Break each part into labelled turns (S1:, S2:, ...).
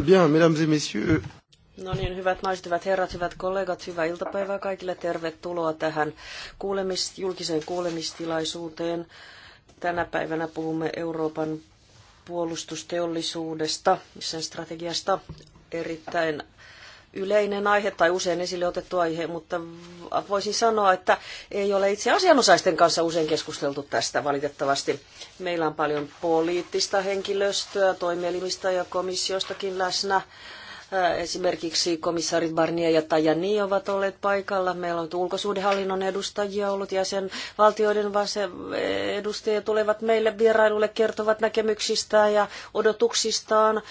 S1: Bien, mesdames et messieurs.
S2: No niin, hyvät naiset, hyvät herrat, hyvät kollegat, hyvää iltapäivää kaikille. Tervetuloa tähän kuulemis, julkiseen kuulemistilaisuuteen. Tänä päivänä puhumme Euroopan puolustusteollisuudesta, sen strategiasta erittäin yleinen aihe tai usein esille otettu aihe, mutta voisin sanoa, että ei ole itse asianosaisten kanssa usein keskusteltu tästä valitettavasti. Meillä on paljon poliittista henkilöstöä, toimielimistä ja komissiostakin läsnä Äh, esimerkiksi komissaarit Barnier ja Tajani ovat olleet paikalla. Meillä on ulkosuudenhallinnon edustajia ollut ja sen valtioiden edustajia tulevat meille vierailulle, kertovat näkemyksistään ja odotuksistaan äh,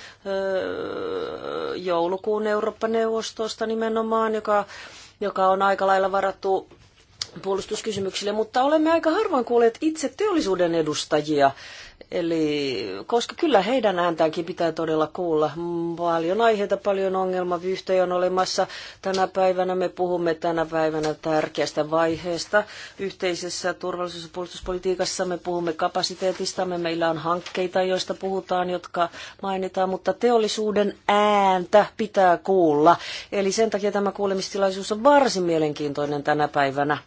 S2: joulukuun Eurooppa-neuvostosta nimenomaan, joka, joka on aika lailla varattu puolustuskysymyksille, mutta olemme aika harvoin kuulleet itse teollisuuden edustajia Eli koska kyllä heidän ääntäänkin pitää todella kuulla. Paljon aiheita, paljon ongelmavyhtöjä on olemassa. Tänä päivänä me puhumme tänä päivänä tärkeästä vaiheesta. Yhteisessä turvallisuus- ja puolustuspolitiikassa me puhumme me Meillä on hankkeita, joista puhutaan, jotka mainitaan, mutta teollisuuden ääntä pitää kuulla. Eli sen takia tämä kuulemistilaisuus on varsin mielenkiintoinen tänä päivänä.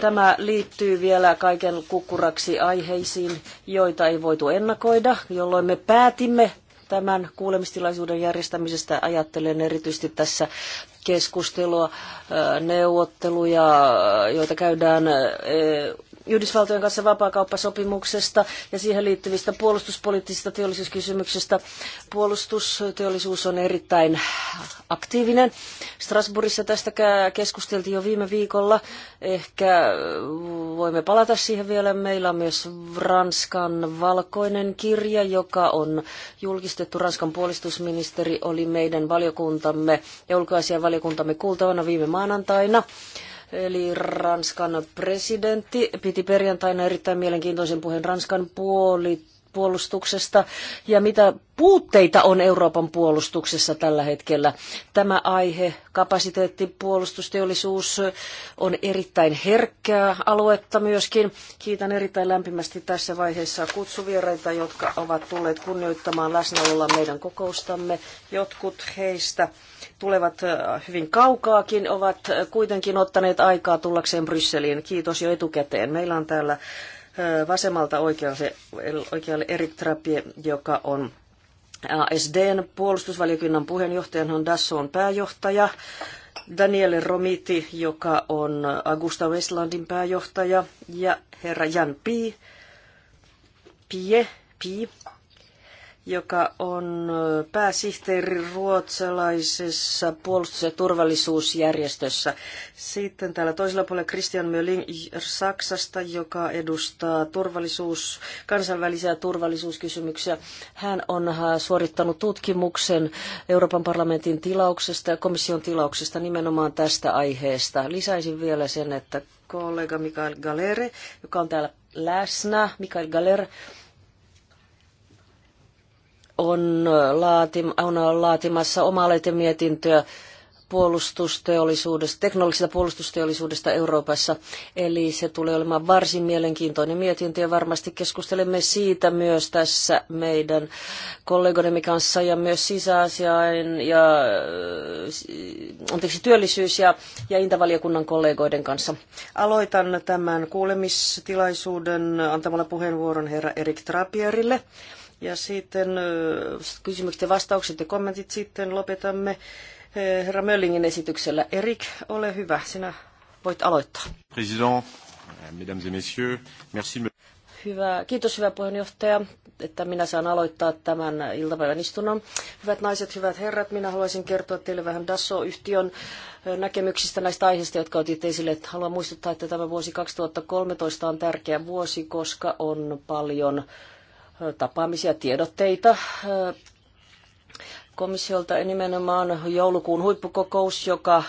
S2: Tämä liittyy vielä kaiken kukkuraksi aiheisiin, joita ei voi voitu ennakoida, jolloin me päätimme tämän kuulemistilaisuuden järjestämisestä. Ajattelen erityisesti tässä keskustelua, neuvotteluja, joita käydään Yhdysvaltojen kanssa vapaakauppasopimuksesta ja siihen liittyvistä puolustuspoliittisista teollisuuskysymyksistä. Puolustusteollisuus on erittäin aktiivinen. Strasbourgissa tästä keskusteltiin jo viime viikolla. Ehkä voimme palata siihen vielä. Meillä on myös Ranskan valkoinen kirja, joka on julkistettu. Ranskan puolustusministeri oli meidän valiokuntamme ja ulkoasian valiokuntamme kuultavana viime maanantaina eli Ranskan presidentti piti perjantaina erittäin mielenkiintoisen puheen Ranskan puoli puolustuksesta ja mitä puutteita on Euroopan puolustuksessa tällä hetkellä. Tämä aihe, kapasiteetti, puolustusteollisuus on erittäin herkkää aluetta myöskin. Kiitän erittäin lämpimästi tässä vaiheessa kutsuvieraita, jotka ovat tulleet kunnioittamaan läsnäololla meidän kokoustamme. Jotkut heistä tulevat äh, hyvin kaukaakin, ovat äh, kuitenkin ottaneet aikaa tullakseen Brysseliin. Kiitos jo etukäteen. Meillä on täällä äh, vasemmalta oikealle, oikealle Erik Trapie, joka on ASDn puolustusvaliokunnan puheenjohtajan on Dasson pääjohtaja, Daniele Romiti, joka on Augusta Westlandin pääjohtaja, ja herra Jan Pi, Pie, Pie joka on pääsihteeri ruotsalaisessa puolustus- ja turvallisuusjärjestössä. Sitten täällä toisella puolella Christian Mölling Saksasta, joka edustaa turvallisuus, kansainvälisiä turvallisuuskysymyksiä. Hän on äh, suorittanut tutkimuksen Euroopan parlamentin tilauksesta ja komission tilauksesta nimenomaan tästä aiheesta. Lisäisin vielä sen, että kollega Mikael Galeri, joka on täällä läsnä, Mikael Galer, on, laatim, on laatimassa oma mietintöä puolustusteollisuudesta, teknologisesta puolustusteollisuudesta Euroopassa. Eli se tulee olemaan varsin mielenkiintoinen mietintö ja varmasti keskustelemme siitä myös tässä meidän kollegoidemme kanssa ja myös sisäasiain ja anteeksi, työllisyys- ja, ja intavaliokunnan kollegoiden kanssa. Aloitan tämän kuulemistilaisuuden antamalla puheenvuoron herra Erik Trapierille. Ja sitten kysymykset ja vastaukset ja kommentit sitten lopetamme Eh, herra Möllingin esityksellä. Erik, ole hyvä, sinä voit aloittaa.
S3: President, mesdames et messieurs, merci.
S2: Hyvä, kiitos hyvä puheenjohtaja, että minä saan aloittaa tämän iltapäivän istunnon. Hyvät naiset, hyvät herrat, minä haluaisin kertoa teille vähän Dasso-yhtiön eh, näkemyksistä näistä aiheista, jotka otit esille. Haluan muistuttaa, että tämä vuosi 2013 on tärkeä vuosi, koska on paljon eh, tapaamisia, tiedotteita komissiolta nimenomaan joulukuun huippukokous, joka äh,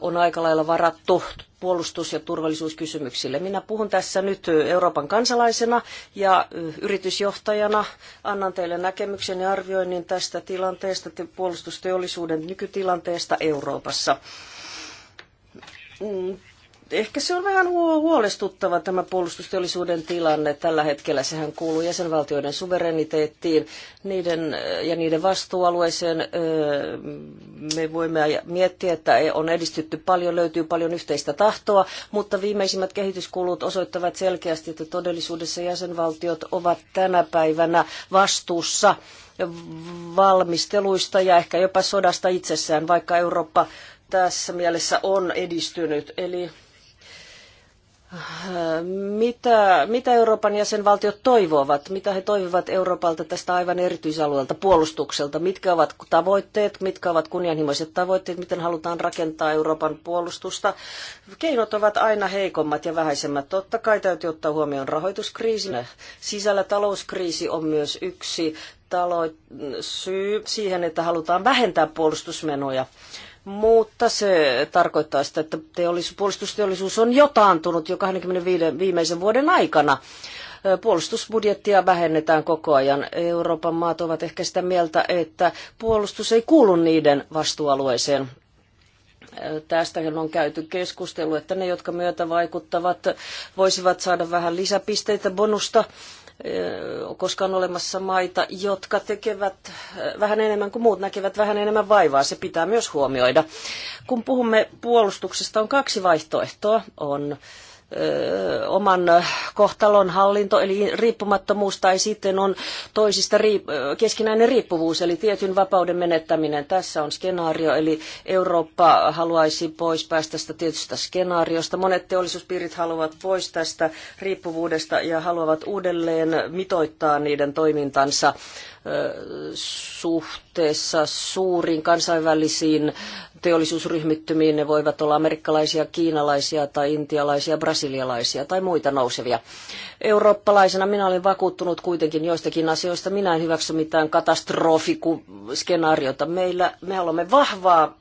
S2: on aika lailla varattu puolustus- ja turvallisuuskysymyksille. Minä puhun tässä nyt Euroopan kansalaisena ja äh, yritysjohtajana. Annan teille näkemyksen ja arvioinnin tästä tilanteesta, puolustusteollisuuden nykytilanteesta Euroopassa mm, ehkä se on vähän huolestuttava tämä puolustusteollisuuden tilanne. Tällä hetkellä sehän kuuluu jäsenvaltioiden suvereniteettiin niiden, ja niiden vastuualueeseen. Me voimme miettiä, että e- on edistytty paljon, löytyy paljon yhteistä tahtoa, mutta viimeisimmät kehityskulut osoittavat selkeästi, että todellisuudessa jäsenvaltiot ovat tänä päivänä vastuussa valmisteluista ja ehkä jopa sodasta itsessään, vaikka Eurooppa tässä mielessä on edistynyt. Eli mitä, mitä Euroopan jäsenvaltiot toivovat? Mitä he toivovat Euroopalta tästä aivan erityisalueelta, puolustukselta? Mitkä ovat tavoitteet, mitkä ovat kunnianhimoiset tavoitteet, miten halutaan rakentaa Euroopan puolustusta? Keinot ovat aina heikommat ja vähäisemmät. Totta kai täytyy ottaa huomioon rahoituskriisin. Sisällä talouskriisi on myös yksi talo- syy siihen, että halutaan vähentää puolustusmenoja mutta se tarkoittaa sitä, että teollisuus, puolustusteollisuus on jotaantunut jo 25 viimeisen vuoden aikana. Puolustusbudjettia vähennetään koko ajan. Euroopan maat ovat ehkä sitä mieltä, että puolustus ei kuulu niiden vastuualueeseen. Tästäkin on käyty keskustelu, että ne, jotka myötä vaikuttavat, voisivat saada vähän lisäpisteitä bonusta koska on olemassa maita, jotka tekevät vähän enemmän kuin muut, näkevät vähän enemmän vaivaa. Se pitää myös huomioida. Kun puhumme puolustuksesta, on kaksi vaihtoehtoa. On oman kohtalon hallinto, eli riippumattomuus, tai sitten on toisista riip- keskinäinen riippuvuus, eli tietyn vapauden menettäminen. Tässä on skenaario, eli Eurooppa haluaisi pois päästä tästä tietystä skenaariosta. Monet teollisuuspiirit haluavat pois tästä riippuvuudesta ja haluavat uudelleen mitoittaa niiden toimintansa suhteessa suuriin kansainvälisiin teollisuusryhmittymiin. Ne voivat olla amerikkalaisia, kiinalaisia tai intialaisia, brasilialaisia tai muita nousevia. Eurooppalaisena minä olen vakuuttunut kuitenkin joistakin asioista. Minä en hyväksy mitään katastrofiskenaariota. Meillä, me haluamme vahvaa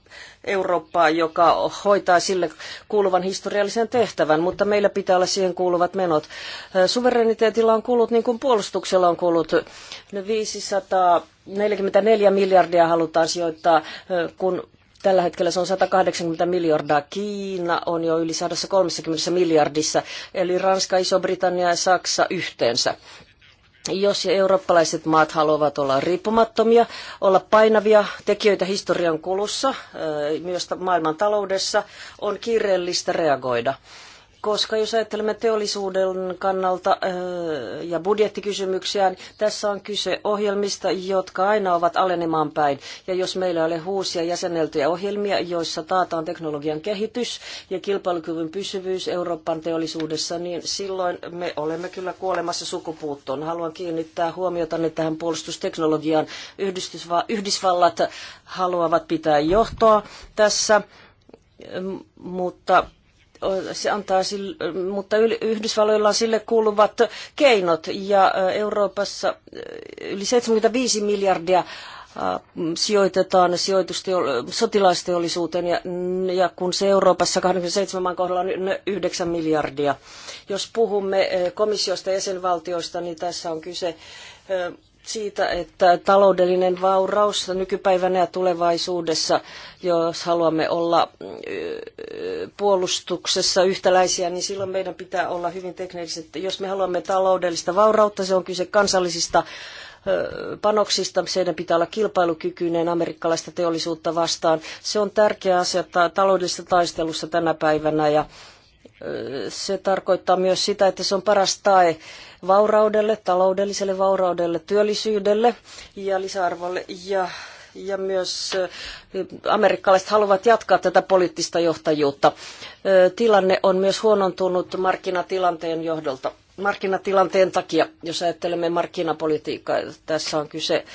S2: Eurooppaa, joka hoitaa sille kuuluvan historiallisen tehtävän, mutta meillä pitää olla siihen kuuluvat menot. Suvereniteetilla on kulut niin kuin puolustuksella on kulut. 544 miljardia halutaan sijoittaa, kun Tällä hetkellä se on 180 miljardia. Kiina on jo yli 130 miljardissa, eli Ranska, Iso-Britannia ja Saksa yhteensä jos eurooppalaiset maat haluavat olla riippumattomia, olla painavia tekijöitä historian kulussa, myös maailman taloudessa, on kiireellistä reagoida koska jos ajattelemme teollisuuden kannalta ja budjettikysymyksiä, niin tässä on kyse ohjelmista, jotka aina ovat alenemaan päin. Ja jos meillä ei ole uusia jäseneltyjä ohjelmia, joissa taataan teknologian kehitys ja kilpailukyvyn pysyvyys Euroopan teollisuudessa, niin silloin me olemme kyllä kuolemassa sukupuuttoon. Haluan kiinnittää huomiotanne tähän puolustusteknologiaan. Yhdysvallat haluavat pitää johtoa tässä, mutta se antaa sille, mutta Yhdysvalloilla on sille kuuluvat keinot ja Euroopassa yli 75 miljardia sijoitetaan sotilaisteollisuuteen ja, ja kun se Euroopassa 27 maan kohdalla on 9 miljardia. Jos puhumme komissiosta ja jäsenvaltioista, niin tässä on kyse siitä, että taloudellinen vauraus nykypäivänä ja tulevaisuudessa, jos haluamme olla mm, puolustuksessa yhtäläisiä, niin silloin meidän pitää olla hyvin tekniset. Jos me haluamme taloudellista vaurautta, se on kyse kansallisista panoksista, meidän pitää olla kilpailukykyinen amerikkalaista teollisuutta vastaan. Se on tärkeä asia taloudellisessa taistelussa tänä päivänä ja se tarkoittaa myös sitä, että se on paras tae vauraudelle, taloudelliselle vauraudelle, työllisyydelle ja lisäarvolle ja ja myös äh, amerikkalaiset haluavat jatkaa tätä poliittista johtajuutta. Tilanne on myös huonontunut markkinatilanteen johdolta markkinatilanteen takia, jos ajattelemme markkinapolitiikkaa, tässä on kyse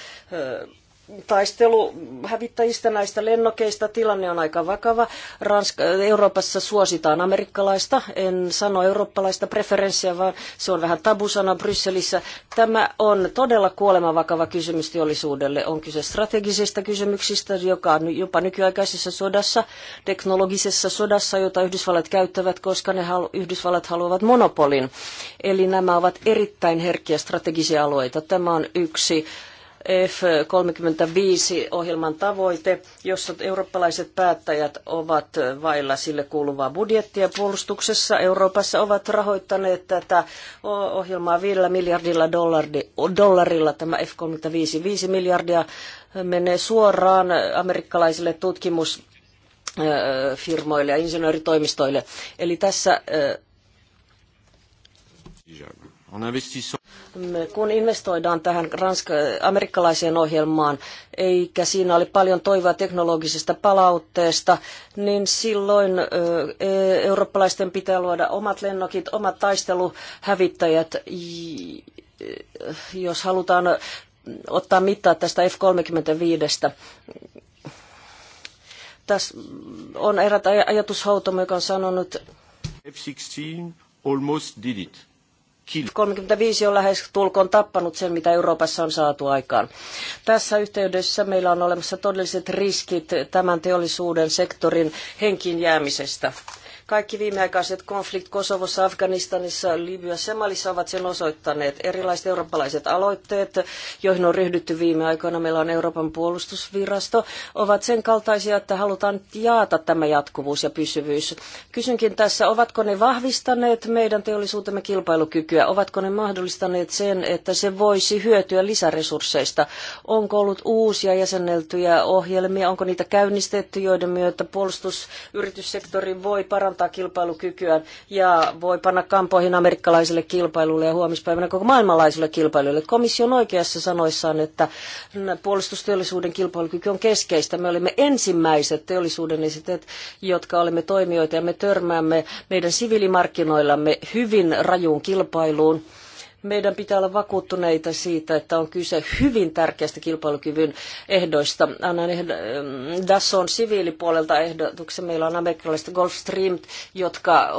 S2: taistelu hävittäjistä näistä lennokeista. Tilanne on aika vakava. Ranska, Euroopassa suositaan amerikkalaista. En sano eurooppalaista preferenssiä, vaan se on vähän tabusana Brysselissä. Tämä on todella kuolemanvakava kysymys teollisuudelle. On kyse strategisista kysymyksistä, joka on jopa nykyaikaisessa sodassa, teknologisessa sodassa, jota Yhdysvallat käyttävät, koska ne halu- Yhdysvallat haluavat monopolin. Eli nämä ovat erittäin herkkiä strategisia alueita. Tämä on yksi F35-ohjelman tavoite, jossa eurooppalaiset päättäjät ovat vailla sille kuuluvaa budjettia puolustuksessa. Euroopassa ovat rahoittaneet tätä ohjelmaa 5 miljardilla dollarilla, tämä F35 5 miljardia menee suoraan amerikkalaisille tutkimusfirmoille ja insinööritoimistoille. Eli tässä kun investoidaan tähän ranska- amerikkalaiseen ohjelmaan, eikä siinä ole paljon toivoa teknologisesta palautteesta, niin silloin e, eurooppalaisten pitää luoda omat lennokit, omat taisteluhävittäjät, jos halutaan ottaa mittaa tästä F-35 tässä on erät ajatushoutomme, joka on sanonut... F-16 almost did it. 35 on lähes tulkoon tappanut sen, mitä Euroopassa on saatu aikaan. Tässä yhteydessä meillä on olemassa todelliset riskit tämän teollisuuden sektorin henkiin jäämisestä. Kaikki viimeaikaiset konflikt Kosovossa, Afganistanissa, Libyassa ja Malissa ovat sen osoittaneet. Erilaiset eurooppalaiset aloitteet, joihin on ryhdytty viime aikoina, meillä on Euroopan puolustusvirasto, ovat sen kaltaisia, että halutaan jaata tämä jatkuvuus ja pysyvyys. Kysynkin tässä, ovatko ne vahvistaneet meidän teollisuutemme kilpailukykyä? Ovatko ne mahdollistaneet sen, että se voisi hyötyä lisäresursseista? Onko ollut uusia jäsenneltyjä ohjelmia? Onko niitä käynnistetty, joiden myötä puolustusyrityssektori voi parantaa parantaa kilpailukykyään ja voi panna kampoihin amerikkalaiselle kilpailulle ja huomispäivänä koko maailmanlaiselle kilpailulle. Komissio on oikeassa sanoissaan, että puolustusteollisuuden kilpailukyky on keskeistä. Me olimme ensimmäiset teollisuuden esiteet, jotka olemme toimijoita ja me törmäämme meidän siviilimarkkinoillamme hyvin rajuun kilpailuun meidän pitää olla vakuuttuneita siitä, että on kyse hyvin tärkeästä kilpailukyvyn ehdoista. Annan ehdo, tässä mm, on siviilipuolelta ehdotuksen. Meillä on amerikkalaiset Gulfstream, jotka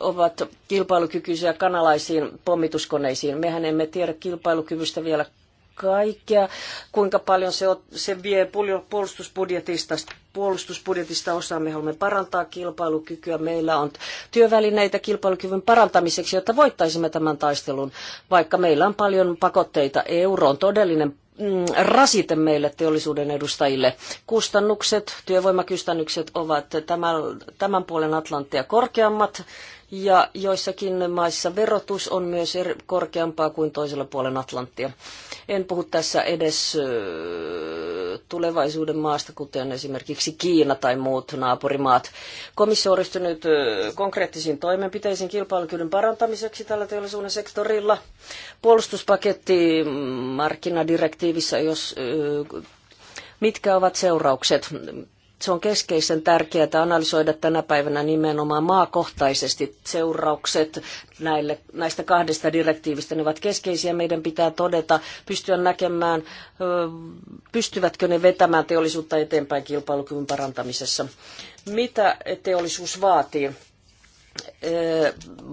S2: ovat kilpailukykyisiä kanalaisiin pommituskoneisiin. Mehän emme tiedä kilpailukyvystä vielä kaikkea, kuinka paljon se, on, se vie puolustusbudjetista puolustusbudjetista osaamme haluamme parantaa kilpailukykyä. Meillä on työvälineitä kilpailukyvyn parantamiseksi, jotta voittaisimme tämän taistelun, vaikka meillä on paljon pakotteita. Euro on todellinen Mm, rasite meille teollisuuden edustajille. Kustannukset, työvoimakustannukset ovat tämän, tämän puolen Atlanttia korkeammat ja joissakin maissa verotus on myös korkeampaa kuin toisella puolen Atlanttia. En puhu tässä edes tulevaisuuden maasta, kuten esimerkiksi Kiina tai muut naapurimaat. Komissio on ryhtynyt konkreettisiin toimenpiteisiin kilpailukyvyn parantamiseksi tällä teollisuuden sektorilla. Puolustuspaketti, mm, markkinadirektiivi, direktiivissä, jos, mitkä ovat seuraukset. Se on keskeisen tärkeää analysoida tänä päivänä nimenomaan maakohtaisesti seuraukset näille, näistä kahdesta direktiivistä. Ne ovat keskeisiä. Meidän pitää todeta, pystyä näkemään, pystyvätkö ne vetämään teollisuutta eteenpäin kilpailukyvyn parantamisessa. Mitä teollisuus vaatii?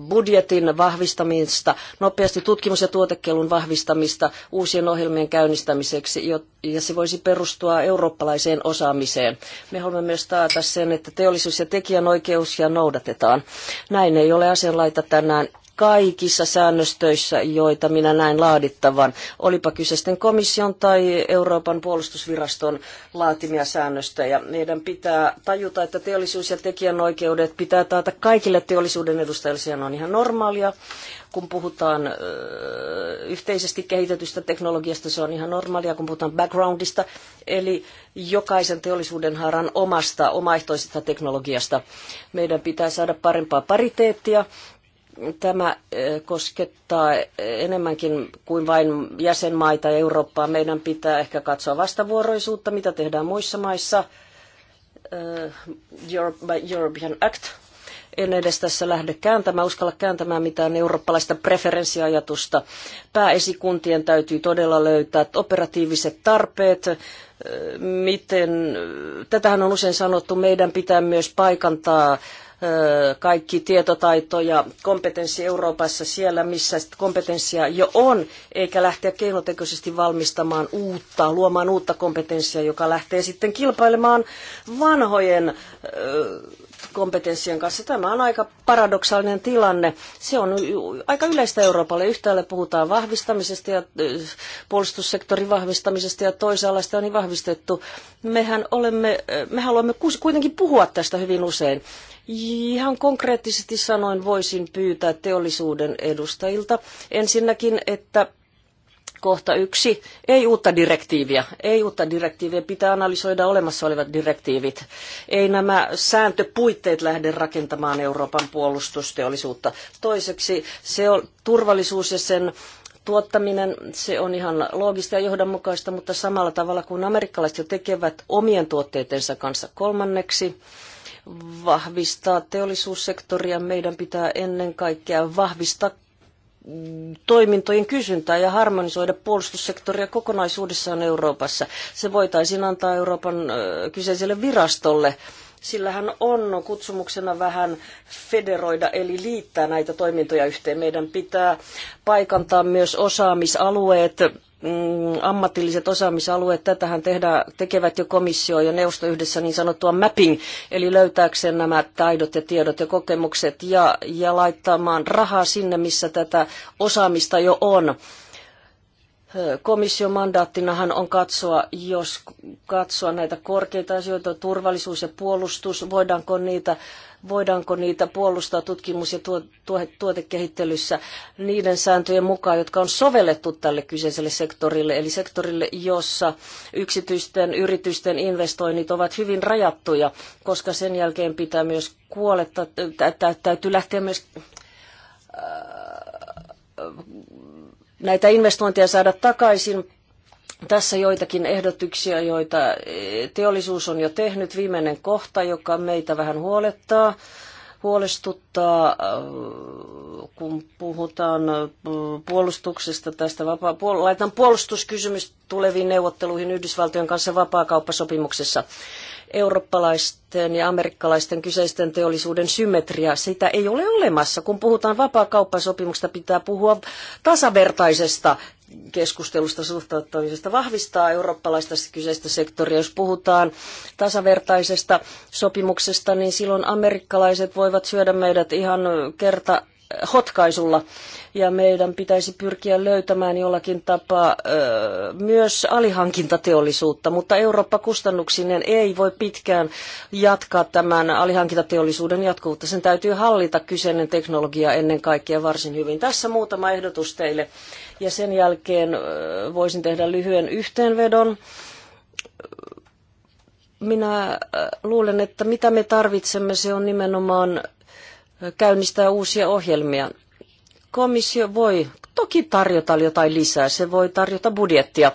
S2: budjetin vahvistamista, nopeasti tutkimus- ja tuotekelun vahvistamista uusien ohjelmien käynnistämiseksi, ja se voisi perustua eurooppalaiseen osaamiseen. Me haluamme myös taata sen, että teollisuus- ja tekijänoikeuksia noudatetaan. Näin ei ole asianlaita tänään kaikissa säännöstöissä, joita minä näin laadittavan. Olipa kyse sitten komission tai Euroopan puolustusviraston laatimia säännöstöjä. Meidän pitää tajuta, että teollisuus- ja tekijänoikeudet pitää taata kaikille teollisuuden edustajille. Se on ihan normaalia kun puhutaan yhteisesti kehitetystä teknologiasta, se on ihan normaalia, kun puhutaan backgroundista, eli jokaisen teollisuuden haaran omasta, omaehtoisesta teknologiasta. Meidän pitää saada parempaa pariteettia Tämä äh, koskettaa enemmänkin kuin vain jäsenmaita ja Eurooppaa. Meidän pitää ehkä katsoa vastavuoroisuutta, mitä tehdään muissa maissa. Äh, Europe by European Act. En edes tässä lähde kääntämään, uskalla kääntämään mitään eurooppalaista preferenssiajatusta. Pääesikuntien täytyy todella löytää operatiiviset tarpeet, äh, miten, tätähän on usein sanottu, meidän pitää myös paikantaa kaikki tietotaito ja kompetenssi Euroopassa siellä, missä kompetenssia jo on, eikä lähteä keinotekoisesti valmistamaan uutta, luomaan uutta kompetenssia, joka lähtee sitten kilpailemaan vanhojen kompetenssien kanssa. Tämä on aika paradoksaalinen tilanne. Se on aika yleistä Euroopalle. Yhtäällä puhutaan vahvistamisesta ja puolustussektorin vahvistamisesta ja toisaalla sitä on niin vahvistettu. Mehän olemme, me haluamme kuitenkin puhua tästä hyvin usein. Ihan konkreettisesti sanoin voisin pyytää teollisuuden edustajilta ensinnäkin, että kohta yksi, ei uutta direktiiviä. Ei uutta direktiiviä, pitää analysoida olemassa olevat direktiivit. Ei nämä sääntöpuitteet lähde rakentamaan Euroopan puolustusteollisuutta. Toiseksi se on turvallisuus ja sen tuottaminen, se on ihan loogista ja johdonmukaista, mutta samalla tavalla kuin amerikkalaiset jo tekevät omien tuotteidensa kanssa kolmanneksi, vahvistaa teollisuussektoria. Meidän pitää ennen kaikkea vahvistaa toimintojen kysyntää ja harmonisoida puolustussektoria kokonaisuudessaan Euroopassa. Se voitaisiin antaa Euroopan kyseiselle virastolle sillä hän on kutsumuksena vähän federoida eli liittää näitä toimintoja yhteen. Meidän pitää paikantaa myös osaamisalueet Mm, ammatilliset osaamisalueet, tätähän tehdä tekevät jo komissio ja neuvosto yhdessä niin sanottua mapping, eli löytääkseen nämä taidot ja tiedot ja kokemukset ja, ja laittamaan rahaa sinne, missä tätä osaamista jo on Komission mandaattinahan on katsoa, jos katsoa näitä korkeita asioita, turvallisuus ja puolustus, voidaanko niitä, voidaanko niitä puolustaa tutkimus- ja tuotekehittelyssä niiden sääntöjen mukaan, jotka on sovellettu tälle kyseiselle sektorille, eli sektorille, jossa yksityisten yritysten investoinnit ovat hyvin rajattuja, koska sen jälkeen pitää myös kuoletta, täytyy lähteä myös näitä investointeja saada takaisin. Tässä joitakin ehdotuksia, joita e, teollisuus on jo tehnyt. Viimeinen kohta, joka meitä vähän huolettaa huolestuttaa, kun puhutaan puolustuksesta tästä vapaa, puol- laitan puolustuskysymys tuleviin neuvotteluihin Yhdysvaltojen kanssa vapaakauppasopimuksessa eurooppalaisten ja amerikkalaisten kyseisten teollisuuden symmetriaa. Sitä ei ole olemassa. Kun puhutaan vapaakauppasopimuksesta, pitää puhua tasavertaisesta keskustelusta suhtautumisesta vahvistaa eurooppalaista kyseistä sektoria. Jos puhutaan tasavertaisesta sopimuksesta, niin silloin amerikkalaiset voivat syödä meidät ihan kerta hotkaisulla. Ja meidän pitäisi pyrkiä löytämään jollakin tapaa myös alihankintateollisuutta, mutta Eurooppa kustannuksinen ei voi pitkään jatkaa tämän alihankintateollisuuden jatkuvuutta. Sen täytyy hallita kyseinen teknologia ennen kaikkea varsin hyvin. Tässä muutama ehdotus teille ja sen jälkeen voisin tehdä lyhyen yhteenvedon minä luulen, että mitä me tarvitsemme, se on nimenomaan käynnistää uusia ohjelmia. Komissio voi toki tarjota jotain lisää, se voi tarjota budjettia.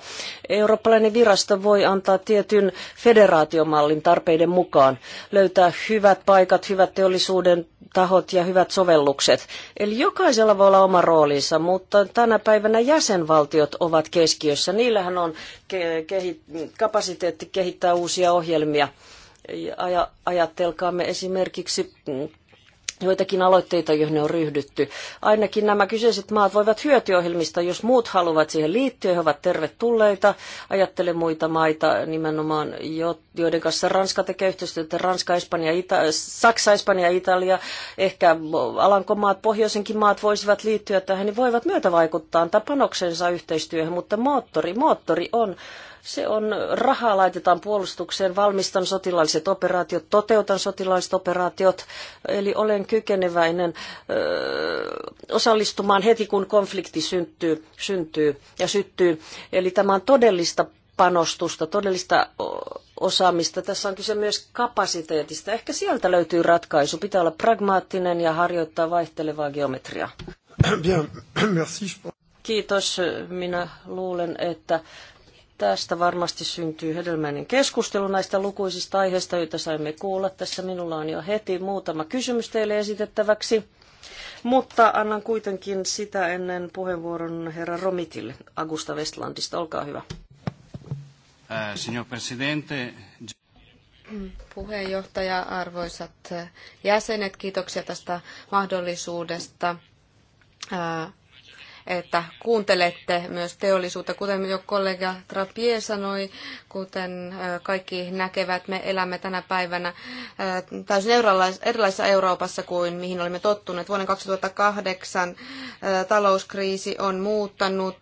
S2: Eurooppalainen virasto voi antaa tietyn federaatiomallin tarpeiden mukaan, löytää hyvät paikat, hyvät teollisuuden tahot ja hyvät sovellukset. Eli jokaisella voi olla oma roolinsa, mutta tänä päivänä jäsenvaltiot ovat keskiössä. Niillähän on ke- kapasiteetti kehittää uusia ohjelmia. ajatelkaamme esimerkiksi joitakin aloitteita, joihin on ryhdytty. Ainakin nämä kyseiset maat voivat hyötyä ohjelmista, jos muut haluavat siihen liittyä, he ovat tervetulleita. Ajattele muita maita nimenomaan, joiden kanssa Ranska tekee yhteistyötä, Ranska, Espanja, Ita- Saksa, Espanja, Italia, ehkä Alankomaat, pohjoisenkin maat voisivat liittyä tähän, niin voivat myötävaikuttaa, antaa panoksensa yhteistyöhön, mutta moottori, moottori on se on, rahaa laitetaan puolustukseen, valmistan sotilaalliset operaatiot, toteutan sotilaalliset operaatiot, eli olen kykeneväinen ö, osallistumaan heti, kun konflikti syntyy, syntyy ja syttyy. Eli tämä on todellista panostusta, todellista osaamista. Tässä on kyse myös kapasiteetista. Ehkä sieltä löytyy ratkaisu. Pitää olla pragmaattinen ja harjoittaa vaihtelevaa geometriaa. Kiitos. Minä luulen, että Tästä varmasti syntyy hedelmäinen keskustelu näistä lukuisista aiheista, joita saimme kuulla. Tässä minulla on jo heti muutama kysymys teille esitettäväksi, mutta annan kuitenkin sitä ennen puheenvuoron herra Romitille Agusta
S3: Westlandista. Olkaa hyvä. Eh,
S1: signor Presidente,
S3: puheenjohtaja, arvoisat jäsenet, kiitoksia tästä mahdollisuudesta eh, että kuuntelette myös teollisuutta. Kuten jo kollega Trapie sanoi, kuten kaikki näkevät, me elämme tänä päivänä täysin erilaisessa Euroopassa kuin mihin olimme tottuneet. Vuoden 2008 talouskriisi on muuttanut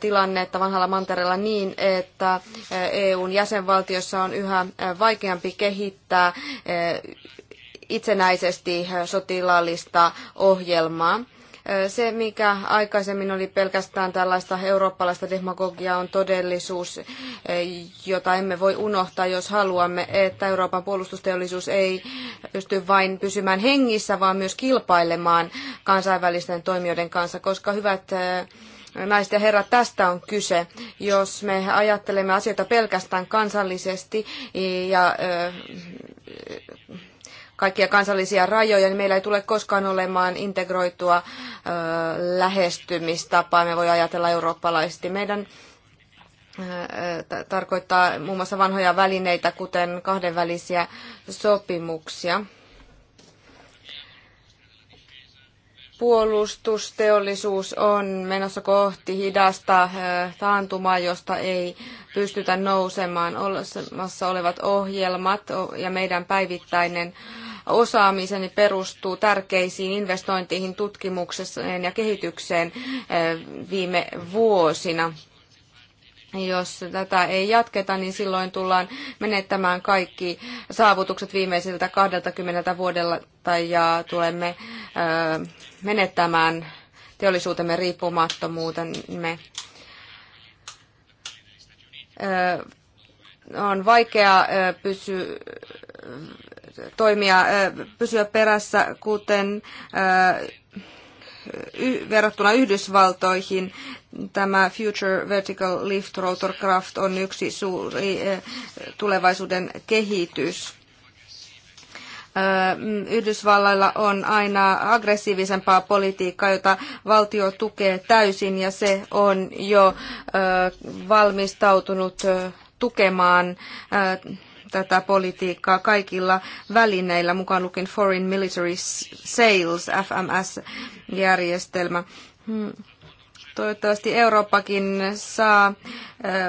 S3: tilannetta vanhalla mantereella niin, että EUn jäsenvaltiossa on yhä vaikeampi kehittää itsenäisesti sotilaallista ohjelmaa. Se, mikä aikaisemmin oli pelkästään tällaista eurooppalaista demagogiaa, on todellisuus, jota emme voi unohtaa, jos haluamme, että Euroopan puolustusteollisuus ei pysty vain pysymään hengissä, vaan myös kilpailemaan kansainvälisten toimijoiden kanssa, koska hyvät naiset ja herrat, tästä on kyse. Jos me ajattelemme asioita pelkästään kansallisesti ja kaikkia kansallisia rajoja, niin meillä ei tule koskaan olemaan integroitua lähestymistapaa. Me voi ajatella eurooppalaisesti. Meidän tarkoittaa muun muassa vanhoja välineitä, kuten kahdenvälisiä sopimuksia. puolustusteollisuus on menossa kohti hidasta taantumaa, josta ei pystytä nousemaan. Olemassa olevat ohjelmat ja meidän päivittäinen osaamiseni perustuu tärkeisiin investointeihin tutkimukseen ja kehitykseen eh, viime vuosina jos tätä ei jatketa, niin silloin tullaan menettämään kaikki saavutukset viimeisiltä 20 vuodelta ja tulemme eh, menettämään teollisuutemme riippumattomuutemme. Eh, on vaikea pysyä toimia, pysyä perässä, kuten verrattuna Yhdysvaltoihin tämä Future Vertical Lift Rotorcraft on yksi suuri tulevaisuuden kehitys. Yhdysvalloilla on aina aggressiivisempaa politiikkaa, jota valtio tukee täysin ja se on jo valmistautunut tukemaan tätä politiikkaa kaikilla välineillä, mukaan lukien Foreign Military Sales, FMS-järjestelmä. Hmm. Toivottavasti Eurooppakin saa eh,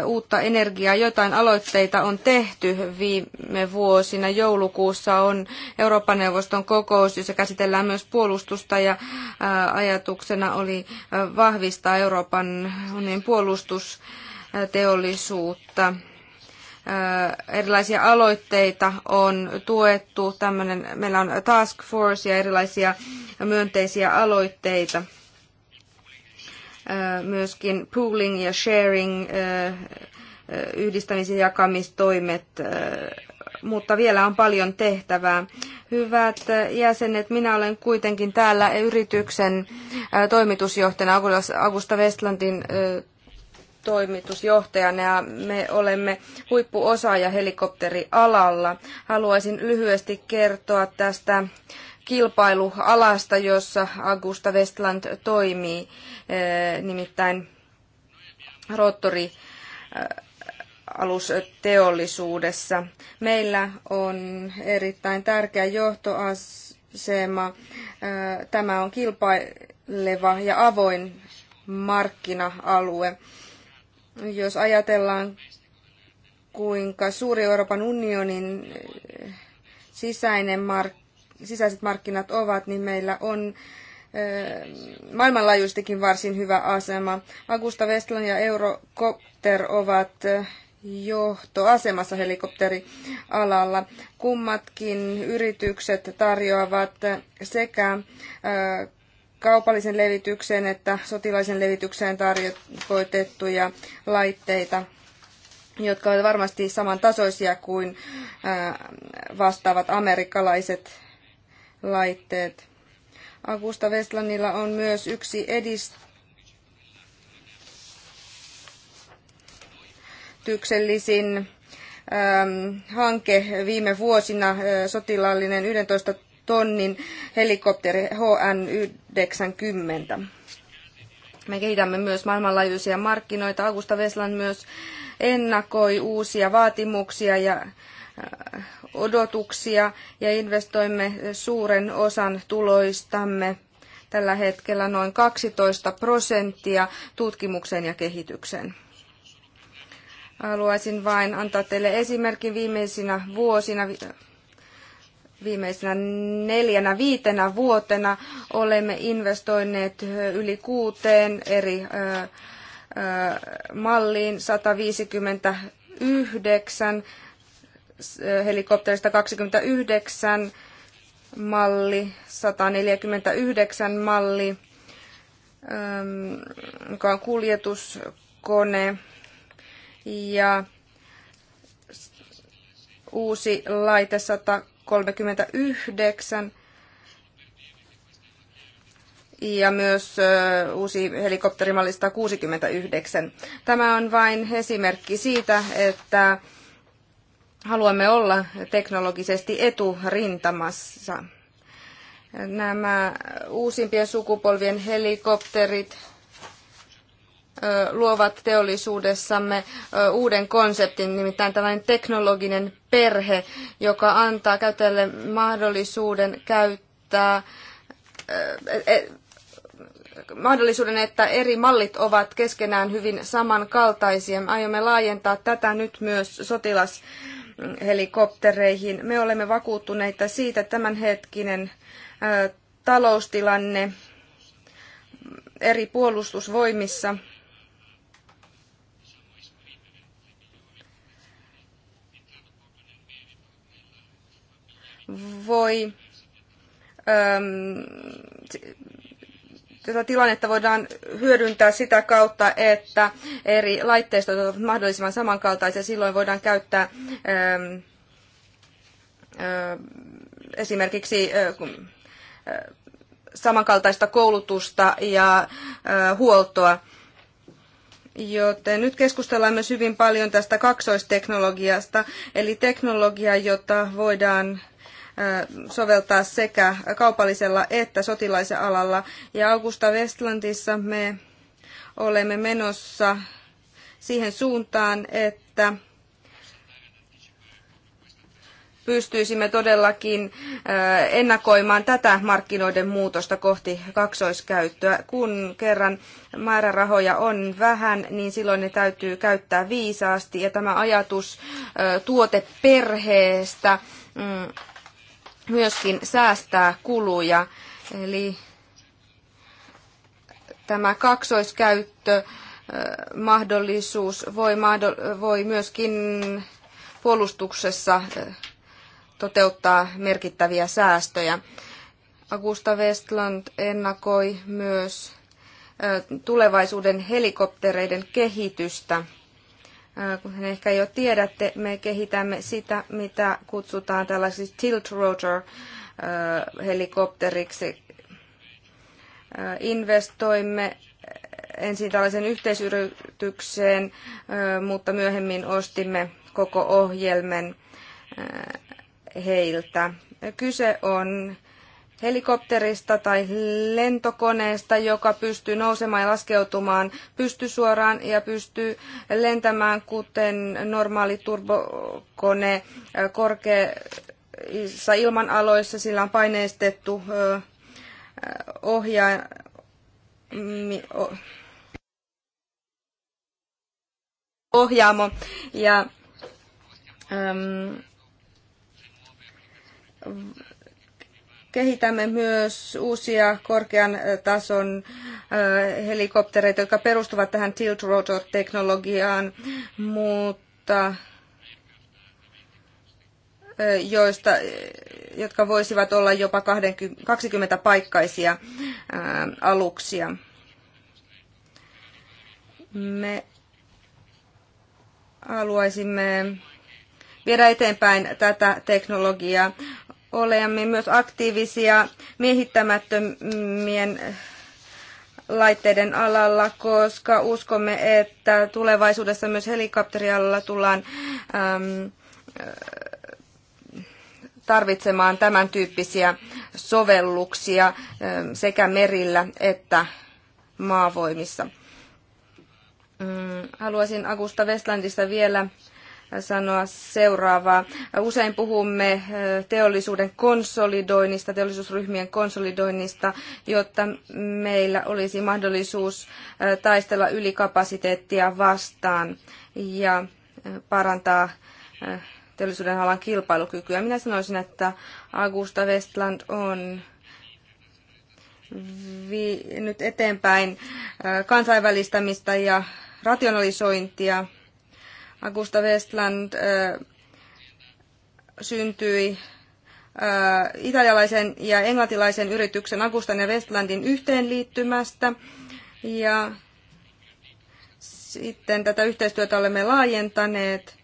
S3: uutta energiaa. Jotain aloitteita on tehty viime vuosina. Joulukuussa on Euroopan neuvoston kokous, jossa käsitellään myös puolustusta ja eh, ajatuksena oli eh, vahvistaa Euroopan unionin puolustusteollisuutta erilaisia aloitteita on tuettu. Tämmönen, meillä on task force ja erilaisia myönteisiä aloitteita. Myöskin pooling ja sharing, yhdistämis- ja jakamistoimet, mutta vielä on paljon tehtävää. Hyvät jäsenet, minä olen kuitenkin täällä yrityksen toimitusjohtajana Augusta Westlandin toimitusjohtajana ja me olemme huippuosaaja helikopterialalla. Haluaisin lyhyesti kertoa tästä kilpailualasta, jossa Augusta Westland toimii, eh, nimittäin roottori eh, alusteollisuudessa. Meillä on erittäin tärkeä johtoasema. Eh, tämä on kilpaileva ja avoin markkina-alue. Jos ajatellaan, kuinka suuri Euroopan unionin eh, sisäinen mark- sisäiset markkinat ovat, niin meillä on eh, maailmanlaajuisestikin varsin hyvä asema. Augusta Westland ja Eurocopter ovat eh, johtoasemassa helikopterialalla. Kummatkin yritykset tarjoavat sekä kaupallisen levitykseen että sotilaisen levitykseen tarkoitettuja laitteita, jotka ovat varmasti samantasoisia kuin vastaavat amerikkalaiset laitteet. Augusta Westlandilla on myös yksi edistyksellisin hanke viime vuosina, sotilaallinen 11 tonnin helikopteri HN90. Me kehitämme myös maailmanlaajuisia markkinoita. Augusta Veslan myös ennakoi uusia vaatimuksia ja äh, odotuksia ja investoimme suuren osan tuloistamme tällä hetkellä noin 12 prosenttia tutkimukseen ja kehitykseen. Haluaisin vain antaa teille esimerkin viimeisinä vuosina viimeisenä neljänä viitenä vuotena olemme investoineet yli kuuteen eri malliin 159, helikopterista 29 malli, 149 malli, joka on kuljetuskone ja uusi laite 100 39 ja myös uusi helikopterimalli 169. Tämä on vain esimerkki siitä, että haluamme olla teknologisesti eturintamassa. Nämä uusimpien sukupolvien helikopterit luovat teollisuudessamme uuden konseptin, nimittäin tällainen teknologinen perhe, joka antaa käyttäjälle mahdollisuuden käyttää e, e, mahdollisuuden, että eri mallit ovat keskenään hyvin samankaltaisia. Me aiomme laajentaa tätä nyt myös sotilashelikoptereihin. Me olemme vakuuttuneita siitä, että tämänhetkinen taloustilanne eri puolustusvoimissa – voi ähm, tätä tilannetta voidaan hyödyntää sitä kautta, että eri laitteistot ovat mahdollisimman samankaltaisia. Silloin voidaan käyttää ähm, äh, esimerkiksi äh, äh, samankaltaista koulutusta ja huoltoa. Joten nyt keskustellaan myös hyvin paljon tästä kaksoisteknologiasta, eli teknologia, jota voidaan soveltaa sekä kaupallisella että sotilaisen alalla. Ja Augusta Westlandissa me olemme menossa siihen suuntaan, että pystyisimme todellakin ennakoimaan tätä markkinoiden muutosta kohti kaksoiskäyttöä. Kun kerran määrärahoja on vähän, niin silloin ne täytyy käyttää viisaasti. Ja tämä ajatus tuoteperheestä mm, myöskin säästää kuluja. Eli tämä kaksoiskäyttö mahdollisuus voi, voi myöskin puolustuksessa toteuttaa merkittäviä säästöjä. Augusta Westland ennakoi myös tulevaisuuden helikoptereiden kehitystä. Kuten ehkä jo tiedätte, me kehitämme sitä, mitä kutsutaan tällaisiksi tilt rotor helikopteriksi. Investoimme ensin tällaisen yhteisyritykseen, mutta myöhemmin ostimme koko ohjelmen heiltä. Kyse on helikopterista tai lentokoneesta, joka pystyy nousemaan ja laskeutumaan pystysuoraan ja pystyy lentämään kuten normaali turbokone korkeissa ilmanaloissa. Sillä on paineistettu mm, ohjaamo ja Kehitämme myös uusia korkean äh, tason äh, helikoptereita, jotka perustuvat tähän tilt rotor-teknologiaan, mutta äh, joista, jotka voisivat olla jopa 20 paikkaisia aluksia. Me haluaisimme viedä eteenpäin tätä teknologiaa olemme myös aktiivisia miehittämättömien laitteiden alalla, koska uskomme, että tulevaisuudessa myös helikopterialalla tullaan äm, tarvitsemaan tämän tyyppisiä sovelluksia sekä merillä että maavoimissa. Mm, haluaisin Agusta Westlandista vielä sanoa seuraavaa. Usein puhumme eh, teollisuuden konsolidoinnista, teollisuusryhmien konsolidoinnista, jotta meillä olisi mahdollisuus eh, taistella ylikapasiteettia vastaan ja eh, parantaa teollisuuden alan kilpailukykyä. Minä sanoisin, että Augusta Westland on vi- nyt eteenpäin kansainvälistämistä ja rationalisointia Augusta Westland syntyi italialaisen ja englantilaisen yrityksen Augustan ja Westlandin yhteenliittymästä. Ja sitten tätä yhteistyötä olemme laajentaneet.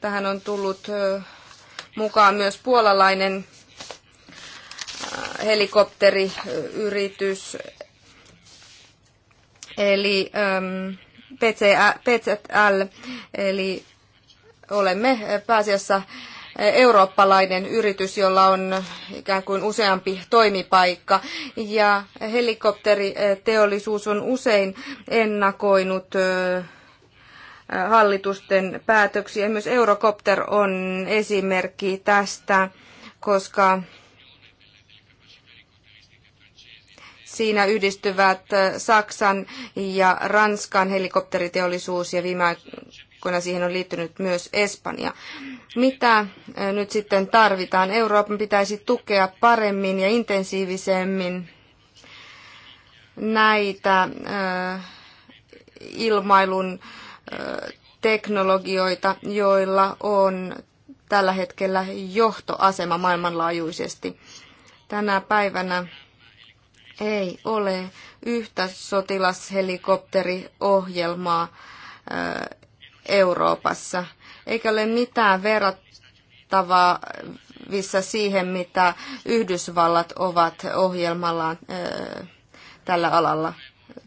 S3: Tähän on tullut mukaan myös puolalainen helikopteriyritys. Eli PCL, eli olemme pääasiassa eurooppalainen yritys, jolla on ikään kuin useampi toimipaikka. Ja helikopteriteollisuus on usein ennakoinut hallitusten päätöksiä. Myös Eurocopter on esimerkki tästä, koska Siinä yhdistyvät Saksan ja Ranskan helikopteriteollisuus ja viime aikoina siihen on liittynyt myös Espanja. Mitä nyt sitten tarvitaan? Euroopan pitäisi tukea paremmin ja intensiivisemmin näitä ilmailun teknologioita, joilla on tällä hetkellä johtoasema maailmanlaajuisesti. Tänä päivänä ei ole yhtä sotilashelikopteriohjelmaa Euroopassa, eikä ole mitään verrattavaa vissä siihen, mitä Yhdysvallat ovat ohjelmallaan tällä alalla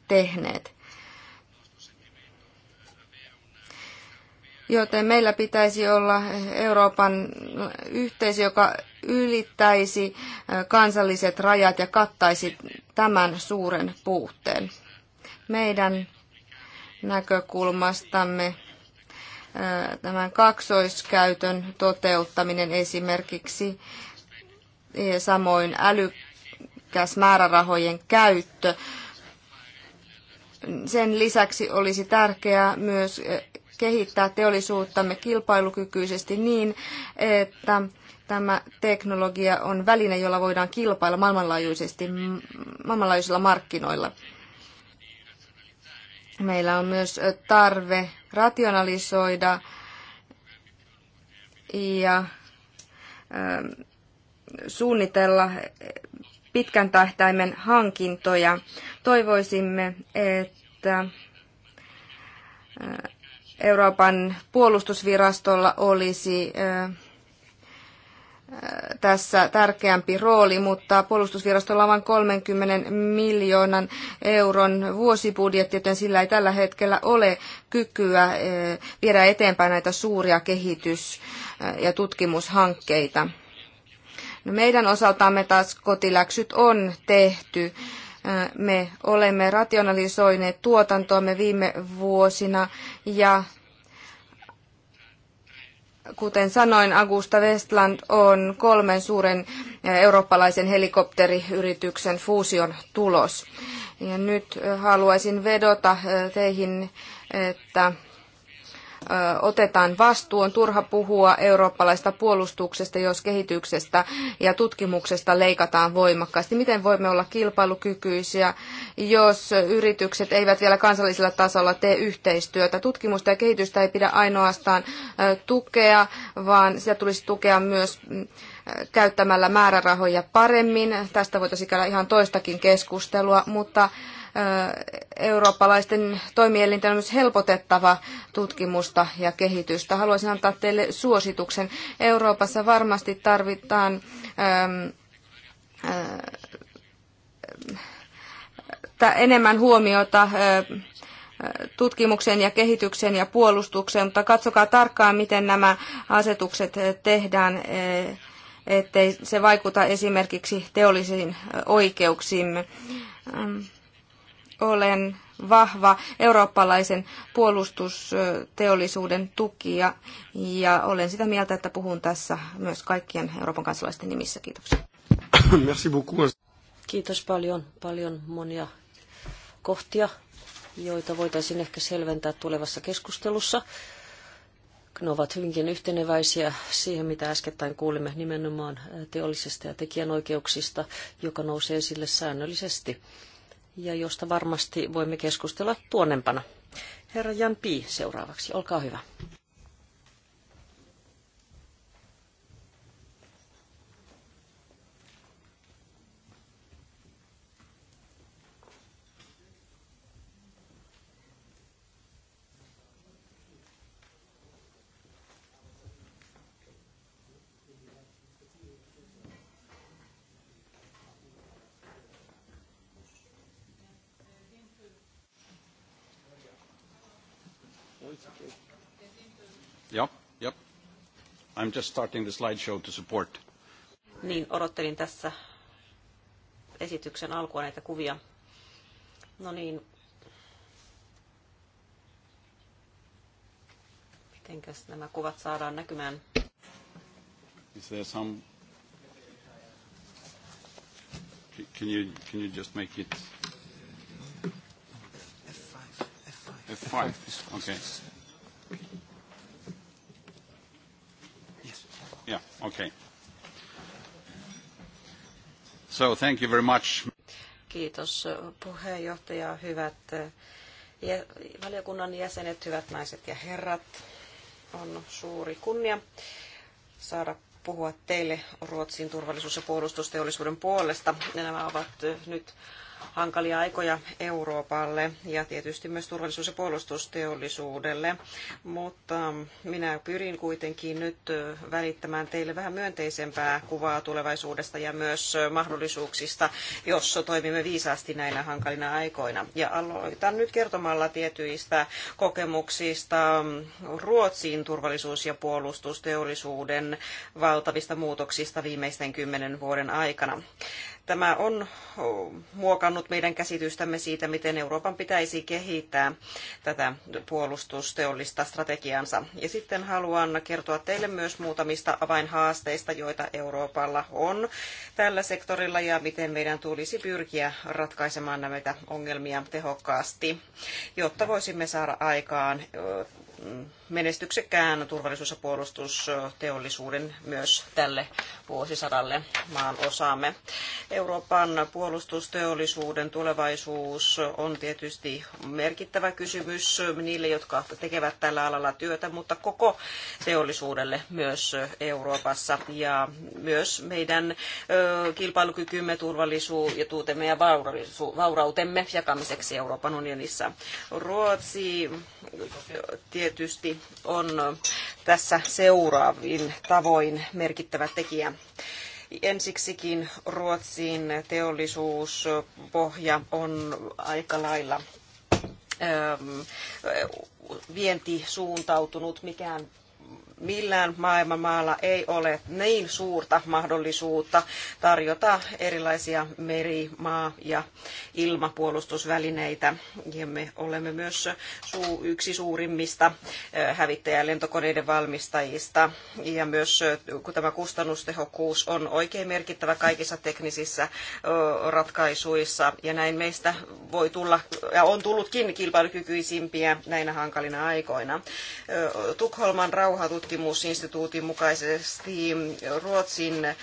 S3: tehneet. Joten meillä pitäisi olla Euroopan yhteisö, joka ylittäisi kansalliset rajat ja kattaisi tämän suuren puutteen. Meidän näkökulmastamme tämän kaksoiskäytön toteuttaminen esimerkiksi ja samoin älykäs määrärahojen käyttö. Sen lisäksi olisi tärkeää myös kehittää teollisuuttamme kilpailukykyisesti niin, että tämä teknologia on väline, jolla voidaan kilpailla maailmanlaajuisesti, maailmanlaajuisilla markkinoilla. Meillä on myös tarve rationalisoida ja ähm, suunnitella pitkän tähtäimen hankintoja. Toivoisimme, että äh, Euroopan puolustusvirastolla olisi tässä tärkeämpi rooli, mutta puolustusvirastolla on vain 30 miljoonan euron vuosibudjetti, joten sillä ei tällä hetkellä ole kykyä viedä eteenpäin näitä suuria kehitys- ja tutkimushankkeita. No meidän osaltamme taas kotiläksyt on tehty Äh, me olemme rationalisoineet tuotantoamme viime vuosina ja kuten sanoin, Augusta Westland on kolmen suuren äh, eurooppalaisen helikopteriyrityksen fuusion tulos. Ja nyt äh, haluaisin vedota teihin, että otetaan vastuu. On turha puhua eurooppalaista puolustuksesta, jos kehityksestä ja tutkimuksesta leikataan voimakkaasti. Miten voimme olla kilpailukykyisiä, jos yritykset eivät vielä kansallisella tasolla tee yhteistyötä? Tutkimusta ja kehitystä ei pidä ainoastaan tukea, vaan sitä tulisi tukea myös mm, käyttämällä määrärahoja paremmin. Tästä voitaisiin käydä ihan toistakin keskustelua, mutta eurooppalaisten toimielinten on myös helpotettava tutkimusta ja kehitystä. Haluaisin antaa teille suosituksen. Euroopassa varmasti tarvitaan ähm, äh, enemmän huomiota äh, tutkimukseen ja kehityksen ja puolustukseen, mutta katsokaa tarkkaan, miten nämä asetukset tehdään, eh, ettei se vaikuta esimerkiksi teollisiin oikeuksiimme. Ähm olen vahva eurooppalaisen puolustusteollisuuden tukija ja olen sitä mieltä, että puhun tässä myös kaikkien Euroopan kansalaisten nimissä. Kiitoksia.
S2: Merci beaucoup. Kiitos paljon. Paljon monia kohtia, joita voitaisiin ehkä selventää tulevassa keskustelussa. Ne ovat hyvinkin yhteneväisiä siihen, mitä äskettäin kuulimme nimenomaan teollisesta ja tekijänoikeuksista, joka nousee esille säännöllisesti ja josta varmasti voimme keskustella tuonnempana. Herra Jan Pi seuraavaksi, olkaa hyvä.
S1: yep. I'm just starting
S3: the slideshow to support.
S1: Niin, odottelin tässä esityksen alkua näitä kuvia. No niin. Mitenkäs nämä kuvat saadaan näkymään? Is there some... Can you, can you just make it... F5. F5. F5. Okay. Yeah, okay. thank you very much. Kiitos puheenjohtaja, hyvät valiokunnan jäsenet, hyvät naiset ja herrat. On suuri kunnia saada puhua teille Ruotsin turvallisuus- ja puolustusteollisuuden puolesta. nämä ovat nyt hankalia aikoja Euroopalle ja tietysti myös turvallisuus- ja puolustusteollisuudelle, mutta minä pyrin kuitenkin nyt välittämään teille vähän myönteisempää kuvaa tulevaisuudesta ja myös mahdollisuuksista, jos toimimme viisaasti näinä hankalina aikoina. Ja aloitan nyt kertomalla tietyistä kokemuksista Ruotsin turvallisuus- ja puolustusteollisuuden valtavista muutoksista viimeisten kymmenen vuoden aikana. Tämä on muokannut muokannut meidän käsitystämme siitä, miten Euroopan pitäisi kehittää tätä puolustusteollista strategiansa. Ja sitten haluan kertoa teille myös muutamista avainhaasteista, joita Euroopalla on tällä sektorilla ja miten meidän tulisi pyrkiä ratkaisemaan näitä ongelmia tehokkaasti, jotta voisimme saada aikaan menestyksekkään turvallisuus- ja puolustusteollisuuden myös tälle vuosisadalle maan osaamme. Euroopan puolustusteollisuuden tulevaisuus on tietysti merkittävä kysymys niille, jotka tekevät tällä alalla työtä, mutta koko teollisuudelle myös Euroopassa ja myös meidän kilpailukykymme, turvallisuutemme ja vaurautemme jakamiseksi Euroopan unionissa. Ruotsi tietysti on tässä seuraavin tavoin merkittävä tekijä. Ensiksikin Ruotsin teollisuuspohja on aika lailla ähm, vienti suuntautunut, mikään millään maailman maalla ei ole niin suurta mahdollisuutta tarjota erilaisia meri-, maa- ja ilmapuolustusvälineitä. Ja me olemme myös yksi suurimmista eh, hävittäjälentokoneiden valmistajista. Ja myös eh, kun tämä kustannustehokkuus on oikein merkittävä kaikissa teknisissä ratkaisuissa. Ja näin meistä voi tulla, ja on tullutkin kilpailukykyisimpiä näinä hankalina aikoina. Tukholman rauhatut tutkimusinstituutin mukaisesti Ruotsin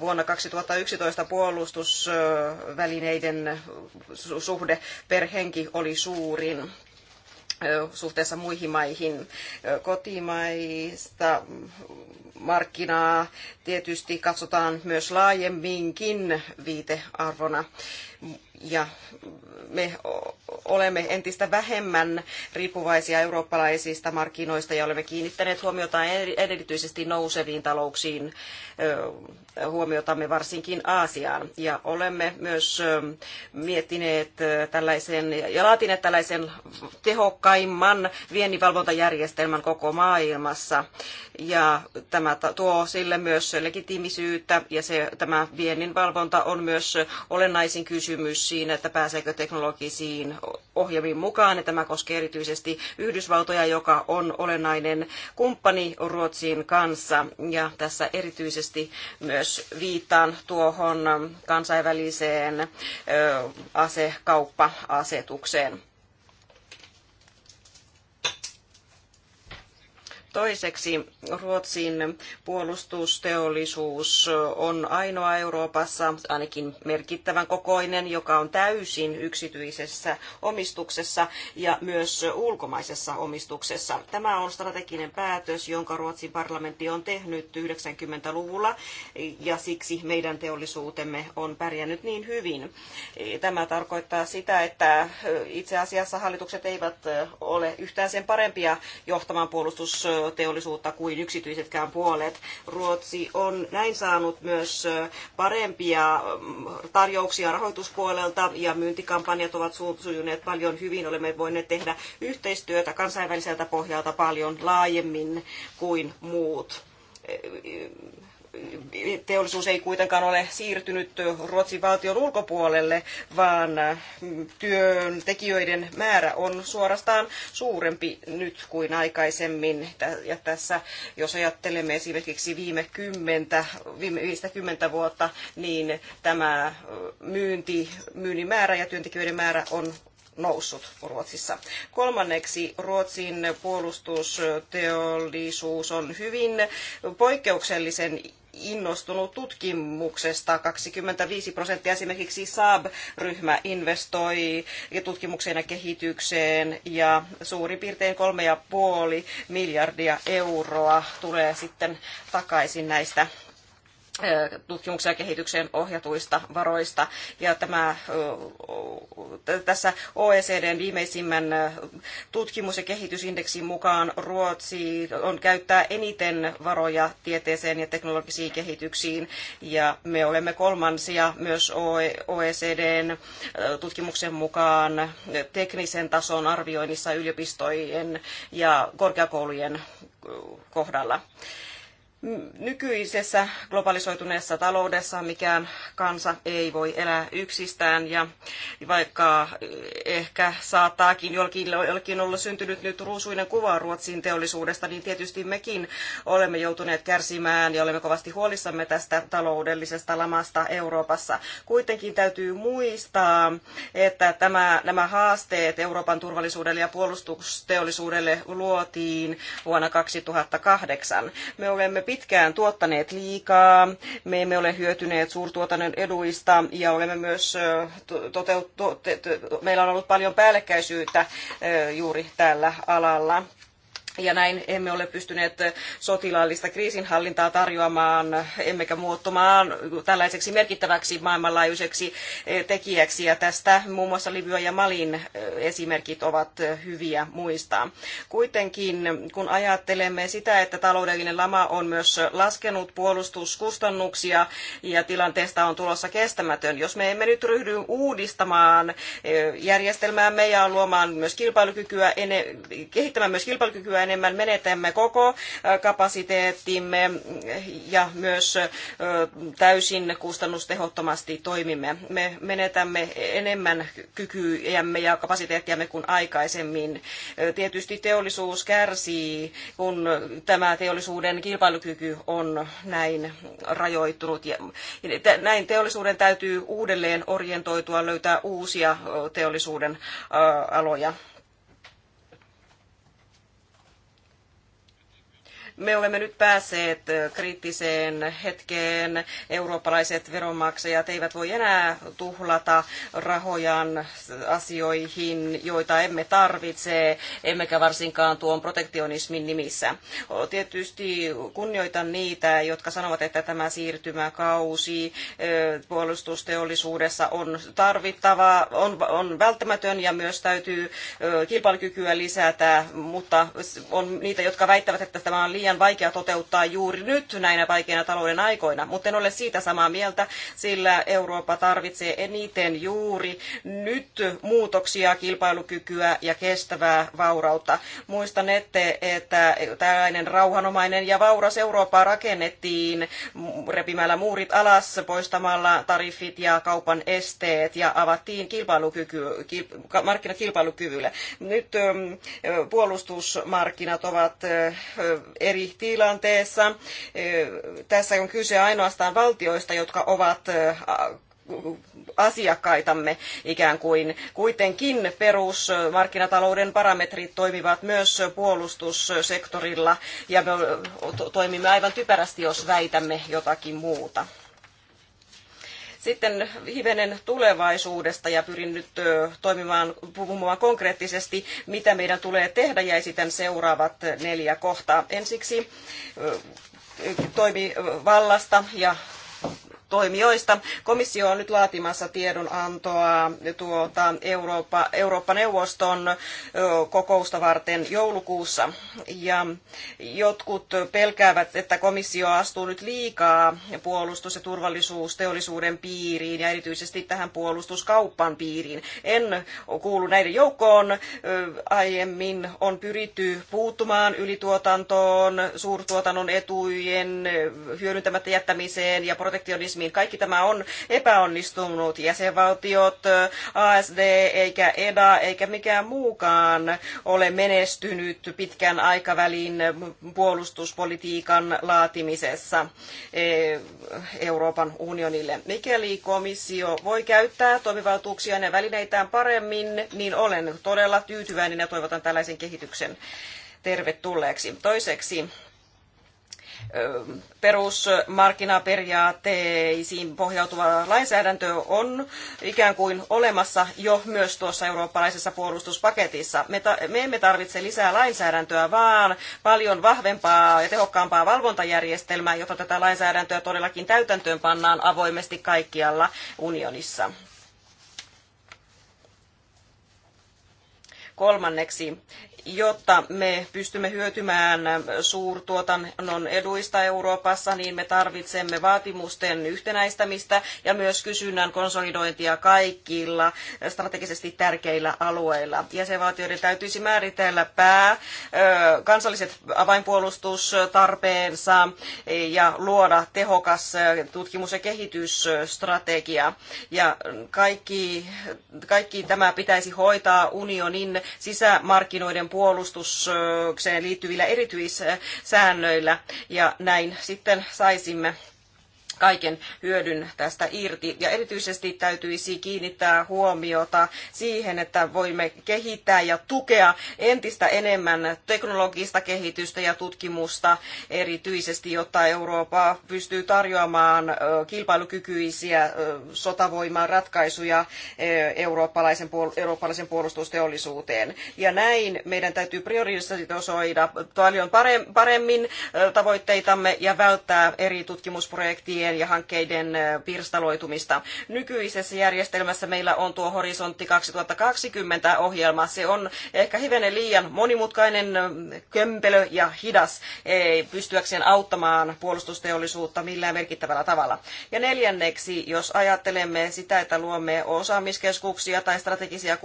S1: vuonna 2011 puolustusvälineiden suhde per henki oli suurin suhteessa muihin maihin. Kotimaista markkinaa tietysti katsotaan myös laajemminkin viitearvona ja me olemme entistä vähemmän riippuvaisia eurooppalaisista markkinoista ja olemme kiinnittäneet huomiota erityisesti nouseviin talouksiin, huomiotamme varsinkin Aasiaan. Ja olemme myös miettineet tällaisen ja laatineet tällaisen tehokkaimman vienninvalvontajärjestelmän koko maailmassa. Ja tämä tuo sille myös legitiimisyyttä ja se, tämä vienninvalvonta on myös olennaisin kysymys siinä, että pääseekö teknologisiin ohjelmiin mukaan. Ja tämä koskee erityisesti Yhdysvaltoja, joka on olennainen kumppani Ruotsin kanssa. Ja tässä erityisesti myös viittaan tuohon kansainväliseen asekauppa-asetukseen. Toiseksi Ruotsin puolustusteollisuus on ainoa Euroopassa, ainakin merkittävän kokoinen, joka on täysin yksityisessä omistuksessa ja myös ulkomaisessa omistuksessa. Tämä on strateginen päätös, jonka Ruotsin parlamentti on tehnyt 90-luvulla ja siksi meidän teollisuutemme on pärjännyt niin hyvin. Tämä tarkoittaa sitä, että itse asiassa hallitukset eivät ole yhtään sen parempia johtamaan puolustus teollisuutta kuin yksityisetkään puolet. Ruotsi on näin saanut myös parempia mm, tarjouksia rahoituspuolelta ja myyntikampanjat ovat sujuneet paljon hyvin. Olemme voineet tehdä yhteistyötä kansainväliseltä pohjalta paljon laajemmin kuin muut teollisuus ei kuitenkaan ole siirtynyt Ruotsin valtion ulkopuolelle, vaan työntekijöiden määrä on suorastaan suurempi nyt kuin aikaisemmin. Ja tässä, jos ajattelemme esimerkiksi viime kymmentä, viime 50 vuotta, niin tämä myynti, myynnin määrä ja työntekijöiden määrä on noussut Ruotsissa. Kolmanneksi Ruotsin puolustusteollisuus on hyvin poikkeuksellisen innostunut tutkimuksesta. 25 prosenttia esimerkiksi Saab-ryhmä investoi tutkimukseen ja kehitykseen ja suurin piirtein 3,5 miljardia euroa tulee sitten takaisin näistä tutkimukseen ja kehitykseen ohjatuista varoista. Ja tämä, tässä OECDn viimeisimmän tutkimus- ja kehitysindeksin mukaan Ruotsi on käyttää eniten varoja tieteeseen ja teknologisiin kehityksiin. Ja me olemme kolmansia myös OECDn tutkimuksen mukaan teknisen tason arvioinnissa yliopistojen ja korkeakoulujen kohdalla nykyisessä globalisoituneessa taloudessa mikään kansa ei voi elää yksistään ja vaikka äh, ehkä saattaakin jollekin olla syntynyt nyt ruusuinen kuva Ruotsin teollisuudesta, niin tietysti mekin olemme joutuneet kärsimään ja olemme kovasti huolissamme tästä taloudellisesta lamasta Euroopassa. Kuitenkin täytyy muistaa, että tämä, nämä haasteet Euroopan turvallisuudelle ja puolustusteollisuudelle luotiin vuonna 2008. Me olemme pitkään tuottaneet liikaa, me emme ole hyötyneet suurtuotannon eduista ja olemme myös toteut- meillä on ollut paljon päällekkäisyyttä juuri tällä alalla. Ja näin emme ole pystyneet sotilaallista kriisinhallintaa tarjoamaan, emmekä muuttumaan tällaiseksi merkittäväksi maailmanlaajuiseksi eh, tekijäksi. Ja tästä muun muassa Libya ja Malin eh, esimerkit ovat eh, hyviä muistaa. Kuitenkin, kun ajattelemme sitä, että taloudellinen lama on myös laskenut puolustuskustannuksia ja tilanteesta on tulossa kestämätön, jos me emme nyt ryhdy uudistamaan järjestelmäämme ja luomaan myös kilpailukykyä, kehittämään myös kilpailukykyä enemmän menetämme koko kapasiteettimme ja myös täysin kustannustehottomasti toimimme. Me menetämme enemmän kykyjämme ja kapasiteettiamme kuin aikaisemmin. Tietysti teollisuus kärsii, kun tämä teollisuuden kilpailukyky on näin rajoittunut. Ja näin teollisuuden täytyy uudelleen orientoitua, löytää uusia teollisuuden aloja Me olemme nyt päässeet kriittiseen hetkeen. Eurooppalaiset veronmaksajat eivät voi enää tuhlata rahojaan asioihin, joita emme tarvitse, emmekä varsinkaan tuon protektionismin nimissä. Tietysti kunnioitan niitä, jotka sanovat, että tämä siirtymäkausi puolustusteollisuudessa on tarvittava, on, on välttämätön ja myös täytyy kilpailukykyä lisätä, mutta on niitä, jotka väittävät, että tämä on liian liian vaikea toteuttaa juuri nyt näinä vaikeina talouden aikoina, mutta en ole siitä samaa mieltä, sillä Eurooppa tarvitsee eniten juuri nyt muutoksia, kilpailukykyä ja kestävää vaurautta. Muistan ette, että tällainen rauhanomainen ja vauras Eurooppa rakennettiin repimällä muurit alas, poistamalla tariffit ja kaupan esteet ja avattiin kilpailukyky, kil, markkinat kilpailukyvylle. Nyt puolustusmarkkinat ovat eri tilanteessa. Tässä on kyse ainoastaan valtioista, jotka ovat asiakkaitamme ikään kuin. Kuitenkin perusmarkkinatalouden parametrit toimivat myös puolustussektorilla ja me toimimme aivan typerästi, jos väitämme jotakin muuta. Sitten hivenen tulevaisuudesta ja pyrin nyt toimimaan, puhumaan konkreettisesti, mitä meidän tulee tehdä ja esitän seuraavat neljä kohtaa. Ensiksi toimivallasta ja toimijoista. Komissio on nyt laatimassa tiedonantoa tuota Eurooppa, Eurooppa-neuvoston kokousta varten joulukuussa. Ja jotkut pelkäävät, että komissio astuu nyt liikaa puolustus- ja turvallisuusteollisuuden piiriin ja erityisesti tähän puolustuskauppan piiriin. En kuulu näiden joukkoon. Aiemmin on pyritty puuttumaan ylituotantoon, suurtuotannon etujen hyödyntämättä jättämiseen ja protektionismiin terrorismiin. Kaikki tämä on epäonnistunut. Jäsenvaltiot, ASD eikä EDA eikä mikään muukaan ole menestynyt pitkän aikavälin puolustuspolitiikan laatimisessa e, Euroopan unionille. Mikäli komissio voi käyttää toimivaltuuksia ja välineitään paremmin, niin olen todella tyytyväinen ja toivotan tällaisen kehityksen tervetulleeksi. Toiseksi perusmarkkinaperiaatteisiin pohjautuva lainsäädäntö on ikään kuin olemassa jo myös tuossa eurooppalaisessa puolustuspaketissa. Me, ta- me emme tarvitse lisää lainsäädäntöä, vaan paljon vahvempaa ja tehokkaampaa valvontajärjestelmää, jotta tätä lainsäädäntöä todellakin täytäntöön pannaan avoimesti kaikkialla unionissa. Kolmanneksi, jotta me pystymme hyötymään suurtuotannon eduista Euroopassa, niin me tarvitsemme vaatimusten yhtenäistämistä ja myös kysynnän konsolidointia kaikilla strategisesti tärkeillä alueilla. Jäsenvaltioiden täytyisi määritellä pää kansalliset avainpuolustustarpeensa ja luoda tehokas tutkimus- ja kehitysstrategia. Ja kaikki, kaikki tämä pitäisi hoitaa unionin sisämarkkinoiden puolustukseen liittyvillä erityissäännöillä ja näin sitten saisimme kaiken hyödyn tästä irti. Ja erityisesti täytyisi kiinnittää huomiota siihen, että voimme kehittää ja tukea entistä enemmän teknologista kehitystä ja tutkimusta erityisesti, jotta Eurooppa pystyy tarjoamaan kilpailukykyisiä sotavoimaan ratkaisuja eurooppalaisen, eurooppalaisen puolustusteollisuuteen. Ja näin meidän täytyy priorisoida paljon paremmin tavoitteitamme ja välttää eri tutkimusprojektien toimien ja hankkeiden pirstaloitumista. Nykyisessä järjestelmässä meillä on tuo Horisontti 2020 ohjelma. Se on ehkä hivenen liian monimutkainen, kömpelö ja hidas ei pystyäkseen auttamaan puolustusteollisuutta millään merkittävällä tavalla. Ja neljänneksi, jos ajattelemme sitä, että luomme osaamiskeskuksia tai strategisia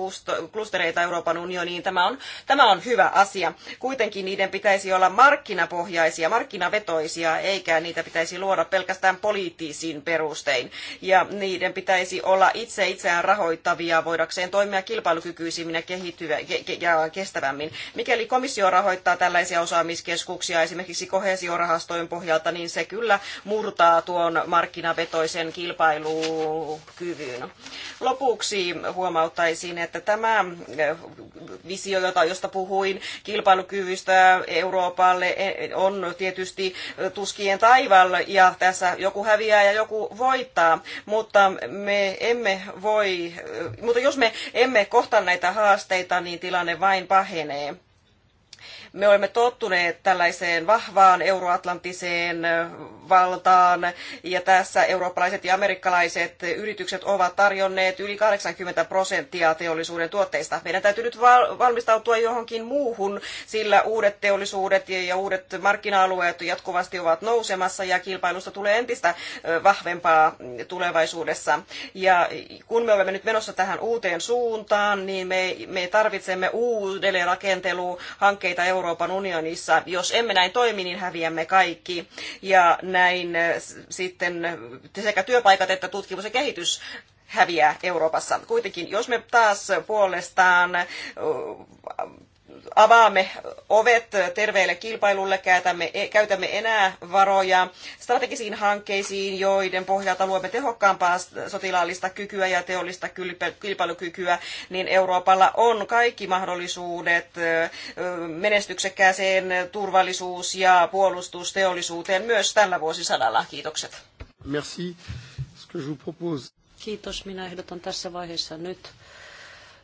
S1: klustereita Euroopan unioniin, tämä on, tämä on hyvä asia. Kuitenkin niiden pitäisi olla markkinapohjaisia, markkinavetoisia, eikä niitä pitäisi luoda pelkästään poli- poliittisiin perustein. Ja niiden pitäisi olla itse itseään rahoittavia voidakseen toimia kilpailukykyisimmin ja, kehittyvä, ja kestävämmin. Mikäli komissio rahoittaa tällaisia osaamiskeskuksia esimerkiksi kohesiorahastojen pohjalta, niin se kyllä murtaa tuon markkinavetoisen kilpailukyvyn. Lopuksi huomauttaisin, että tämä eh, visio, josta puhuin kilpailukyvystä Euroopalle, eh, on tietysti eh, tuskien taival ja tässä joku joku häviää ja joku voittaa, mutta me emme voi, mutta jos me emme kohta näitä haasteita, niin tilanne vain pahenee. Me olemme tottuneet tällaiseen vahvaan euroatlanttiseen valtaan ja tässä eurooppalaiset ja amerikkalaiset yritykset ovat tarjonneet yli 80 prosenttia teollisuuden tuotteista. Meidän täytyy nyt valmistautua johonkin muuhun, sillä uudet teollisuudet ja uudet markkina-alueet jatkuvasti ovat nousemassa ja kilpailusta tulee entistä vahvempaa tulevaisuudessa. Ja kun me olemme nyt menossa tähän uuteen suuntaan, niin me, me tarvitsemme uudelleen hankkeita Euroopan Euroopan unionissa. Jos emme näin toimi, niin häviämme kaikki. Ja näin äh, sitten sekä työpaikat että tutkimus ja kehitys häviää Euroopassa. Kuitenkin, jos me taas puolestaan avaamme ovet terveelle kilpailulle, käytämme, e-, käytämme enää varoja strategisiin hankkeisiin, joiden pohjalta luomme tehokkaampaa sotilaallista kykyä ja teollista kilpailukykyä, niin Euroopalla on kaikki mahdollisuudet menestyksekkääseen turvallisuus- ja puolustusteollisuuteen myös tällä vuosisadalla. Kiitokset. Merci.
S2: Kiitos. Minä ehdotan tässä vaiheessa nyt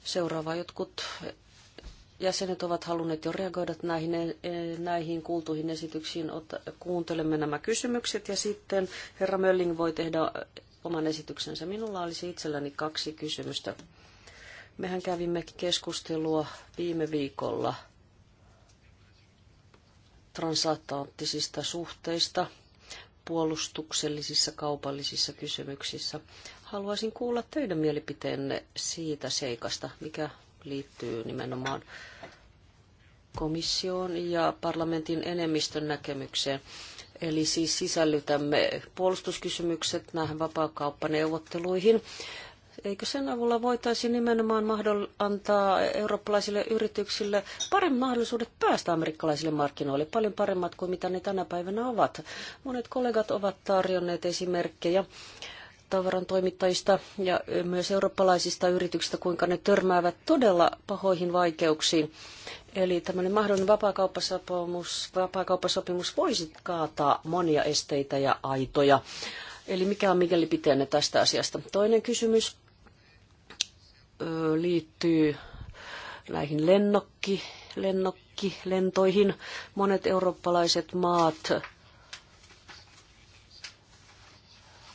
S2: seuraava jotkut jäsenet ovat halunneet jo reagoida näihin, eh, näihin kuultuihin esityksiin. Otta, kuuntelemme nämä kysymykset ja sitten herra Mölling voi tehdä oman esityksensä. Minulla olisi itselläni kaksi kysymystä. Mehän kävimme keskustelua viime viikolla transatlanttisista suhteista puolustuksellisissa kaupallisissa kysymyksissä. Haluaisin kuulla teidän mielipiteenne siitä seikasta, mikä liittyy nimenomaan komission ja parlamentin enemmistön näkemykseen. Eli siis sisällytämme puolustuskysymykset näihin vapaakauppaneuvotteluihin. Eikö sen avulla voitaisiin nimenomaan mahdoll- antaa eurooppalaisille yrityksille paremmat mahdollisuudet päästä amerikkalaisille markkinoille, paljon paremmat kuin mitä ne tänä päivänä ovat? Monet kollegat ovat tarjonneet esimerkkejä tavaran toimittajista ja myös eurooppalaisista yrityksistä, kuinka ne törmäävät todella pahoihin vaikeuksiin. Eli tämmöinen mahdollinen vapaakauppasopimus, vapaakauppasopimus voisi kaataa monia esteitä ja aitoja. Eli mikä on mielipiteenne tästä asiasta? Toinen kysymys liittyy näihin lennokki, lennokki, lentoihin. Monet eurooppalaiset maat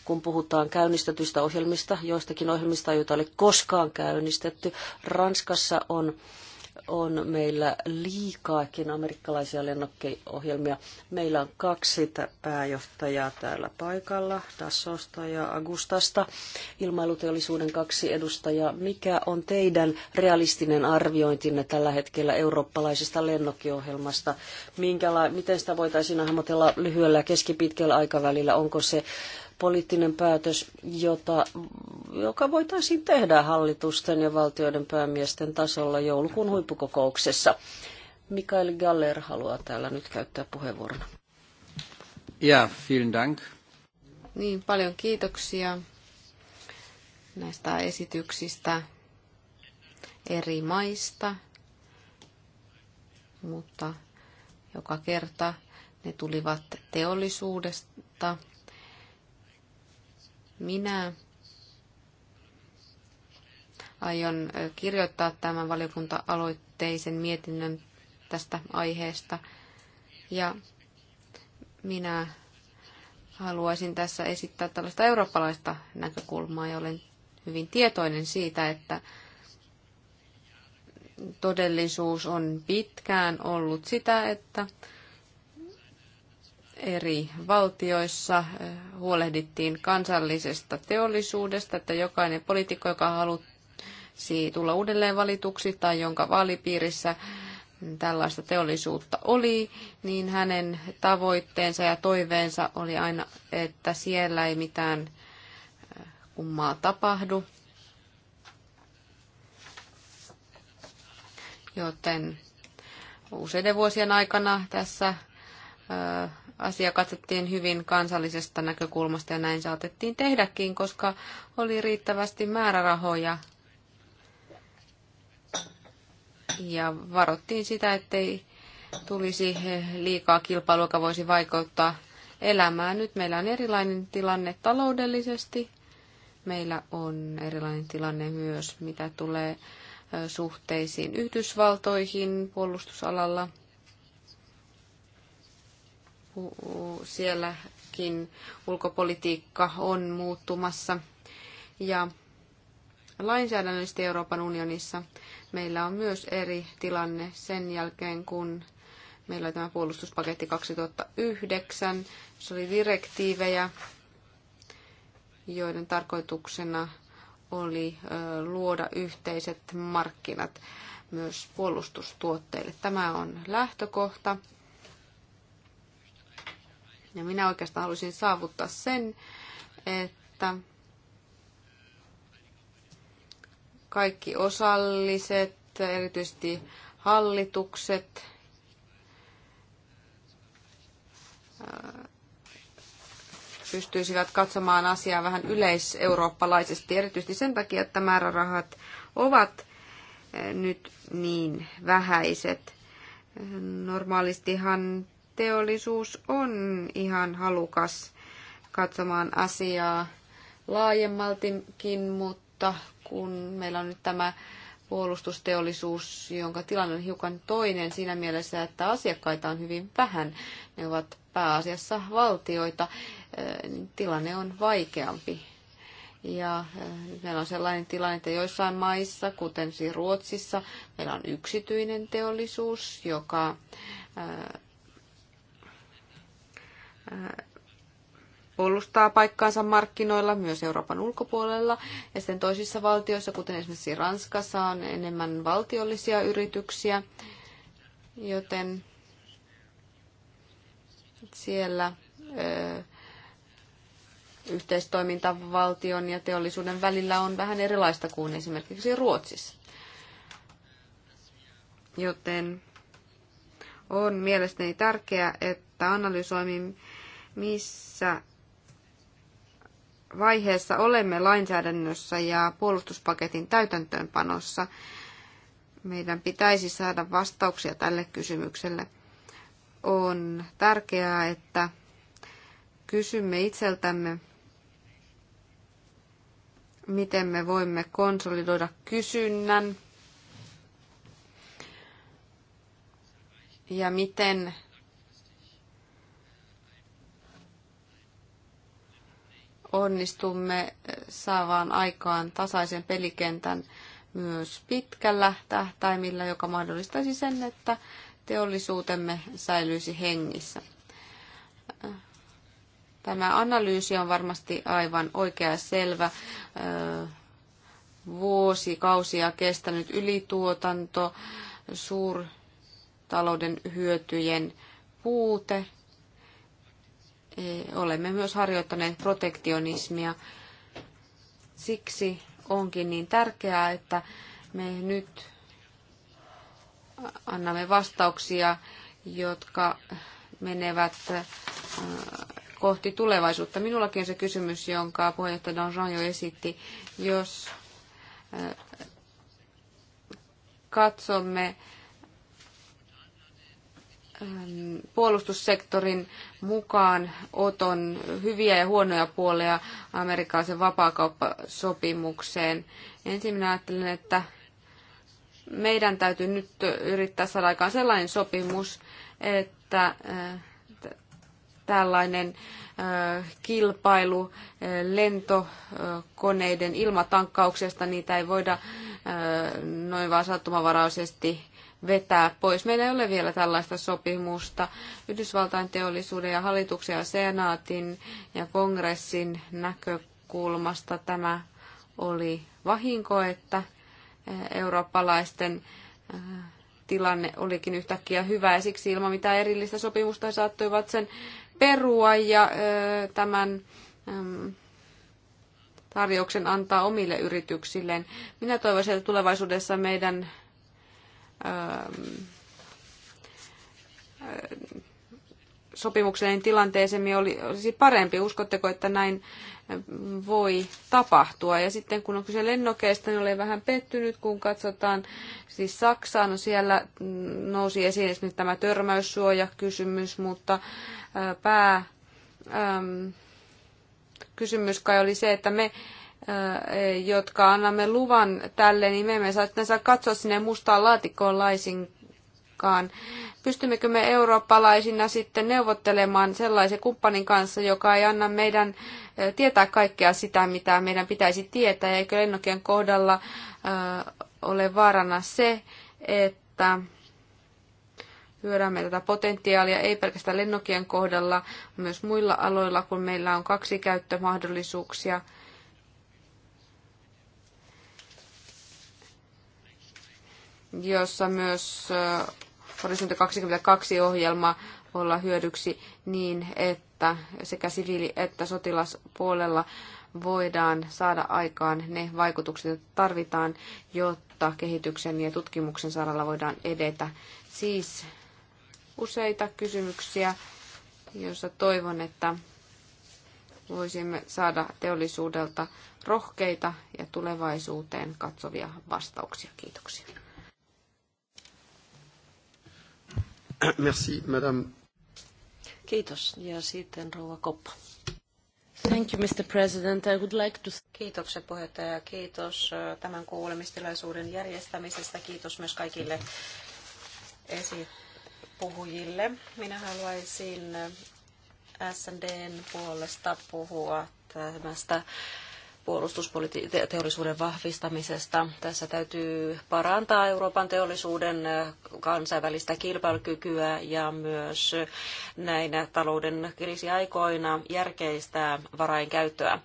S2: kun puhutaan käynnistetyistä ohjelmista, joistakin ohjelmista, joita ei ole koskaan käynnistetty. Ranskassa on on meillä liikaakin amerikkalaisia lennokkeohjelmia. Meillä on kaksi pääjohtajaa täällä paikalla, Dassosta ja Agustasta, ilmailuteollisuuden kaksi edustajaa. Mikä on teidän realistinen arviointinne tällä hetkellä eurooppalaisesta lennokkiohjelmasta? Minkäla- miten sitä voitaisiin hahmotella lyhyellä ja keskipitkällä aikavälillä? Onko se poliittinen päätös, jota, joka voitaisiin tehdä hallitusten ja valtioiden päämiesten tasolla joulukuun huippukokouksessa. Mikael
S3: Galler haluaa
S2: täällä nyt käyttää puheenvuoron. Ja, vielen dank.
S3: Niin, paljon kiitoksia näistä esityksistä eri maista, mutta joka kerta ne tulivat teollisuudesta, minä aion kirjoittaa tämän valiokunta-aloitteisen mietinnön tästä aiheesta. Ja minä haluaisin tässä esittää tällaista eurooppalaista näkökulmaa ja olen hyvin tietoinen siitä, että todellisuus on pitkään ollut sitä, että eri valtioissa eh, huolehdittiin kansallisesta teollisuudesta, että jokainen poliitikko, joka halusi tulla uudelleen valituksi tai jonka vaalipiirissä tällaista teollisuutta oli, niin hänen tavoitteensa ja toiveensa oli aina, että siellä ei mitään eh, kummaa tapahdu. Joten useiden vuosien aikana tässä eh, asia katsottiin hyvin kansallisesta näkökulmasta ja näin saatettiin tehdäkin, koska oli riittävästi määrärahoja ja varottiin sitä, ettei tulisi liikaa kilpailua, joka voisi vaikuttaa elämää. Nyt meillä on erilainen tilanne taloudellisesti. Meillä on erilainen tilanne myös, mitä tulee suhteisiin Yhdysvaltoihin puolustusalalla – sielläkin ulkopolitiikka on muuttumassa. Ja lainsäädännöllisesti Euroopan unionissa meillä on myös eri tilanne sen jälkeen, kun meillä oli tämä puolustuspaketti 2009. Se oli direktiivejä, joiden tarkoituksena oli luoda yhteiset markkinat myös puolustustuotteille. Tämä on lähtökohta. Ja minä oikeastaan halusin saavuttaa sen, että kaikki osalliset, erityisesti hallitukset, pystyisivät katsomaan asiaa vähän yleiseurooppalaisesti, erityisesti sen takia, että määrärahat ovat nyt niin vähäiset. Normaalistihan teollisuus on ihan halukas katsomaan asiaa laajemmaltikin, mutta kun meillä on nyt tämä puolustusteollisuus, jonka tilanne on hiukan toinen siinä mielessä, että asiakkaita on hyvin vähän, ne ovat pääasiassa valtioita, eh, niin tilanne on vaikeampi. Ja eh, meillä on sellainen tilanne, että joissain maissa, kuten siis Ruotsissa, meillä on yksityinen teollisuus, joka eh, Äh, puolustaa paikkaansa markkinoilla myös Euroopan ulkopuolella. Ja sitten toisissa valtioissa, kuten esimerkiksi Ranskassa, on enemmän valtiollisia yrityksiä, joten siellä ö, äh, yhteistoiminta valtion ja teollisuuden välillä on vähän erilaista kuin esimerkiksi Ruotsissa. Joten on mielestäni tärkeää, että analysoimme missä vaiheessa olemme lainsäädännössä ja puolustuspaketin täytäntöönpanossa. Meidän pitäisi saada vastauksia tälle kysymykselle. On tärkeää, että kysymme itseltämme, miten me voimme konsolidoida kysynnän ja miten onnistumme eh, saamaan aikaan tasaisen pelikentän myös pitkällä tähtäimillä, joka mahdollistaisi sen, että teollisuutemme säilyisi hengissä. Eh, tämä analyysi on varmasti aivan oikea ja selvä. Eh, vuosikausia kestänyt ylituotanto, suurtalouden hyötyjen puute – Eh, olemme myös harjoittaneet protektionismia. Siksi onkin niin tärkeää, että me nyt annamme vastauksia, jotka menevät eh, kohti tulevaisuutta. Minullakin on se kysymys, jonka puheenjohtaja Donjon jo esitti. Jos eh, katsomme Ähm, puolustussektorin mukaan oton hyviä ja huonoja puolia amerikkalaisen vapaakauppasopimukseen. Ensin minä ajattelen, että meidän täytyy nyt yrittää saada aikaan sellainen sopimus, että äh, tällainen äh, kilpailu äh, lentokoneiden ilmatankkauksesta, niitä ei voida noin vaan sattumavaraisesti vetää pois. Meillä ei ole vielä tällaista sopimusta. Yhdysvaltain teollisuuden ja hallituksen ja senaatin ja kongressin näkökulmasta tämä oli vahinko, että eh, eurooppalaisten eh, tilanne olikin yhtäkkiä hyvä ja siksi ilman mitään erillistä sopimusta he saattoivat sen perua ja eh, tämän mm, tarjouksen antaa omille yrityksilleen. Minä toivoisin, että tulevaisuudessa meidän sopimuksellinen tilanteeseen oli olisi parempi. Uskotteko, että näin voi tapahtua? Ja sitten kun on kyse lennokeista, niin olen vähän pettynyt, kun katsotaan siis Saksaa. No siellä mm, nousi esiin esimerkiksi tämä törmäyssuojakysymys, mutta pää... Äm, kysymys kai oli se, että me jotka annamme luvan tälle, niin me emme saa katsoa sinne mustaan laatikkoon laisinkaan. Pystymmekö me eurooppalaisina sitten neuvottelemaan sellaisen kumppanin kanssa, joka ei anna meidän tietää kaikkea sitä, mitä meidän pitäisi tietää, eikö lennokien kohdalla ole vaarana se, että hyödämme tätä potentiaalia ei pelkästään lennokien kohdalla, myös muilla aloilla, kun meillä on kaksi käyttömahdollisuuksia – jossa myös Horisontti 22 ohjelma voi olla hyödyksi niin, että sekä siviili- että sotilaspuolella voidaan saada aikaan ne vaikutukset, joita tarvitaan, jotta kehityksen ja tutkimuksen saralla voidaan edetä. Siis useita kysymyksiä, joissa toivon, että voisimme saada teollisuudelta rohkeita ja tulevaisuuteen katsovia vastauksia. Kiitoksia. Merci, madame.
S2: Kiitos. Ja sitten rouva Koppa. Thank you, Mr. President. I would like to...
S1: Kiitokset puheenjohtaja. Kiitos tämän kuulemistilaisuuden järjestämisestä. Kiitos myös kaikille esipuhujille. Minä haluaisin SNDn puolesta puhua tämästä puolustusteollisuuden vahvistamisesta. Tässä täytyy parantaa Euroopan teollisuuden kansainvälistä kilpailukykyä ja myös näinä talouden kriisiaikoina järkeistää varainkäyttöä.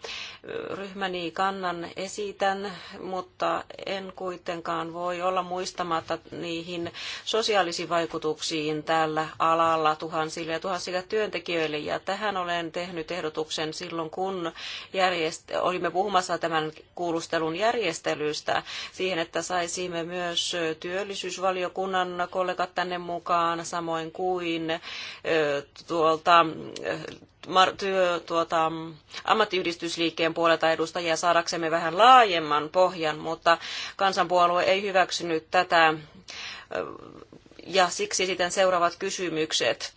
S1: Ryhmäni kannan esitän, mutta en kuitenkaan voi olla muistamatta niihin sosiaalisiin vaikutuksiin tällä alalla tuhansille ja tuhansille työntekijöille. Ja tähän olen tehnyt ehdotuksen silloin, kun järjest- olimme puhumassa puhumassa tämän kuulustelun järjestelystä siihen, että saisimme myös työllisyysvaliokunnan kollegat tänne mukaan, samoin kuin tuolta työ, tuota, ammattiyhdistysliikkeen puolelta edustajia saadaksemme vähän laajemman pohjan, mutta kansanpuolue ei hyväksynyt tätä ja siksi sitten seuraavat kysymykset.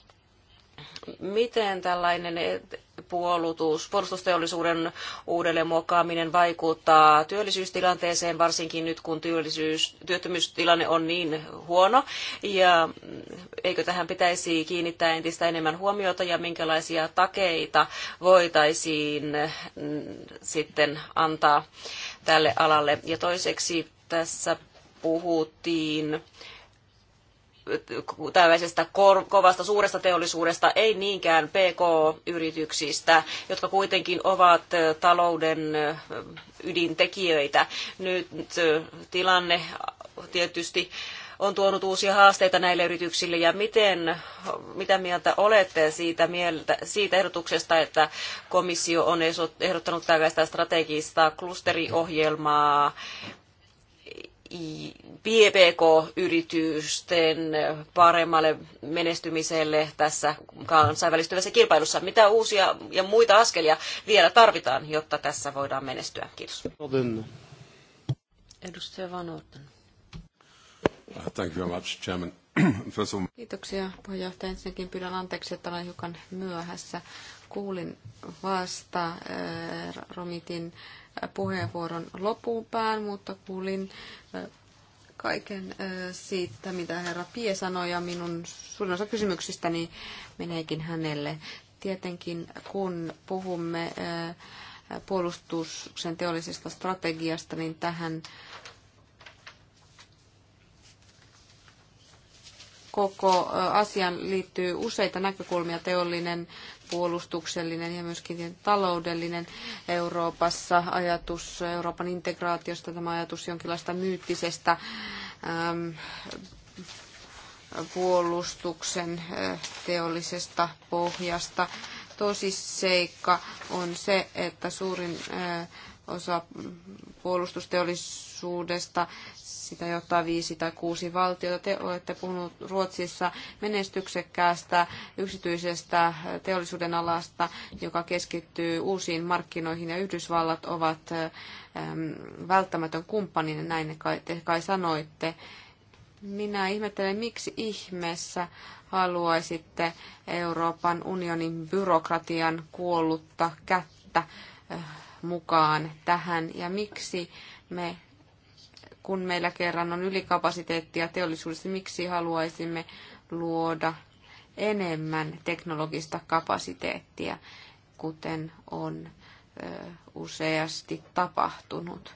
S1: Miten tällainen puolutus, puolustusteollisuuden uudelleenmuokkaaminen vaikuttaa työllisyystilanteeseen, varsinkin nyt kun työllisyys, työttömyystilanne on niin huono. Ja eikö tähän pitäisi kiinnittää entistä enemmän huomiota ja minkälaisia takeita voitaisiin mm, sitten antaa tälle alalle. Ja toiseksi tässä puhuttiin tällaisesta kovasta suuresta teollisuudesta, ei niinkään PK-yrityksistä, jotka kuitenkin ovat talouden ydintekijöitä. Nyt tilanne tietysti on tuonut uusia haasteita näille yrityksille ja miten, mitä mieltä olette siitä, mieltä, siitä ehdotuksesta, että komissio on ehdottanut tällaista strategista klusteriohjelmaa PK-yritysten paremmalle menestymiselle tässä kansainvälistyvässä kilpailussa? Mitä uusia ja muita askelia vielä tarvitaan, jotta tässä voidaan menestyä? Kiitos. Edustaja Van Orten. Thank you very much, Chairman.
S3: Kiitoksia puheenjohtaja. Ensinnäkin pyydän anteeksi, että olen hiukan myöhässä. Kuulin vasta äh, Romitin puheenvuoron loppuun pään, mutta kuulin kaiken siitä, mitä herra Pie sanoi, ja minun suurin osa kysymyksistäni meneekin hänelle. Tietenkin kun puhumme puolustuksen teollisesta strategiasta, niin tähän koko asian liittyy useita näkökulmia. Teollinen puolustuksellinen ja myöskin taloudellinen Euroopassa ajatus Euroopan integraatiosta, tämä ajatus jonkinlaista myyttisestä ähm, puolustuksen äh, teollisesta pohjasta. seikka on se, että suurin äh, osa puolustusteollisuudesta sitä johtaa viisi tai kuusi valtiota. Te olette puhunut Ruotsissa menestyksekkäästä yksityisestä teollisuuden alasta, joka keskittyy uusiin markkinoihin ja Yhdysvallat ovat välttämätön kumppani, niin näin te kai sanoitte. Minä ihmettelen, miksi ihmeessä haluaisitte Euroopan unionin byrokratian kuollutta kättä äh, mukaan tähän ja miksi me kun meillä kerran on ylikapasiteettia teollisuudessa, miksi haluaisimme luoda enemmän teknologista kapasiteettia, kuten on useasti tapahtunut.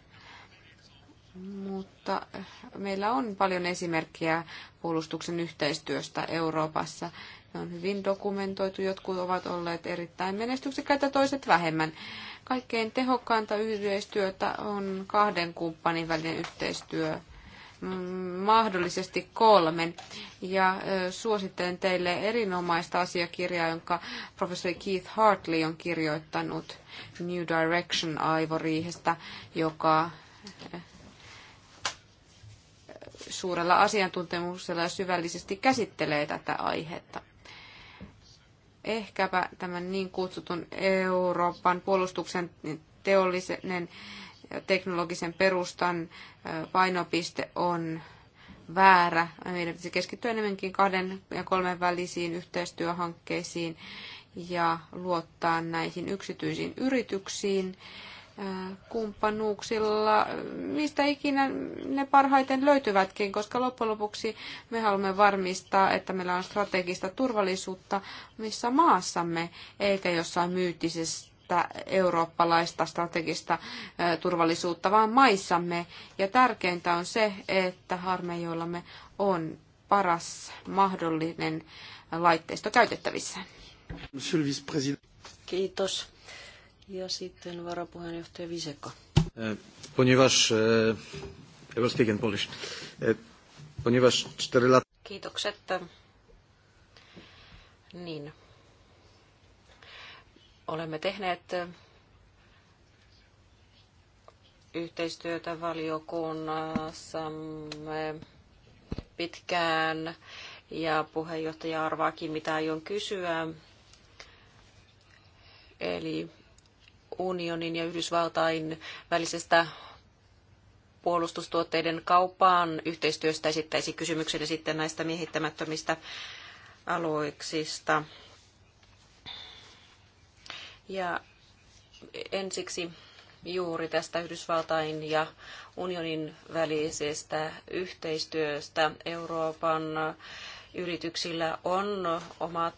S3: Mutta meillä on paljon esimerkkejä puolustuksen yhteistyöstä Euroopassa. Ne on hyvin dokumentoitu, jotkut ovat olleet erittäin menestyksekkäitä, toiset vähemmän. Kaikkein tehokkainta yhteistyötä on kahden kumppanin välinen yhteistyö, mm, mahdollisesti kolmen. Ja suosittelen teille erinomaista asiakirjaa, jonka professori Keith Hartley on kirjoittanut New Direction aivoriihestä, joka suurella asiantuntemuksella syvällisesti käsittelee tätä aihetta ehkäpä tämän niin kutsutun Euroopan puolustuksen teollisen teknologisen perustan painopiste on väärä. Meidän pitäisi keskittyä enemmänkin kahden ja kolmen välisiin yhteistyöhankkeisiin ja luottaa näihin yksityisiin yrityksiin kumppanuuksilla, mistä ikinä ne parhaiten löytyvätkin, koska loppujen lopuksi me haluamme varmistaa, että meillä on strategista turvallisuutta missä maassamme, eikä jossain myytisessä eurooppalaista strategista turvallisuutta, vaan maissamme. Ja tärkeintä on se, että armeijoillamme on paras mahdollinen laitteisto käytettävissä. Kiitos.
S2: Ja sitten varapuheenjohtaja Viseka.
S1: Eh, ponieważ, ja eh, was speaking Polish, eh, ponieważ 4 lat... Kiitokset. Niin. Olemme tehneet yhteistyötä valiokunnassamme pitkään ja puheenjohtaja arvaakin, mitä aion kysyä. Eli unionin ja Yhdysvaltain välisestä puolustustuotteiden kauppaan yhteistyöstä esittäisi kysymyksen ja sitten näistä miehittämättömistä aloiksista. Ja ensiksi juuri tästä Yhdysvaltain ja unionin välisestä yhteistyöstä Euroopan yrityksillä on omat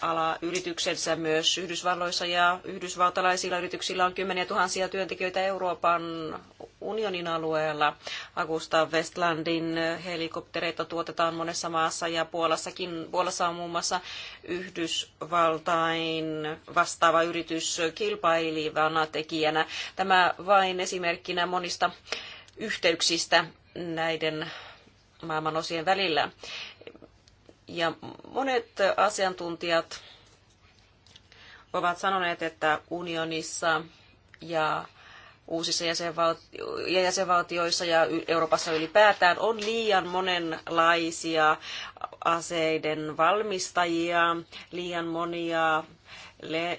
S1: ala yrityksensä myös Yhdysvalloissa ja yhdysvaltalaisilla yrityksillä on kymmeniä tuhansia työntekijöitä Euroopan unionin alueella. Augusta Westlandin helikoptereita tuotetaan monessa maassa ja Puolassakin. Puolassa on muun muassa Yhdysvaltain vastaava yritys kilpailivana tekijänä. Tämä vain esimerkkinä monista yhteyksistä näiden maailmanosien välillä. Ja monet asiantuntijat ovat sanoneet, että unionissa ja uusissa jäsenvalti- jäsenvaltioissa ja Euroopassa ylipäätään on liian monenlaisia aseiden valmistajia, liian monia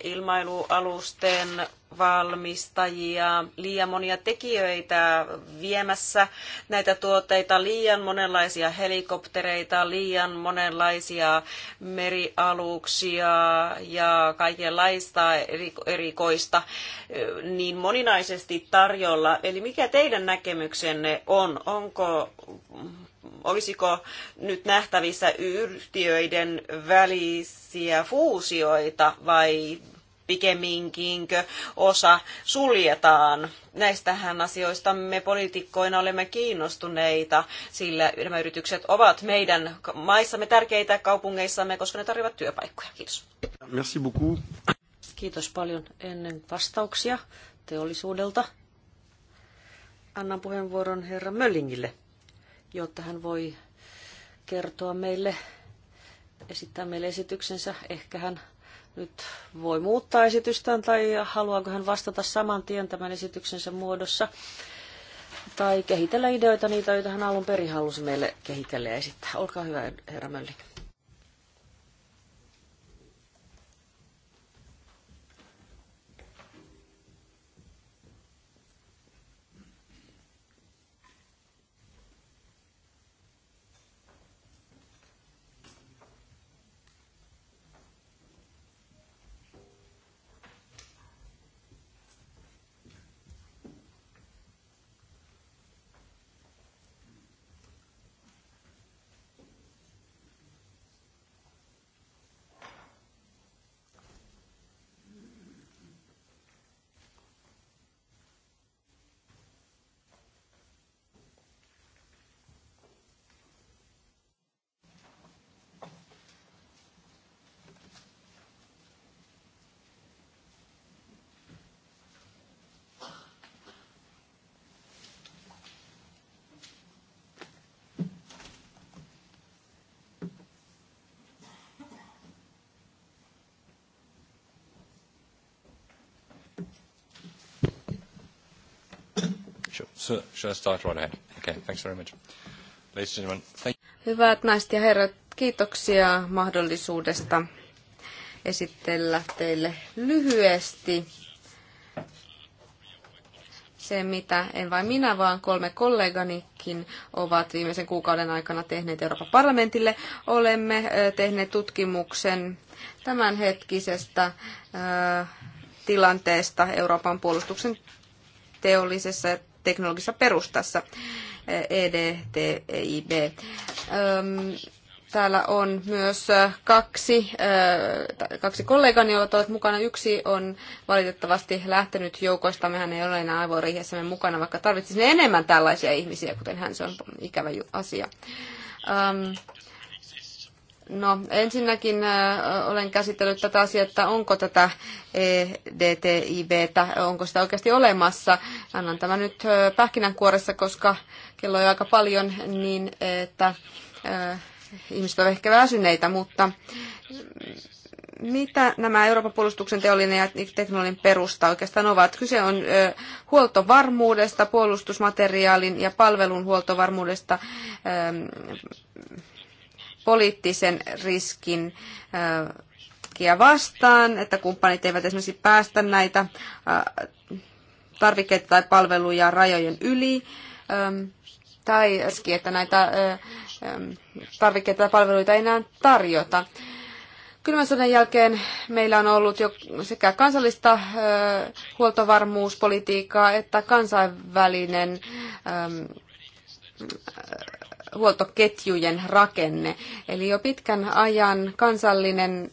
S1: ilmailualusten valmistajia, liian monia tekijöitä viemässä näitä tuotteita, liian monenlaisia helikoptereita, liian monenlaisia merialuksia ja kaikenlaista erikoista niin moninaisesti tarjolla. Eli mikä teidän näkemyksenne on? Onko olisiko nyt nähtävissä yhtiöiden välisiä fuusioita vai pikemminkinkö osa suljetaan. Näistähän asioista me poliitikkoina olemme kiinnostuneita, sillä nämä yritykset ovat meidän maissamme tärkeitä kaupungeissamme, koska ne tarjoavat työpaikkoja. Kiitos. Merci beaucoup. Kiitos paljon ennen vastauksia teollisuudelta.
S2: Annan puheenvuoron herra Möllingille, jotta hän voi kertoa meille, esittää meille esityksensä. Ehkä hän nyt voi muuttaa esitystään tai haluaako hän vastata saman tien tämän esityksensä muodossa tai kehitellä ideoita, niitä, joita hän alun perin halusi meille kehitellä ja esittää. Olkaa hyvä, herra Mölli.
S3: should I start right ahead? Okay, thanks very much. Ladies and gentlemen, thank Hyvät naiset ja herrat, kiitoksia mahdollisuudesta esitellä teille lyhyesti se, mitä en vain minä, vaan kolme kolleganikin ovat viimeisen kuukauden aikana tehneet Euroopan parlamentille. Olemme tehneet tutkimuksen tämänhetkisestä tilanteesta Euroopan puolustuksen teollisessa ja teknologisessa perustassa, EDTIB. Täällä on myös kaksi, kaksi kollegani, jotka ovat mukana. Yksi on valitettavasti lähtenyt joukoista. Mehän ei ole enää aivoriihessämme mukana, vaikka tarvitsisimme enemmän tällaisia ihmisiä, kuten hän. Se on ikävä asia. No, ensinnäkin äh, olen käsitellyt tätä asiaa, että onko tätä e DTIBtä, onko sitä oikeasti olemassa. Annan tämä nyt äh, pähkinänkuoressa, koska kello on aika paljon, niin että äh, ihmiset ovat ehkä väsyneitä, mutta mm, mitä nämä Euroopan puolustuksen teollinen ja teknologian perusta oikeastaan ovat? Kyse on huoltovarmuudesta, puolustusmateriaalin ja palvelun huoltovarmuudesta, poliittisen riskin takia äh, vastaan, että kumppanit eivät esimerkiksi päästä näitä äh, tarvikkeita tai palveluja rajojen yli, ähm, tai riski, että näitä äh, ähm, tarvikkeita tai palveluita ei enää tarjota. Kylmän sodan jälkeen meillä on ollut jo sekä kansallista huoltovarmuuspolitiikkaa että kansainvälinen ähm, huoltoketjujen rakenne. Eli jo pitkän ajan kansallinen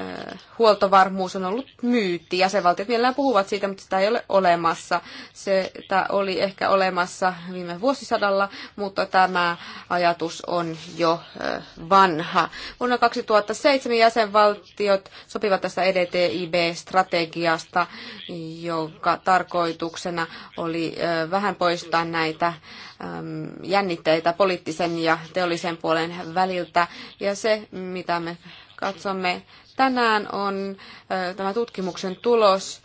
S3: Äh, huoltovarmuus on ollut myytti. Jäsenvaltiot mielellään puhuvat siitä, mutta sitä ei ole olemassa. Se tämä oli ehkä olemassa viime vuosisadalla, mutta tämä ajatus on jo äh, vanha. Vuonna 2007 jäsenvaltiot sopivat tästä EDTIB-strategiasta, jonka tarkoituksena oli äh, vähän poistaa näitä jännitteitä poliittisen ja teollisen puolen väliltä. Ja se, mitä me katsomme tänään, on tämä tutkimuksen tulos,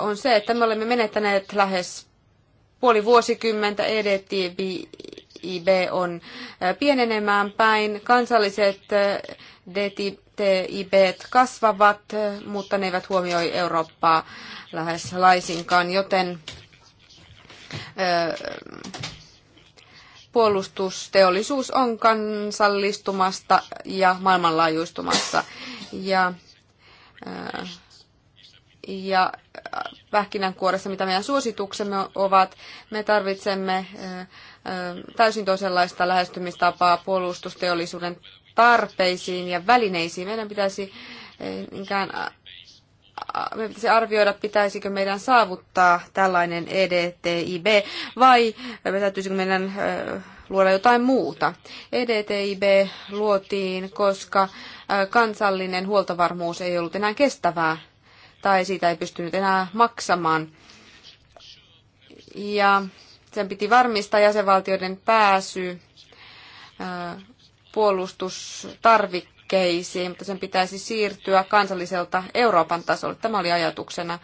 S3: on se, että me olemme menettäneet lähes puoli vuosikymmentä EDTIB on pienenemään päin. Kansalliset DTIB kasvavat, mutta ne eivät huomioi Eurooppaa lähes laisinkaan, joten puolustusteollisuus on kansallistumasta ja maailmanlaajuistumassa. Ja, äh, ja äh, pähkinänkuoressa, mitä meidän suosituksemme ovat, me tarvitsemme äh, täysin toisenlaista lähestymistapaa puolustusteollisuuden tarpeisiin ja välineisiin. Meidän pitäisi me pitäisi arvioida, pitäisikö meidän saavuttaa tällainen EDTIB vai me täytyisikö meidän luoda jotain muuta. EDTIB luotiin, koska kansallinen huoltovarmuus ei ollut enää kestävää tai siitä ei pystynyt enää maksamaan. Ja sen piti varmistaa jäsenvaltioiden pääsy puolustustarvikkeisiin hankkeisiin, mutta sen pitäisi siirtyä kansalliselta Euroopan tasolle. Tämä oli ajatuksena.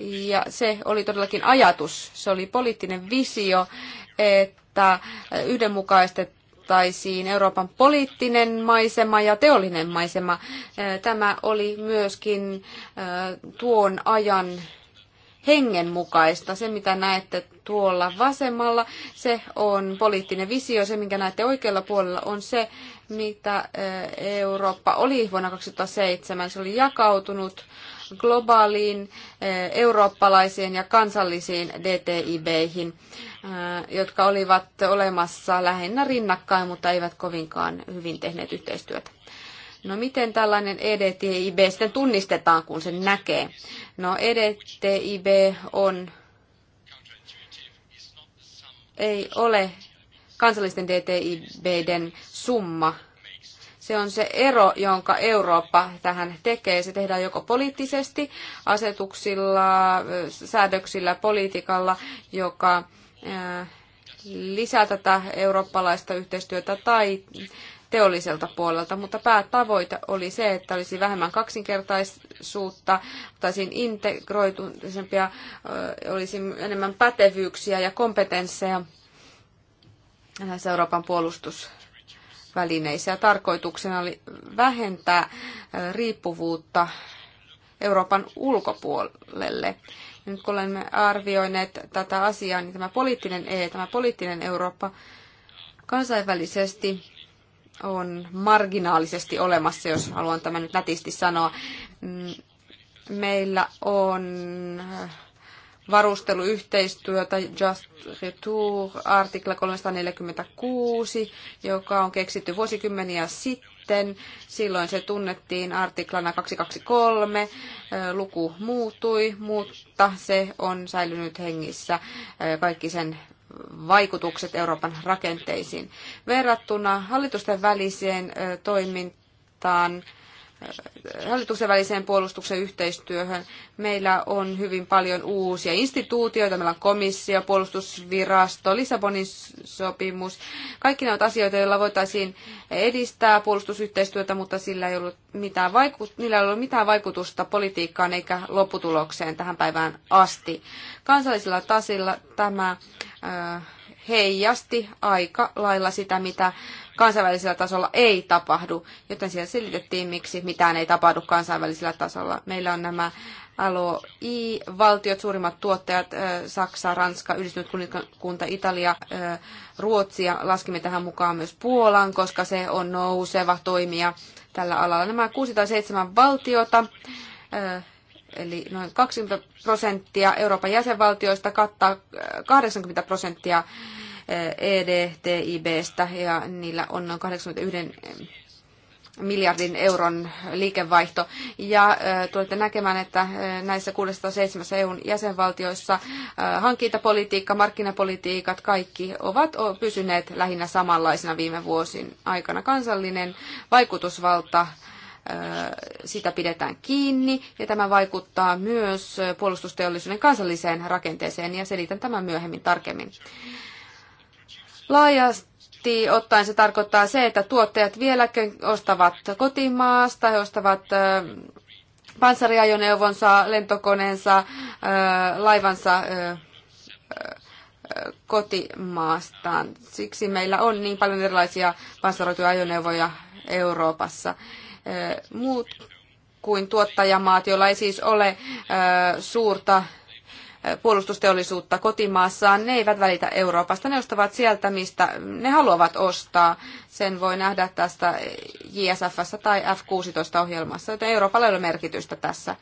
S3: Ja se oli todellakin ajatus, se oli poliittinen visio, että yhdenmukaistettaisiin Euroopan poliittinen maisema ja teollinen maisema. Tämä oli myöskin äh, tuon ajan hengen mukaista, Se, mitä näette tuolla vasemmalla, se on poliittinen visio. Se, minkä näette oikealla puolella, on se, mitä eh, Eurooppa oli vuonna 2007. Se oli jakautunut globaaliin, eh, eurooppalaisiin ja kansallisiin DTIBihin, eh, jotka olivat olemassa lähinnä rinnakkain, mutta eivät kovinkaan hyvin tehneet yhteistyötä. No miten tällainen EDTIB sitten tunnistetaan, kun sen näkee? No EDTIB on, ei ole kansallisten DTIBden summa. Se on se ero, jonka Eurooppa tähän tekee. Se tehdään joko poliittisesti, asetuksilla, säädöksillä, politiikalla, joka lisää tätä eurooppalaista yhteistyötä tai teolliselta puolelta, mutta päätavoite oli se, että olisi vähemmän kaksinkertaisuutta, tai integroituisempia, olisi enemmän pätevyyksiä ja kompetensseja näissä Euroopan puolustusvälineissä. Ja tarkoituksena oli vähentää riippuvuutta Euroopan ulkopuolelle. Ja nyt kun olemme arvioineet tätä asiaa, niin tämä poliittinen E, tämä poliittinen Eurooppa kansainvälisesti on marginaalisesti olemassa, jos haluan tämän nyt nätisti sanoa. Mm, meillä on äh, varusteluyhteistyötä Just Retour, artikla 346, joka on keksitty vuosikymmeniä sitten. Silloin se tunnettiin artiklana 223. Äh, luku muuttui, mutta se on säilynyt hengissä äh, kaikki sen vaikutukset Euroopan rakenteisiin. Verrattuna hallitusten väliseen toimintaan, hallituksen väliseen puolustuksen yhteistyöhön. Meillä on hyvin paljon uusia instituutioita, meillä on komissio, puolustusvirasto, Lissabonin sopimus. Kaikki ne ovat asioita, joilla voitaisiin edistää puolustusyhteistyötä, mutta sillä ei ollut mitään vaiku- niillä ei ollut mitään vaikutusta politiikkaan eikä lopputulokseen tähän päivään asti. Kansallisilla tasilla tämä Äh, heijasti aika lailla sitä, mitä kansainvälisellä tasolla ei tapahdu, joten siellä selitettiin, miksi mitään ei tapahdu kansainvälisellä tasolla. Meillä on nämä LOI-valtiot, suurimmat tuottajat, äh, Saksa, Ranska, Yhdistynyt kunta Italia, äh, Ruotsi ja laskimme tähän mukaan myös Puolan, koska se on nouseva toimija tällä alalla. Nämä kuusi tai seitsemän valtiota Eli noin 20 prosenttia Euroopan jäsenvaltioista kattaa 80 äh, prosenttia äh, EDTIBstä ja niillä on noin 81 äh, miljardin euron liikevaihto. Ja tulette näkemään, että näissä 607 EUn jäsenvaltioissa hankintapolitiikka, markkinapolitiikat, kaikki ovat pysyneet lähinnä samanlaisina viime vuosin aikana. Kansallinen vaikutusvalta sitä pidetään kiinni ja tämä vaikuttaa myös puolustusteollisuuden kansalliseen rakenteeseen ja selitän tämän myöhemmin tarkemmin. Laajasti ottaen se tarkoittaa se, että tuottajat vieläkin ostavat kotimaasta, he ostavat panssariajoneuvonsa, lentokoneensa, laivansa kotimaastaan. Siksi meillä on niin paljon erilaisia panssaroituja ajoneuvoja Euroopassa muut kuin tuottajamaat, joilla ei siis ole suurta puolustusteollisuutta kotimaassaan, ne eivät välitä Euroopasta, ne ostavat sieltä, mistä ne haluavat ostaa. Sen voi nähdä tästä jsf tai F16-ohjelmassa, joten Euroopalla ei ole merkitystä tässä.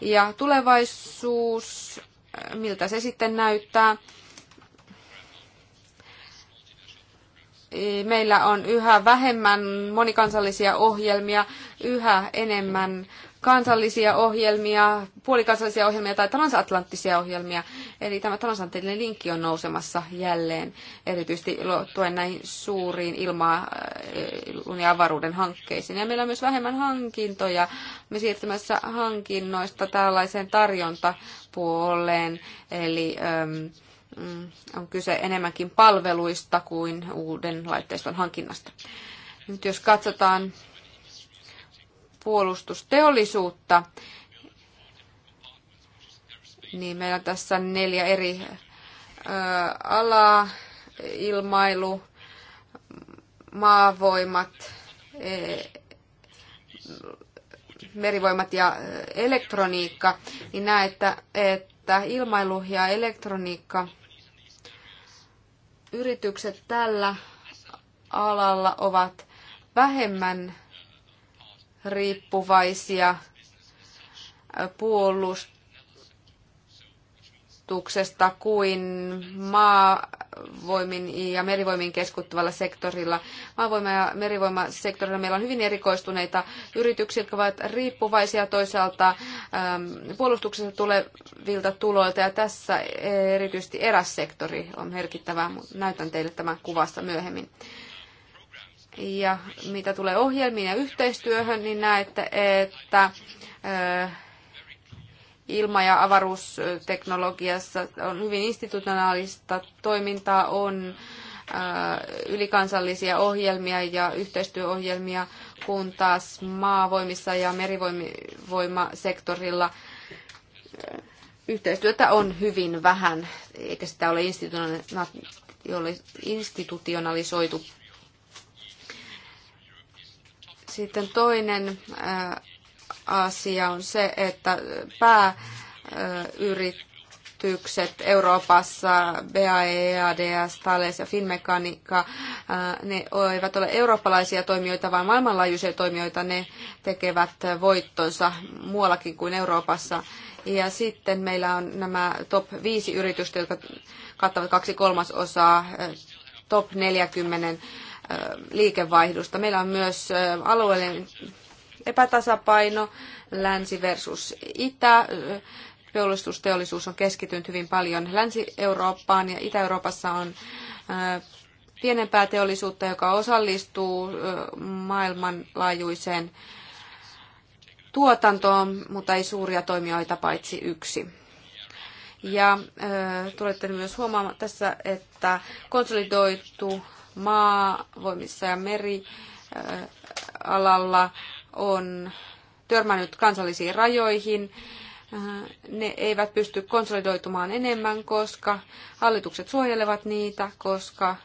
S3: Ja tulevaisuus, miltä se sitten näyttää? meillä on yhä vähemmän monikansallisia ohjelmia, yhä enemmän kansallisia ohjelmia, puolikansallisia ohjelmia tai transatlanttisia ohjelmia. Eli tämä transatlanttinen linkki on nousemassa jälleen, erityisesti tuen näihin suuriin ilma- ja avaruuden hankkeisiin. Ja meillä on myös vähemmän hankintoja. Me siirtymässä hankinnoista tällaiseen tarjontapuoleen, eli Mm, on kyse enemmänkin palveluista kuin uuden laitteiston hankinnasta. Nyt jos katsotaan puolustusteollisuutta, niin meillä on tässä neljä eri alaa, ilmailu, maavoimat, e, merivoimat ja elektroniikka, niin näet, että, että ilmailu ja elektroniikka yritykset tällä alalla ovat vähemmän riippuvaisia puolust puolustuksesta kuin maavoimin ja merivoimin keskuttavalla sektorilla. Maavoima- ja merivoimasektorilla meillä on hyvin erikoistuneita yrityksiä, jotka ovat riippuvaisia toisaalta ähm, puolustuksesta tulevilta tuloilta. Ja tässä erityisesti eräs sektori on merkittävä. Näytän teille tämän kuvasta myöhemmin. Ja mitä tulee ohjelmiin ja yhteistyöhön, niin näette, että äh, ilma- ja avaruusteknologiassa on hyvin institutionaalista toimintaa, on äh, ylikansallisia ohjelmia ja yhteistyöohjelmia, kun taas maavoimissa ja merivoimasektorilla äh, yhteistyötä on hyvin vähän, eikä sitä ole institutionalisoitu. Sitten toinen äh, asia on se, että pääyritykset Euroopassa, BAE, ADS, Thales ja Finmekanika, äh, ne eivät ole eurooppalaisia toimijoita, vaan maailmanlaajuisia toimijoita. Ne tekevät voittonsa muuallakin kuin Euroopassa. Ja sitten meillä on nämä top 5 yritystä, jotka kattavat kaksi kolmasosaa äh, top 40 äh, liikevaihdosta. Meillä on myös alueellinen epätasapaino länsi versus itä. Teollisuusteollisuus on keskitynyt hyvin paljon Länsi-Eurooppaan ja Itä-Euroopassa on äh, pienempää teollisuutta, joka osallistuu äh, maailmanlaajuiseen tuotantoon, mutta ei suuria toimijoita paitsi yksi. Ja äh, tulette myös huomaamaan tässä, että konsolidoitu maavoimissa ja merialalla on törmännyt kansallisiin rajoihin. Ne eivät pysty konsolidoitumaan enemmän, koska hallitukset suojelevat niitä, koska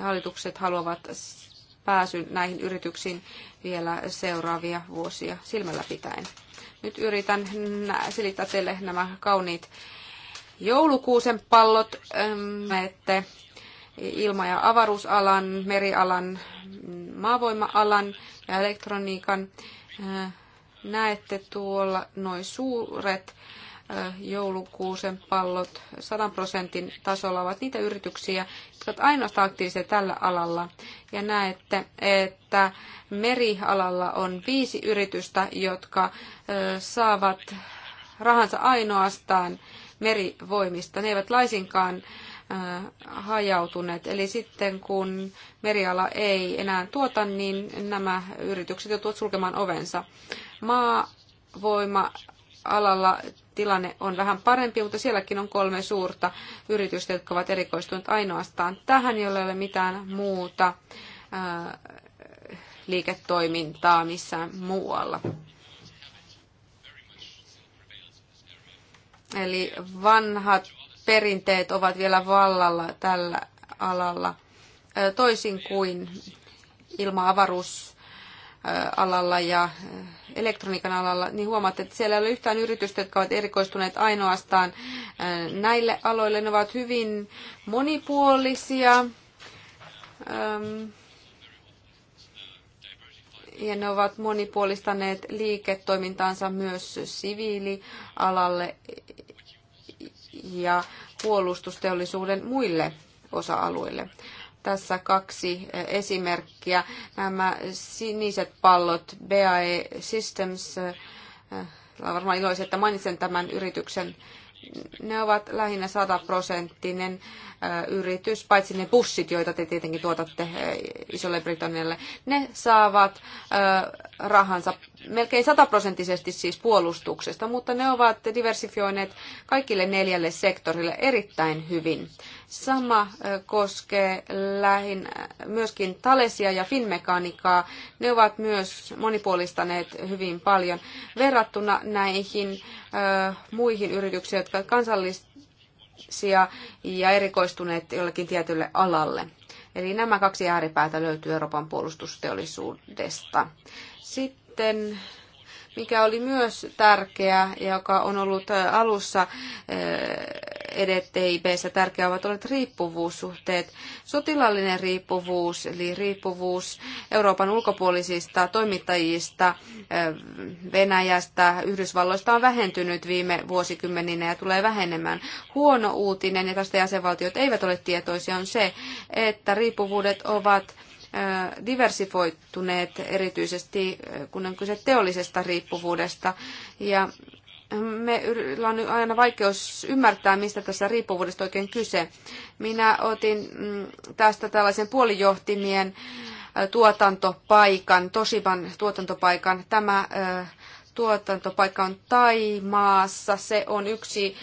S3: hallitukset haluavat pääsyn näihin yrityksiin vielä seuraavia vuosia silmällä pitäen. Nyt yritän selittää teille nämä kauniit joulukuusen pallot. Näette ilma- ja avaruusalan, merialan, maavoima-alan ja elektroniikan. Äh, näette tuolla noin suuret äh, joulukuusen pallot 100 prosentin tasolla ovat niitä yrityksiä, jotka ovat ainoastaan aktiivisia tällä alalla. Ja näette, että merialalla on viisi yritystä, jotka äh, saavat rahansa ainoastaan merivoimista. Ne eivät laisinkaan äh, hajautuneet. Eli sitten kun meriala ei enää tuota, niin nämä yritykset joutuvat sulkemaan ovensa. Maavoima alalla tilanne on vähän parempi, mutta sielläkin on kolme suurta yritystä, jotka ovat erikoistuneet ainoastaan tähän, jolla ei ole mitään muuta liiketoimintaa missään muualla. Eli vanhat perinteet ovat vielä vallalla tällä alalla, toisin kuin ilma-avaruusalalla ja elektroniikan alalla, niin huomaatte, että siellä ei ole yhtään yritystä, jotka ovat erikoistuneet ainoastaan näille aloille. Ne ovat hyvin monipuolisia ja ne ovat monipuolistaneet liiketoimintaansa myös siviilialalle ja puolustusteollisuuden muille osa-alueille. Tässä kaksi esimerkkiä. Nämä siniset pallot, BAE Systems, äh, olen varmaan iloisia, että mainitsen tämän yrityksen. Ne ovat lähinnä sataprosenttinen äh, yritys, paitsi ne bussit, joita te tietenkin tuotatte äh, Isolle Britannialle. Ne saavat rahansa melkein sataprosenttisesti siis puolustuksesta, mutta ne ovat diversifioineet kaikille neljälle sektorille erittäin hyvin. Sama koskee lähin myöskin Talesia ja Finmekanikaa. Ne ovat myös monipuolistaneet hyvin paljon verrattuna näihin muihin yrityksiin, jotka kansallisia ja erikoistuneet jollekin tietylle alalle. Eli nämä kaksi ääripäätä löytyy Euroopan puolustusteollisuudesta. Sitten mikä oli myös tärkeää ja joka on ollut alussa EDTIBssä tärkeää ovat olleet riippuvuussuhteet. Sotilallinen riippuvuus, eli riippuvuus Euroopan ulkopuolisista toimittajista Venäjästä, Yhdysvalloista on vähentynyt viime vuosikymmeninä ja tulee vähenemään. Huono uutinen, ja tästä jäsenvaltiot eivät ole tietoisia, on se, että riippuvuudet ovat diversifoituneet erityisesti, kun on kyse teollisesta riippuvuudesta. Ja meillä on aina vaikeus ymmärtää, mistä tässä riippuvuudesta oikein kyse. Minä otin mm, tästä tällaisen puolijohtimien tuotantopaikan, Tosivan tuotantopaikan. Tämä tuotantopaikka on Taimaassa. Se on yksi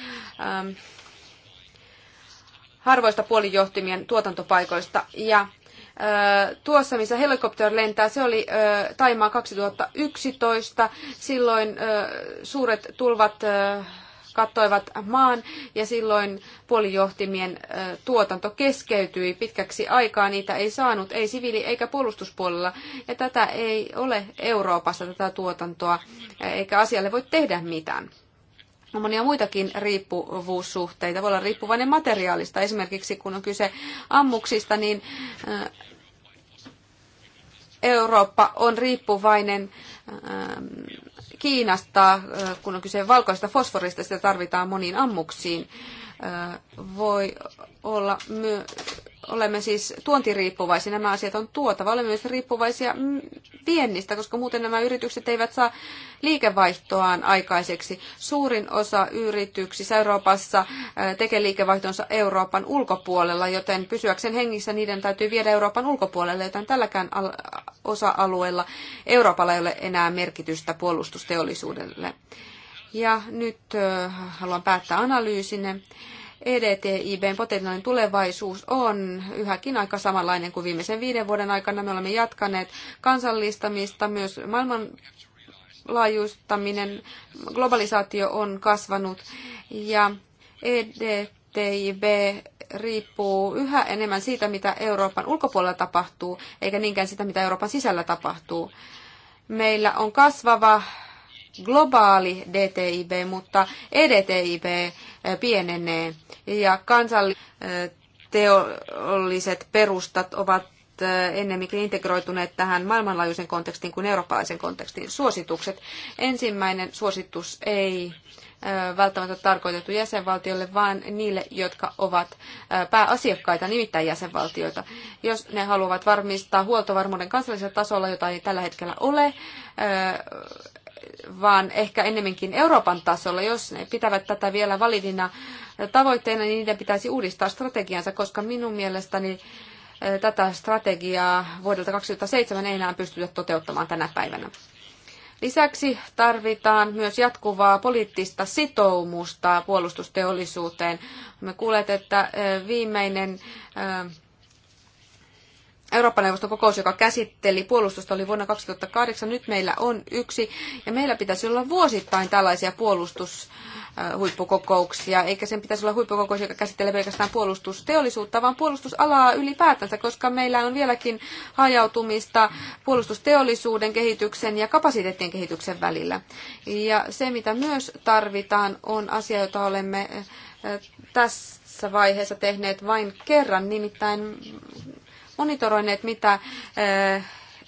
S3: harvoista puolijohtimien tuotantopaikoista. Ja tuossa, missä helikopter lentää, se oli Taimaa 2011. Silloin suuret tulvat kattoivat maan ja silloin puolijohtimien tuotanto keskeytyi pitkäksi aikaa. Niitä ei saanut, ei siviili- eikä puolustuspuolella. Ja tätä ei ole Euroopassa tätä tuotantoa, eikä asialle voi tehdä mitään on no, monia muitakin riippuvuussuhteita. Voi olla riippuvainen materiaalista. Esimerkiksi kun on kyse ammuksista, niin Eurooppa on riippuvainen ähm, Kiinasta, äh, kun on kyse valkoista fosforista, sitä tarvitaan moniin ammuksiin. Äh, voi olla myös. Olemme siis tuontiriippuvaisia, nämä asiat on tuotava. Olemme myös riippuvaisia mm, viennistä, koska muuten nämä yritykset eivät saa liikevaihtoaan aikaiseksi. Suurin osa yrityksissä Euroopassa tekee liikevaihtonsa Euroopan ulkopuolella, joten pysyäkseen hengissä niiden täytyy viedä Euroopan ulkopuolelle, joten tälläkään osa-alueella Euroopalla ei ole enää merkitystä puolustusteollisuudelle. Ja nyt haluan päättää analyysinne. EDTIBn potentiaalinen tulevaisuus on yhäkin aika samanlainen kuin viimeisen viiden vuoden aikana. Me olemme jatkaneet kansallistamista, myös maailman laajuistaminen, globalisaatio on kasvanut ja EDTIB riippuu yhä enemmän siitä, mitä Euroopan ulkopuolella tapahtuu, eikä niinkään sitä, mitä Euroopan sisällä tapahtuu. Meillä on kasvava globaali DTIB, mutta EDTIB eh, pienenee ja kansalliset eh, perustat ovat eh, ennemminkin integroituneet tähän maailmanlaajuisen kontekstiin kuin eurooppalaisen kontekstiin. Suositukset. Ensimmäinen suositus ei välttämättä tarkoitettu jäsenvaltiolle, vaan niille, jotka ovat pääasiakkaita, nimittäin jäsenvaltioita. Jos ne haluavat varmistaa huoltovarmuuden kansallisella tasolla, jota ei tällä hetkellä ole, vaan ehkä ennemminkin Euroopan tasolla. Jos ne pitävät tätä vielä validina tavoitteena, niin niiden pitäisi uudistaa strategiansa, koska minun mielestäni eh, tätä strategiaa vuodelta 2007 ei enää pystytä toteuttamaan tänä päivänä. Lisäksi tarvitaan myös jatkuvaa poliittista sitoumusta puolustusteollisuuteen. Me kuulet, että eh, viimeinen eh, Eurooppa-neuvoston kokous, joka käsitteli puolustusta, oli vuonna 2008. Nyt meillä on yksi, ja meillä pitäisi olla vuosittain tällaisia puolustushuippukokouksia, eikä sen pitäisi olla huippukokous, joka käsittelee pelkästään puolustusteollisuutta, vaan puolustusalaa ylipäätänsä, koska meillä on vieläkin hajautumista puolustusteollisuuden kehityksen ja kapasiteettien kehityksen välillä. Ja se, mitä myös tarvitaan, on asia, jota olemme eh, tässä vaiheessa tehneet vain kerran, nimittäin monitoroineet, mitä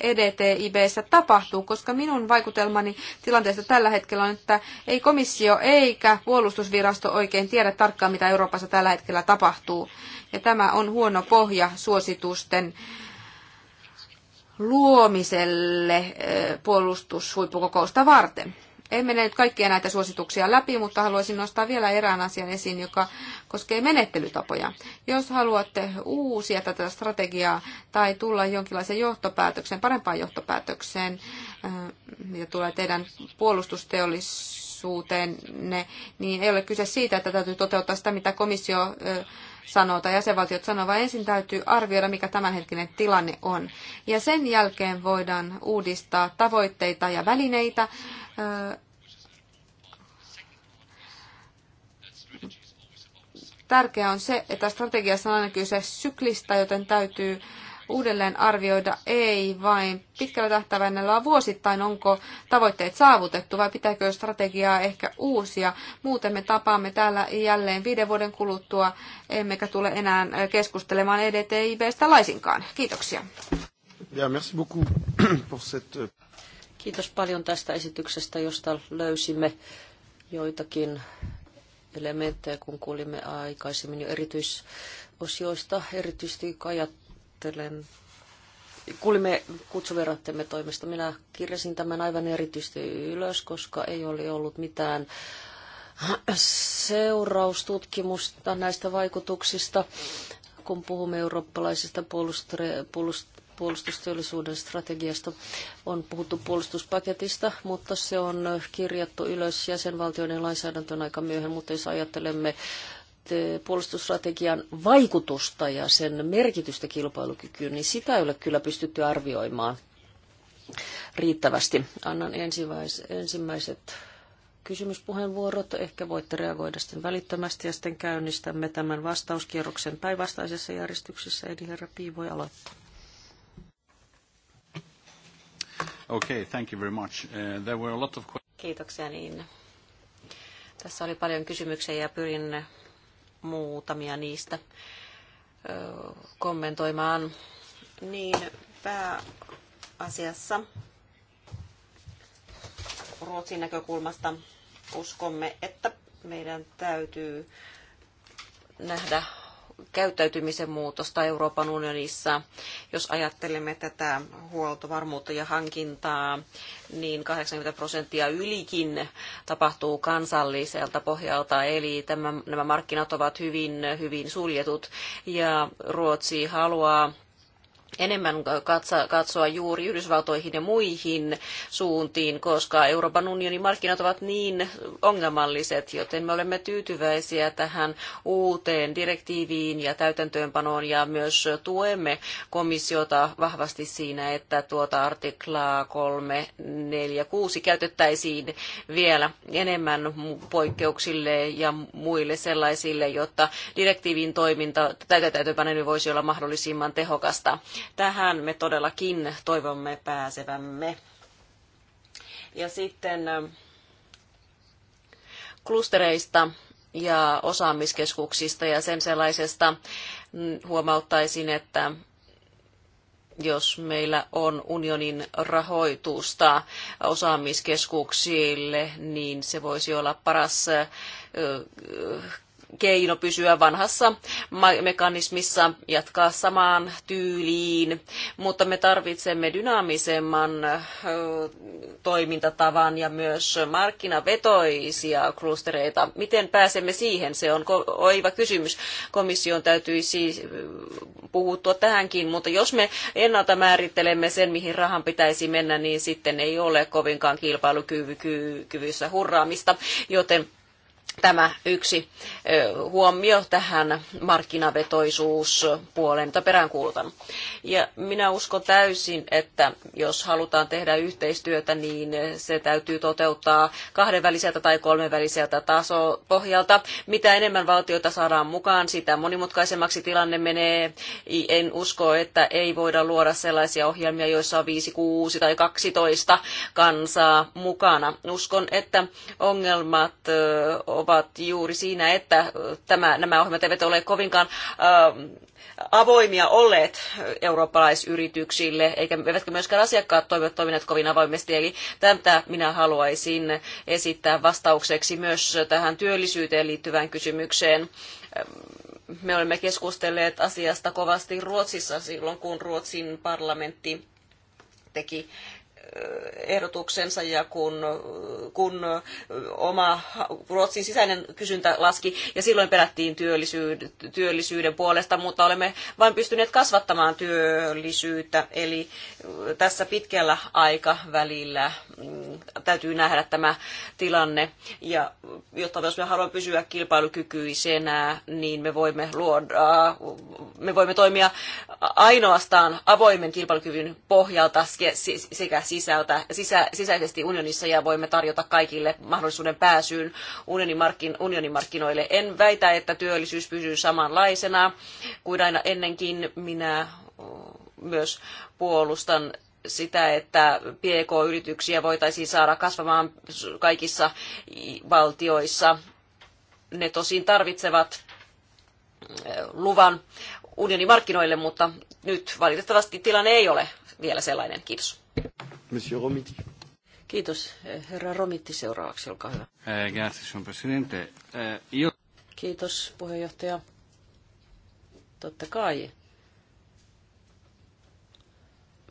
S3: EDTIBssä eh, e tapahtuu, koska minun vaikutelmani tilanteesta tällä hetkellä on, että ei komissio eikä puolustusvirasto oikein tiedä tarkkaan, mitä Euroopassa tällä hetkellä tapahtuu. Ja tämä on huono pohja suositusten luomiselle eh, puolustushuippukokousta varten. En mene nyt kaikkia näitä suosituksia läpi, mutta haluaisin nostaa vielä erään asian esiin, joka koskee menettelytapoja. Jos haluatte uusia tätä strategiaa tai tulla jonkinlaiseen johtopäätökseen, parempaan johtopäätökseen, äh, mitä tulee teidän puolustusteollisuuteenne, niin ei ole kyse siitä, että täytyy toteuttaa sitä, mitä komissio äh, sanoo tai jäsenvaltiot sanoo, vaan ensin täytyy arvioida, mikä tämänhetkinen tilanne on. Ja sen jälkeen voidaan uudistaa tavoitteita ja välineitä, Tärkeää on se, että strategiassa on aina kyse syklistä, joten täytyy uudelleen arvioida ei vain pitkällä tähtäimellä vuosittain, onko tavoitteet saavutettu vai pitääkö strategiaa ehkä uusia. Muuten me tapaamme täällä jälleen viiden vuoden kuluttua, emmekä tule enää keskustelemaan EDTIBstä laisinkaan. Kiitoksia.
S2: Ja, merci beaucoup pour cette... Kiitos paljon
S3: tästä esityksestä, josta löysimme
S2: joitakin elementtejä, kun kuulimme aikaisemmin jo erityisosioista. Erityisesti ajattelen, kuulimme kutsuverrattemme toimesta. Minä kirjasin tämän aivan erityisesti ylös, koska ei ole ollut mitään seuraustutkimusta näistä vaikutuksista kun puhumme eurooppalaisesta puolustusteollisuuden strategiasta. On puhuttu puolustuspaketista, mutta se on kirjattu ylös jäsenvaltioiden lainsäädäntöön aika myöhään, mutta jos ajattelemme puolustusstrategian vaikutusta ja sen merkitystä kilpailukykyyn, niin sitä ei ole kyllä pystytty arvioimaan riittävästi. Annan ensimmäiset kysymyspuheenvuorot. Ehkä voitte reagoida sitten välittömästi ja sitten käynnistämme tämän vastauskierroksen päinvastaisessa järjestyksessä. Eli herra Pii voi aloittaa.
S1: Okay, thank you very much. Uh, there were a lot of Kiitoksia niin. Tässä oli paljon kysymyksiä ja pyrin muutamia niistä kommentoimaan. Niin pääasiassa Ruotsin näkökulmasta uskomme, että meidän täytyy nähdä käyttäytymisen muutosta Euroopan unionissa. Jos ajattelemme tätä huoltovarmuutta ja hankintaa, niin 80 prosenttia ylikin tapahtuu kansalliselta pohjalta, eli nämä markkinat ovat hyvin, hyvin suljetut, ja Ruotsi haluaa enemmän katsoa juuri Yhdysvaltoihin ja muihin suuntiin, koska Euroopan unionin markkinat ovat niin ongelmalliset, joten me olemme tyytyväisiä tähän uuteen direktiiviin ja täytäntöönpanoon ja myös tuemme komissiota vahvasti siinä, että tuota artiklaa 346 käytettäisiin vielä enemmän poikkeuksille ja muille sellaisille, jotta direktiivin toiminta täytäntöönpanoon voisi olla mahdollisimman tehokasta Tähän me todellakin toivomme pääsevämme. Ja sitten klustereista ja osaamiskeskuksista ja sen sellaisesta mm, huomauttaisin, että jos meillä on unionin rahoitusta osaamiskeskuksille, niin se voisi olla paras keino pysyä vanhassa mekanismissa, jatkaa samaan tyyliin, mutta me tarvitsemme dynaamisemman toimintatavan ja myös markkinavetoisia klustereita. Miten pääsemme siihen? Se on oiva kysymys. Komission täytyisi siis, puhuttua tähänkin, mutta jos me ennalta määrittelemme sen, mihin rahan pitäisi mennä, niin sitten ei ole kovinkaan kilpailukyvyssä hurraamista, joten tämä yksi huomio tähän markkinavetoisuuspuoleen, jota peräänkuulutan. Ja minä uskon täysin, että jos halutaan tehdä yhteistyötä, niin se täytyy toteuttaa kahdenväliseltä tai kolmenväliseltä tasopohjalta. Mitä enemmän valtioita saadaan mukaan, sitä monimutkaisemmaksi tilanne menee. En usko, että ei voida luoda sellaisia ohjelmia, joissa on 5, 6 tai 12 kansaa mukana. Uskon, että ongelmat ovat juuri siinä, että tämä, nämä ohjelmat eivät ole kovinkaan avoimia olleet eurooppalaisyrityksille, eikä, eivätkä myöskään asiakkaat toivat toimineet kovin avoimesti. Eli tätä minä haluaisin esittää vastaukseksi myös tähän työllisyyteen liittyvään kysymykseen. Me olemme keskustelleet asiasta kovasti Ruotsissa silloin, kun Ruotsin parlamentti teki ehdotuksensa ja kun, kun oma Ruotsin sisäinen kysyntä laski ja silloin pelättiin työllisyyden, työllisyyden puolesta, mutta olemme vain pystyneet kasvattamaan työllisyyttä. Eli tässä pitkällä aikavälillä mm, täytyy nähdä tämä tilanne ja jotta jos me haluamme pysyä kilpailukykyisenä, niin me voimme, luoda, me voimme toimia ainoastaan avoimen kilpailukyvyn pohjalta sekä sisältä, sisä, sisäisesti unionissa ja voimme tarjota kaikille mahdollisuuden pääsyyn unionimarkkinoille. En väitä, että työllisyys pysyy samanlaisena kuin aina ennenkin. Minä myös puolustan sitä, että PK-yrityksiä voitaisiin saada kasvamaan kaikissa valtioissa. Ne tosin tarvitsevat luvan unionimarkkinoille, mutta nyt valitettavasti tilanne ei ole vielä sellainen. Kiitos.
S3: Monsieur Romiti.
S1: Kiitos. Herra Romitti seuraavaksi, olkaa hyvä.
S3: Eh, Gracias, presidente. Eh,
S2: Kiitos, puheenjohtaja. Totta kai.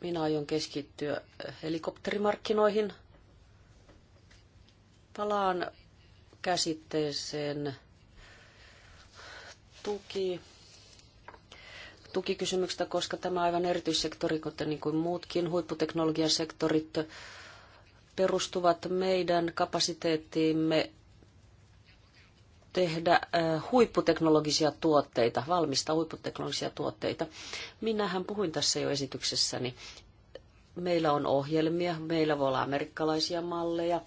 S2: Minä aion keskittyä eh, helikopterimarkkinoihin. Palaan käsitteeseen tuki tukikysymyksestä, koska tämä on aivan erityissektori, kuten niin kuin muutkin huipputeknologiasektorit perustuvat meidän kapasiteettiimme tehdä äh, huipputeknologisia tuotteita, valmistaa huipputeknologisia tuotteita. Minähän puhuin tässä jo esityksessäni. Meillä on ohjelmia, meillä voi olla amerikkalaisia malleja,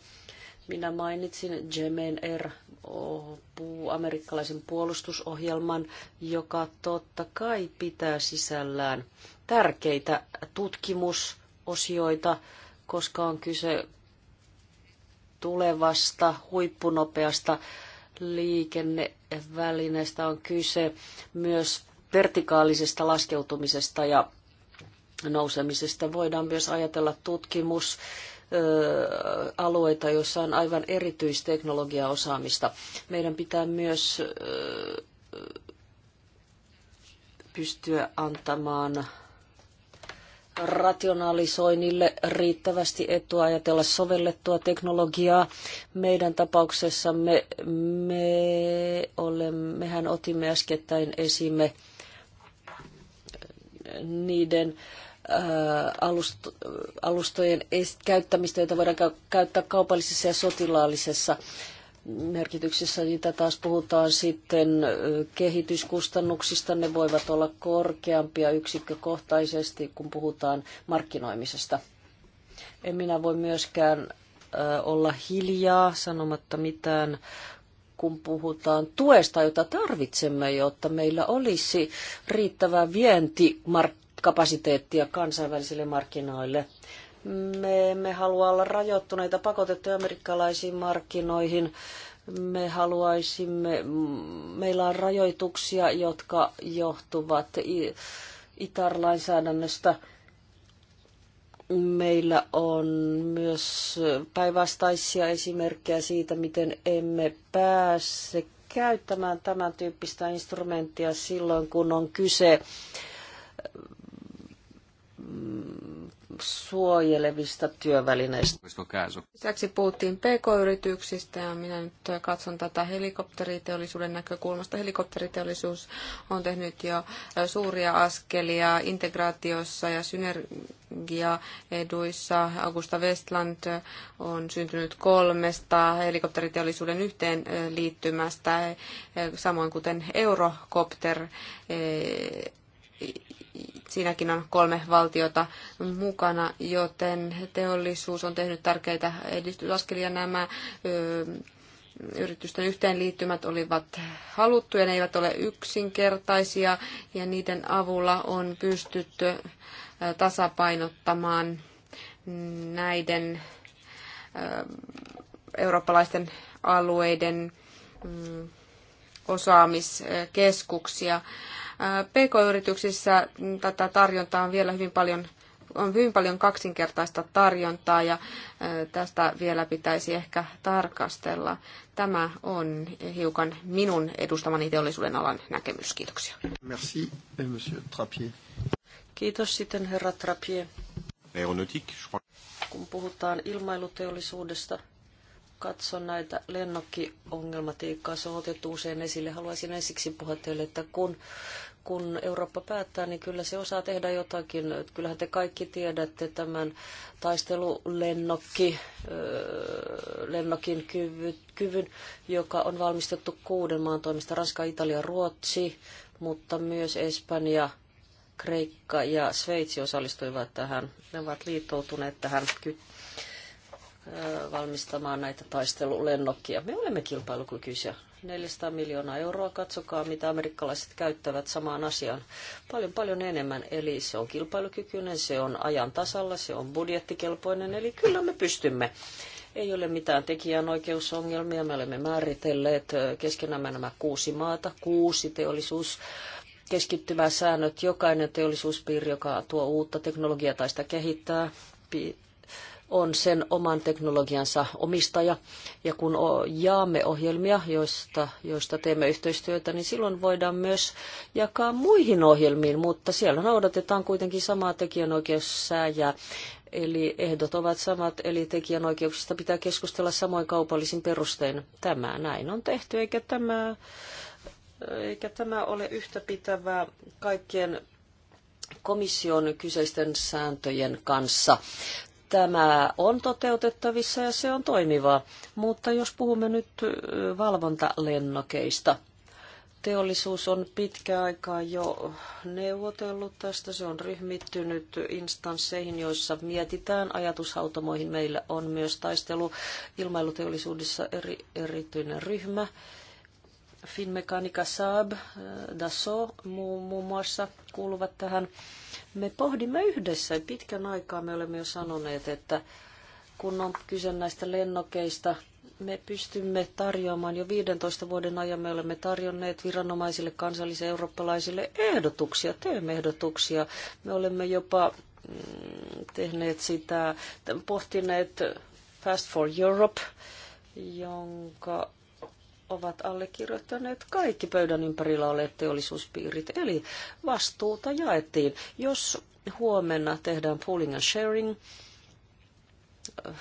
S2: minä mainitsin Jemen Air amerikkalaisen puolustusohjelman, joka totta kai pitää sisällään tärkeitä tutkimusosioita, koska on kyse tulevasta huippunopeasta liikennevälineestä on kyse myös vertikaalisesta laskeutumisesta ja nousemisesta. Voidaan myös ajatella tutkimus alueita, joissa on aivan erityisteknologiaosaamista. Meidän pitää myös pystyä antamaan rationalisoinnille riittävästi etua ajatella sovellettua teknologiaa. Meidän tapauksessamme me olemme, mehän otimme äskettäin esimme niiden äh, alustojen käyttämistä, joita voidaan käyttää kaupallisessa ja sotilaallisessa merkityksessä. Niitä taas puhutaan sitten kehityskustannuksista. Ne voivat olla korkeampia yksikkökohtaisesti, kun puhutaan markkinoimisesta. En minä voi myöskään olla hiljaa sanomatta mitään, kun puhutaan tuesta, jota tarvitsemme, jotta meillä olisi riittävä vientimarkkinointia kapasiteettia kansainvälisille markkinoille. Me emme halua olla rajoittuneita pakotettuja amerikkalaisiin markkinoihin. Me haluaisimme, meillä on rajoituksia, jotka johtuvat ITAR-lainsäädännöstä. Meillä on myös päinvastaisia esimerkkejä siitä, miten emme pääse käyttämään tämän tyyppistä instrumenttia silloin, kun on kyse suojelevista työvälineistä.
S3: Lisäksi puhuttiin pk-yrityksistä ja minä nyt katson tätä helikopteriteollisuuden näkökulmasta. Helikopteriteollisuus on tehnyt jo suuria askelia integraatiossa ja synergiaeduissa. Augusta Westland on syntynyt kolmesta helikopteriteollisuuden yhteen liittymästä, samoin kuten Eurocopter siinäkin on kolme valtiota mukana, joten teollisuus on tehnyt tärkeitä edistysaskelia. Nämä yritysten yhteenliittymät olivat haluttuja, ne eivät ole yksinkertaisia ja niiden avulla on pystytty tasapainottamaan näiden eurooppalaisten alueiden mm, osaamiskeskuksia. PK-yrityksissä tätä tarjontaa on vielä hyvin paljon on hyvin paljon kaksinkertaista tarjontaa ja tästä vielä pitäisi ehkä tarkastella. Tämä on hiukan minun edustamani teollisuuden alan näkemys. Kiitoksia.
S2: Merci, monsieur Trappier.
S3: Kiitos sitten herra Trappier.
S2: Kun puhutaan ilmailuteollisuudesta, katson näitä lennokkiongelmatiikkaa, se on otettu usein esille. Haluaisin ensiksi puhua teille, että kun, kun Eurooppa päättää, niin kyllä se osaa tehdä jotakin. Kyllähän te kaikki tiedätte tämän taistelulennokki, lennokin kyvyn, kyvyn, joka on valmistettu kuuden maan toimista, Ranska, Italia, Ruotsi, mutta myös Espanja, Kreikka ja Sveitsi osallistuivat tähän. Ne ovat liittoutuneet tähän valmistamaan näitä taistelulennokkia. Me olemme kilpailukykyisiä. 400 miljoonaa euroa, katsokaa mitä amerikkalaiset käyttävät samaan asiaan. Paljon paljon enemmän, eli se on kilpailukykyinen, se on ajan tasalla, se on budjettikelpoinen, eli kyllä me pystymme. Ei ole mitään tekijänoikeusongelmia, me olemme määritelleet keskenämme nämä kuusi maata, kuusi teollisuus, keskittymä säännöt, jokainen teollisuuspiiri, joka tuo uutta teknologiaa tai sitä kehittää, on sen oman teknologiansa omistaja. Ja kun jaamme ohjelmia, joista, joista teemme yhteistyötä, niin silloin voidaan myös jakaa muihin ohjelmiin, mutta siellä noudatetaan kuitenkin samaa tekijänoikeussääjää. Eli ehdot ovat samat, eli tekijänoikeuksista pitää keskustella samoin kaupallisin perustein. Tämä näin on tehty, eikä tämä, eikä tämä ole pitävää kaikkien komission kyseisten sääntöjen kanssa tämä on toteutettavissa ja se on toimivaa. Mutta jos puhumme nyt valvontalennokeista, teollisuus on pitkä aikaa jo neuvotellut tästä. Se on ryhmittynyt instansseihin, joissa mietitään ajatushautomoihin. Meillä on myös taistelu ilmailuteollisuudessa eri, erityinen ryhmä, Finmekanika Saab, eh, Daso muun, muun muassa kuuluvat tähän. Me pohdimme yhdessä, pitkän aikaa me olemme jo sanoneet, että kun on kyse näistä lennokeista, me pystymme tarjoamaan jo 15 vuoden ajan, me olemme tarjonneet viranomaisille kansallisille eurooppalaisille ehdotuksia, teemme ehdotuksia. Me olemme jopa mm, tehneet sitä, pohtineet Fast for Europe, jonka ovat allekirjoittaneet kaikki pöydän ympärillä olleet teollisuuspiirit, eli vastuuta jaettiin. Jos huomenna tehdään pooling and sharing, eh,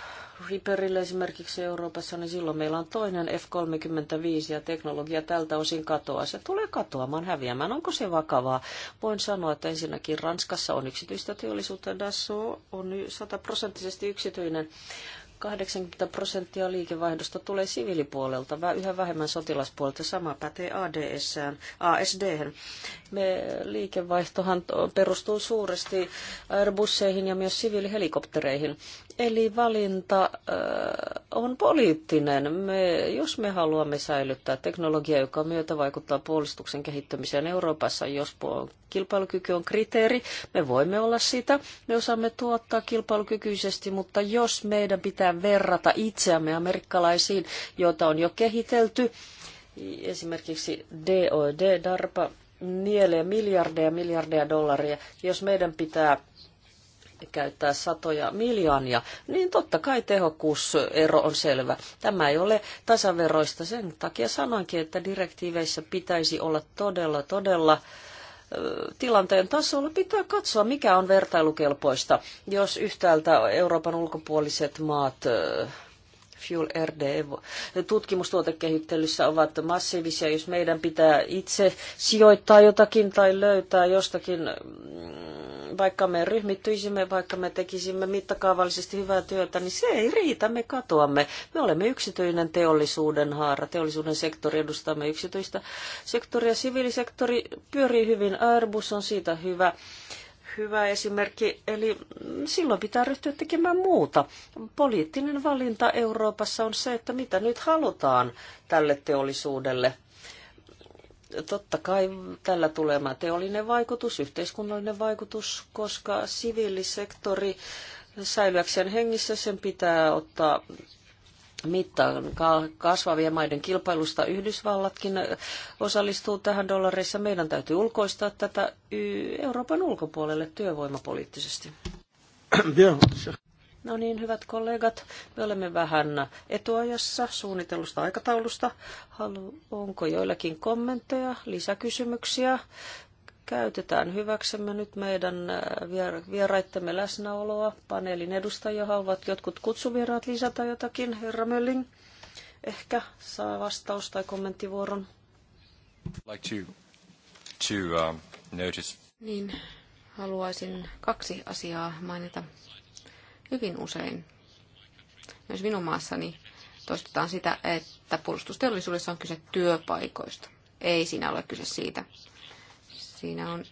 S2: Ripperille esimerkiksi Euroopassa, niin silloin meillä on toinen F-35 ja teknologia tältä osin katoaa. Se tulee katoamaan, häviämään. Onko se vakavaa? Voin sanoa, että ensinnäkin Ranskassa on yksityistä teollisuutta Dassault on sataprosenttisesti yksityinen. 80 prosenttia liikevaihdosta tulee siviilipuolelta, yhä vähemmän sotilaspuolelta. Sama pätee ads ASD. Me liikevaihtohan perustuu suuresti Airbusseihin ja myös siviilihelikoptereihin. Eli valinta äh, on poliittinen. Me, jos me haluamme säilyttää teknologiaa, joka myötä vaikuttaa puolustuksen kehittämiseen Euroopassa, jos kilpailukyky on kriteeri, me voimme olla sitä. Me osaamme tuottaa kilpailukykyisesti, mutta jos meidän pitää verrata itseämme amerikkalaisiin, joita on jo kehitelty, esimerkiksi DOD, DARPA, nielee miljardeja miljardeja dollaria, jos meidän pitää käyttää satoja miljoonia, niin totta kai tehokkuusero on selvä. Tämä ei ole tasaveroista. Sen takia sanoinkin, että direktiiveissä pitäisi olla todella, todella tilanteen tasolla pitää katsoa, mikä on vertailukelpoista. Jos yhtäältä Euroopan ulkopuoliset maat Fuel RD tutkimustuotekehittelyssä ovat massiivisia. Jos meidän pitää itse sijoittaa jotakin tai löytää jostakin, mm, vaikka me ryhmittyisimme, vaikka me tekisimme mittakaavallisesti hyvää työtä, niin se ei riitä, me katoamme. Me olemme yksityinen teollisuuden haara, teollisuuden sektori, edustamme yksityistä sektoria, siviilisektori pyörii hyvin, Airbus on siitä hyvä hyvä esimerkki, eli silloin pitää ryhtyä tekemään muuta. Poliittinen valinta Euroopassa on se, että mitä nyt halutaan tälle teollisuudelle. Totta kai tällä tulee teollinen vaikutus, yhteiskunnallinen vaikutus, koska siviilisektori säilyäkseen hengissä sen pitää ottaa mittaan kasvavien maiden kilpailusta. Yhdysvallatkin osallistuu tähän dollareissa. Meidän täytyy ulkoistaa tätä Euroopan ulkopuolelle työvoimapoliittisesti. No niin, hyvät kollegat, me olemme vähän etuajassa suunnitelusta aikataulusta. Halu, onko joillakin kommentteja, lisäkysymyksiä käytetään hyväksemme nyt meidän äh, vieraittemme läsnäoloa. Paneelin edustajia ovat jotkut kutsuvieraat lisätä jotakin. Herra Mölling ehkä
S3: saa vastaus- tai kommenttivuoron.
S1: Like to, to, um,
S3: notice. Niin, haluaisin kaksi asiaa mainita hyvin usein. Myös minun maassani toistetaan sitä, että puolustusteollisuudessa on kyse työpaikoista. Ei siinä ole kyse siitä, Siinä on,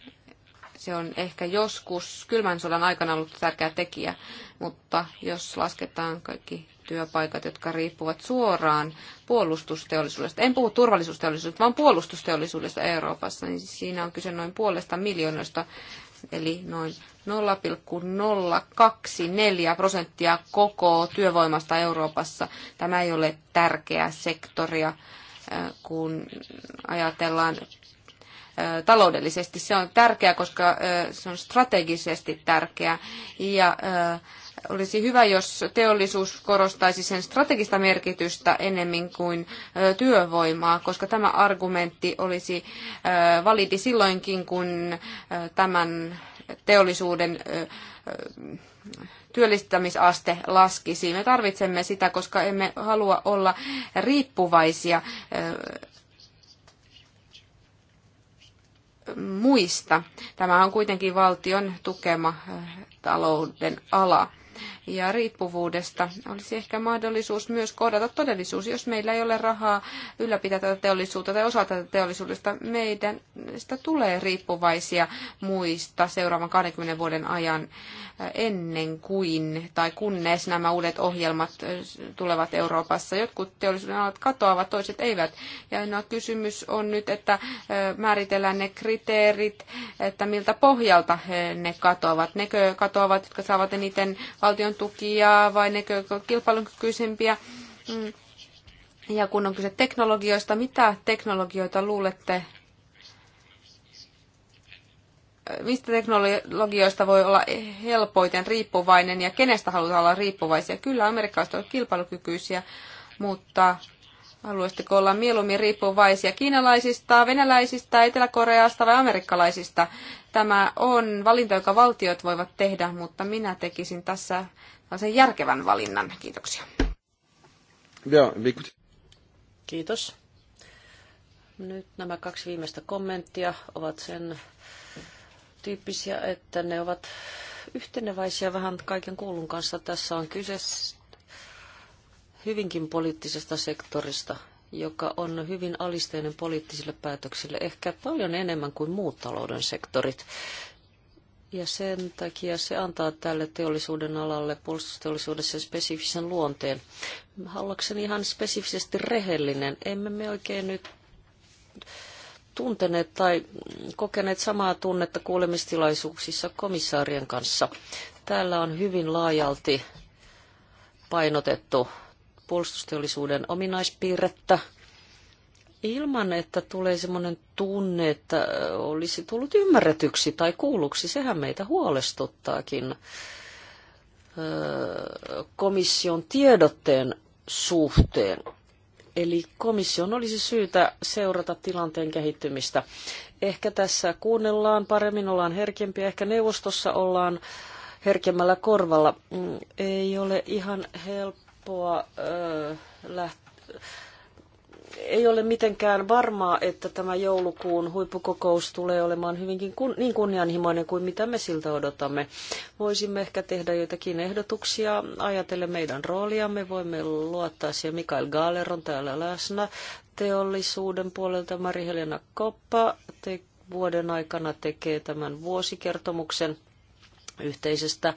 S3: se on ehkä joskus kylmän sodan aikana ollut tärkeä tekijä, mutta jos lasketaan kaikki työpaikat, jotka riippuvat suoraan puolustusteollisuudesta. En puhu turvallisuusteollisuudesta, vaan puolustusteollisuudesta Euroopassa, niin siinä on kyse noin puolesta miljoonasta, eli noin 0,024 prosenttia koko työvoimasta Euroopassa. Tämä ei ole tärkeä sektoria, äh, kun ajatellaan taloudellisesti. Se on tärkeää, koska se on strategisesti tärkeää. Ja olisi hyvä, jos teollisuus korostaisi sen strategista merkitystä enemmän kuin työvoimaa, koska tämä argumentti olisi validi silloinkin, kun tämän teollisuuden työllistämisaste laskisi. Me tarvitsemme sitä, koska emme halua olla riippuvaisia muista. Tämä on kuitenkin valtion tukema äh, talouden ala. Ja riippuvuudesta olisi ehkä mahdollisuus myös kohdata todellisuus. Jos meillä ei ole rahaa ylläpitää tätä teollisuutta tai osa tätä teollisuudesta, meidän sitä tulee riippuvaisia muista seuraavan 20 vuoden ajan ennen kuin tai kunnes nämä uudet ohjelmat tulevat Euroopassa. Jotkut teollisuuden alat katoavat, toiset eivät. Ja ainoa kysymys on nyt, että määritellään ne kriteerit, että miltä pohjalta ne katoavat. Nekö katoavat, jotka saavat eniten valtion tukia vai nekö kilpailukykyisempiä? Mm. Ja kun on kyse teknologioista, mitä teknologioita luulette mistä teknologioista voi olla helpoiten riippuvainen ja kenestä halutaan olla riippuvaisia. Kyllä amerikkalaiset ovat kilpailukykyisiä, mutta haluaisitteko olla mieluummin riippuvaisia kiinalaisista, venäläisistä, eteläkoreasta vai amerikkalaisista? Tämä on valinta, joka valtiot voivat tehdä, mutta minä tekisin tässä sen järkevän valinnan. Kiitoksia.
S2: Kiitos. Nyt nämä kaksi viimeistä kommenttia ovat sen tyyppisiä, että ne ovat yhteneväisiä vähän kaiken kuulun kanssa. Tässä on kyse hyvinkin poliittisesta sektorista, joka on hyvin alisteinen poliittisille päätöksille, ehkä paljon enemmän kuin muut talouden sektorit. Ja sen takia se antaa tälle teollisuuden alalle, puolustusteollisuudessa spesifisen luonteen. Haluakseni ihan spesifisesti rehellinen, emme me oikein nyt tunteneet tai kokeneet samaa tunnetta kuulemistilaisuuksissa komissaarien kanssa. Täällä on hyvin laajalti painotettu puolustusteollisuuden ominaispiirrettä ilman, että tulee sellainen tunne, että olisi tullut ymmärretyksi tai kuulluksi. Sehän meitä huolestuttaakin öö, komission tiedotteen suhteen Eli komission olisi syytä seurata tilanteen kehittymistä. Ehkä tässä kuunnellaan paremmin, ollaan herkempiä, ehkä neuvostossa ollaan herkemmällä korvalla. Mm, ei ole ihan helppoa lähteä ei ole mitenkään varmaa, että tämä joulukuun huippukokous tulee olemaan hyvinkin kun, niin kunnianhimoinen kuin mitä me siltä odotamme. Voisimme ehkä tehdä joitakin ehdotuksia, ajatella meidän rooliamme, voimme luottaa siihen, Mikael Gaaler on täällä läsnä, teollisuuden puolelta Mari-Helena Koppa te, vuoden aikana tekee tämän vuosikertomuksen yhteisestä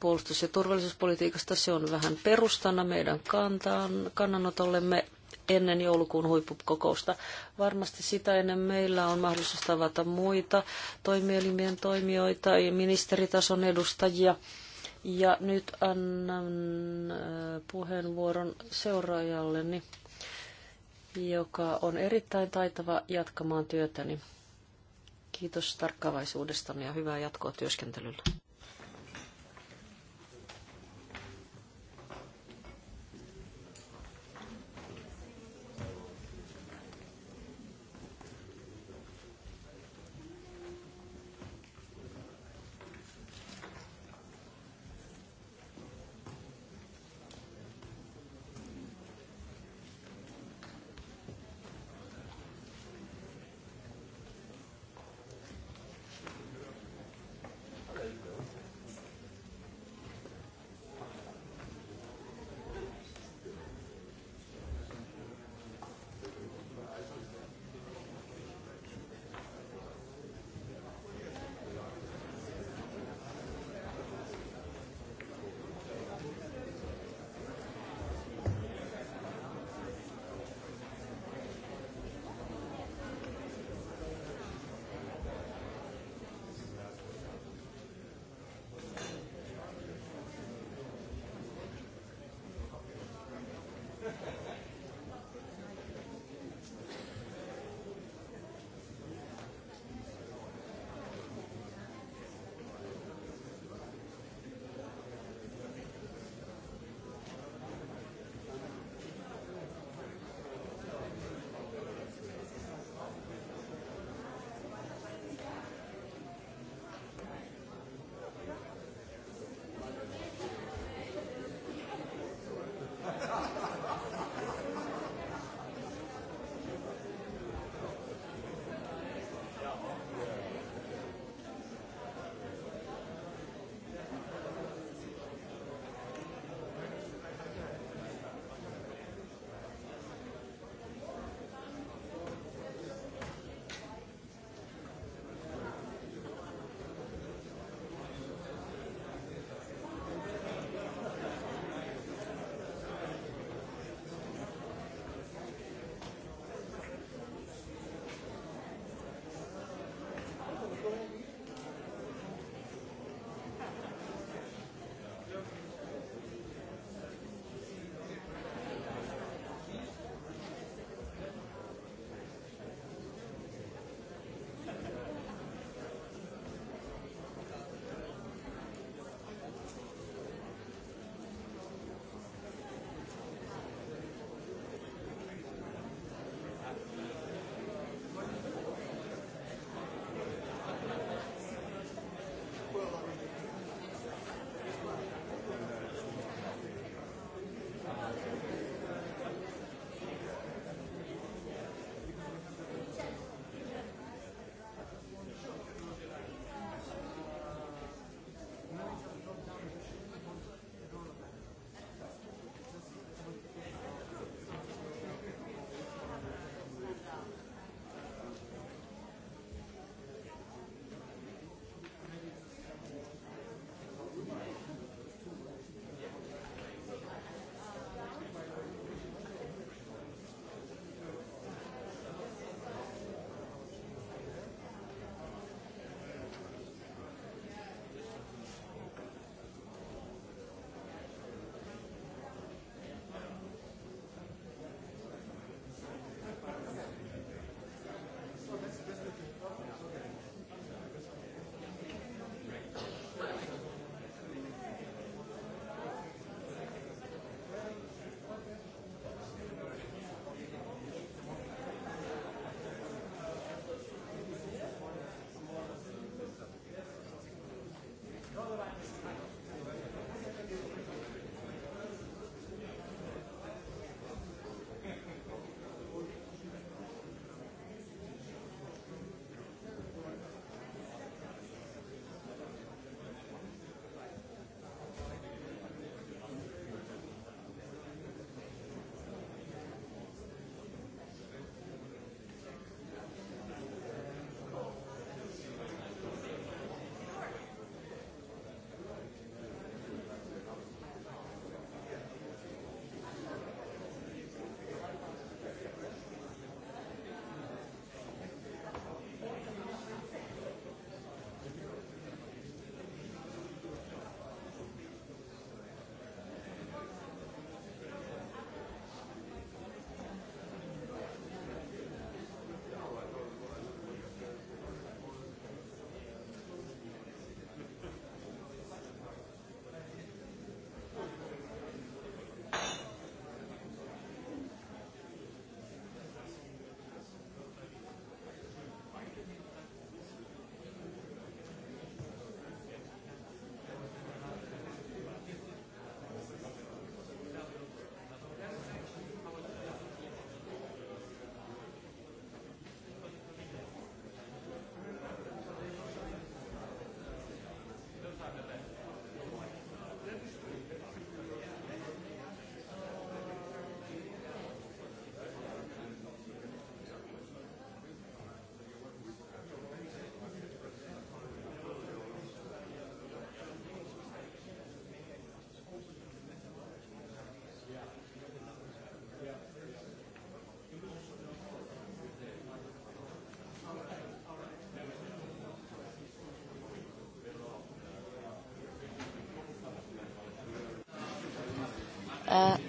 S2: puolustus- ja turvallisuuspolitiikasta. Se on vähän perustana meidän kantaan, kannanotollemme ennen joulukuun huippukokousta. Varmasti sitä ennen meillä on mahdollisuus tavata muita toimielimien toimijoita ja ministeritason edustajia. Ja nyt annan äh, puheenvuoron seuraajalleni, joka on erittäin taitava jatkamaan työtäni. Kiitos tarkkaavaisuudestani ja hyvää jatkoa työskentelyllä.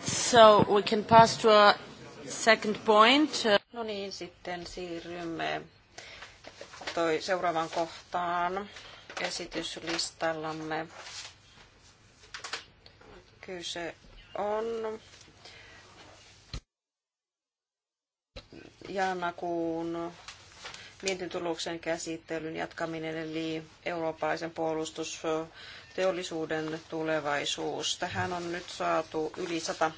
S1: so we can pass to a second point. Uh, no niin, sitten siirrymme toi seuraavaan kohtaan esityslistallamme. Kyse on Jaanakuun mietintuloksen käsittelyn jatkaminen eli eurooppalaisen puolustus- teollisuuden tulevaisuus. Tähän on nyt saatu yli 100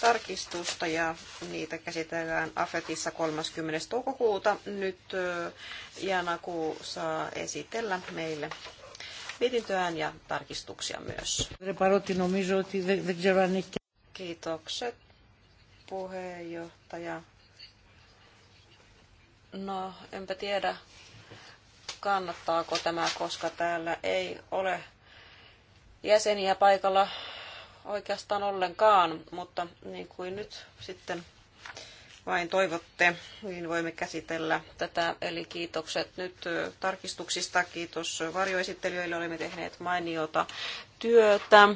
S1: tarkistusta ja niitä käsitellään AFETissa 30. toukokuuta. Nyt Janaku saa esitellä meille mietintöään ja tarkistuksia myös. Kiitokset puheenjohtaja. No, enpä tiedä, kannattaako tämä, koska täällä ei ole jäseniä paikalla oikeastaan ollenkaan, mutta niin kuin nyt sitten vain toivotte, niin voimme käsitellä tätä. Eli kiitokset nyt tarkistuksista. Kiitos varjoesittelijöille. Olemme tehneet mainiota työtä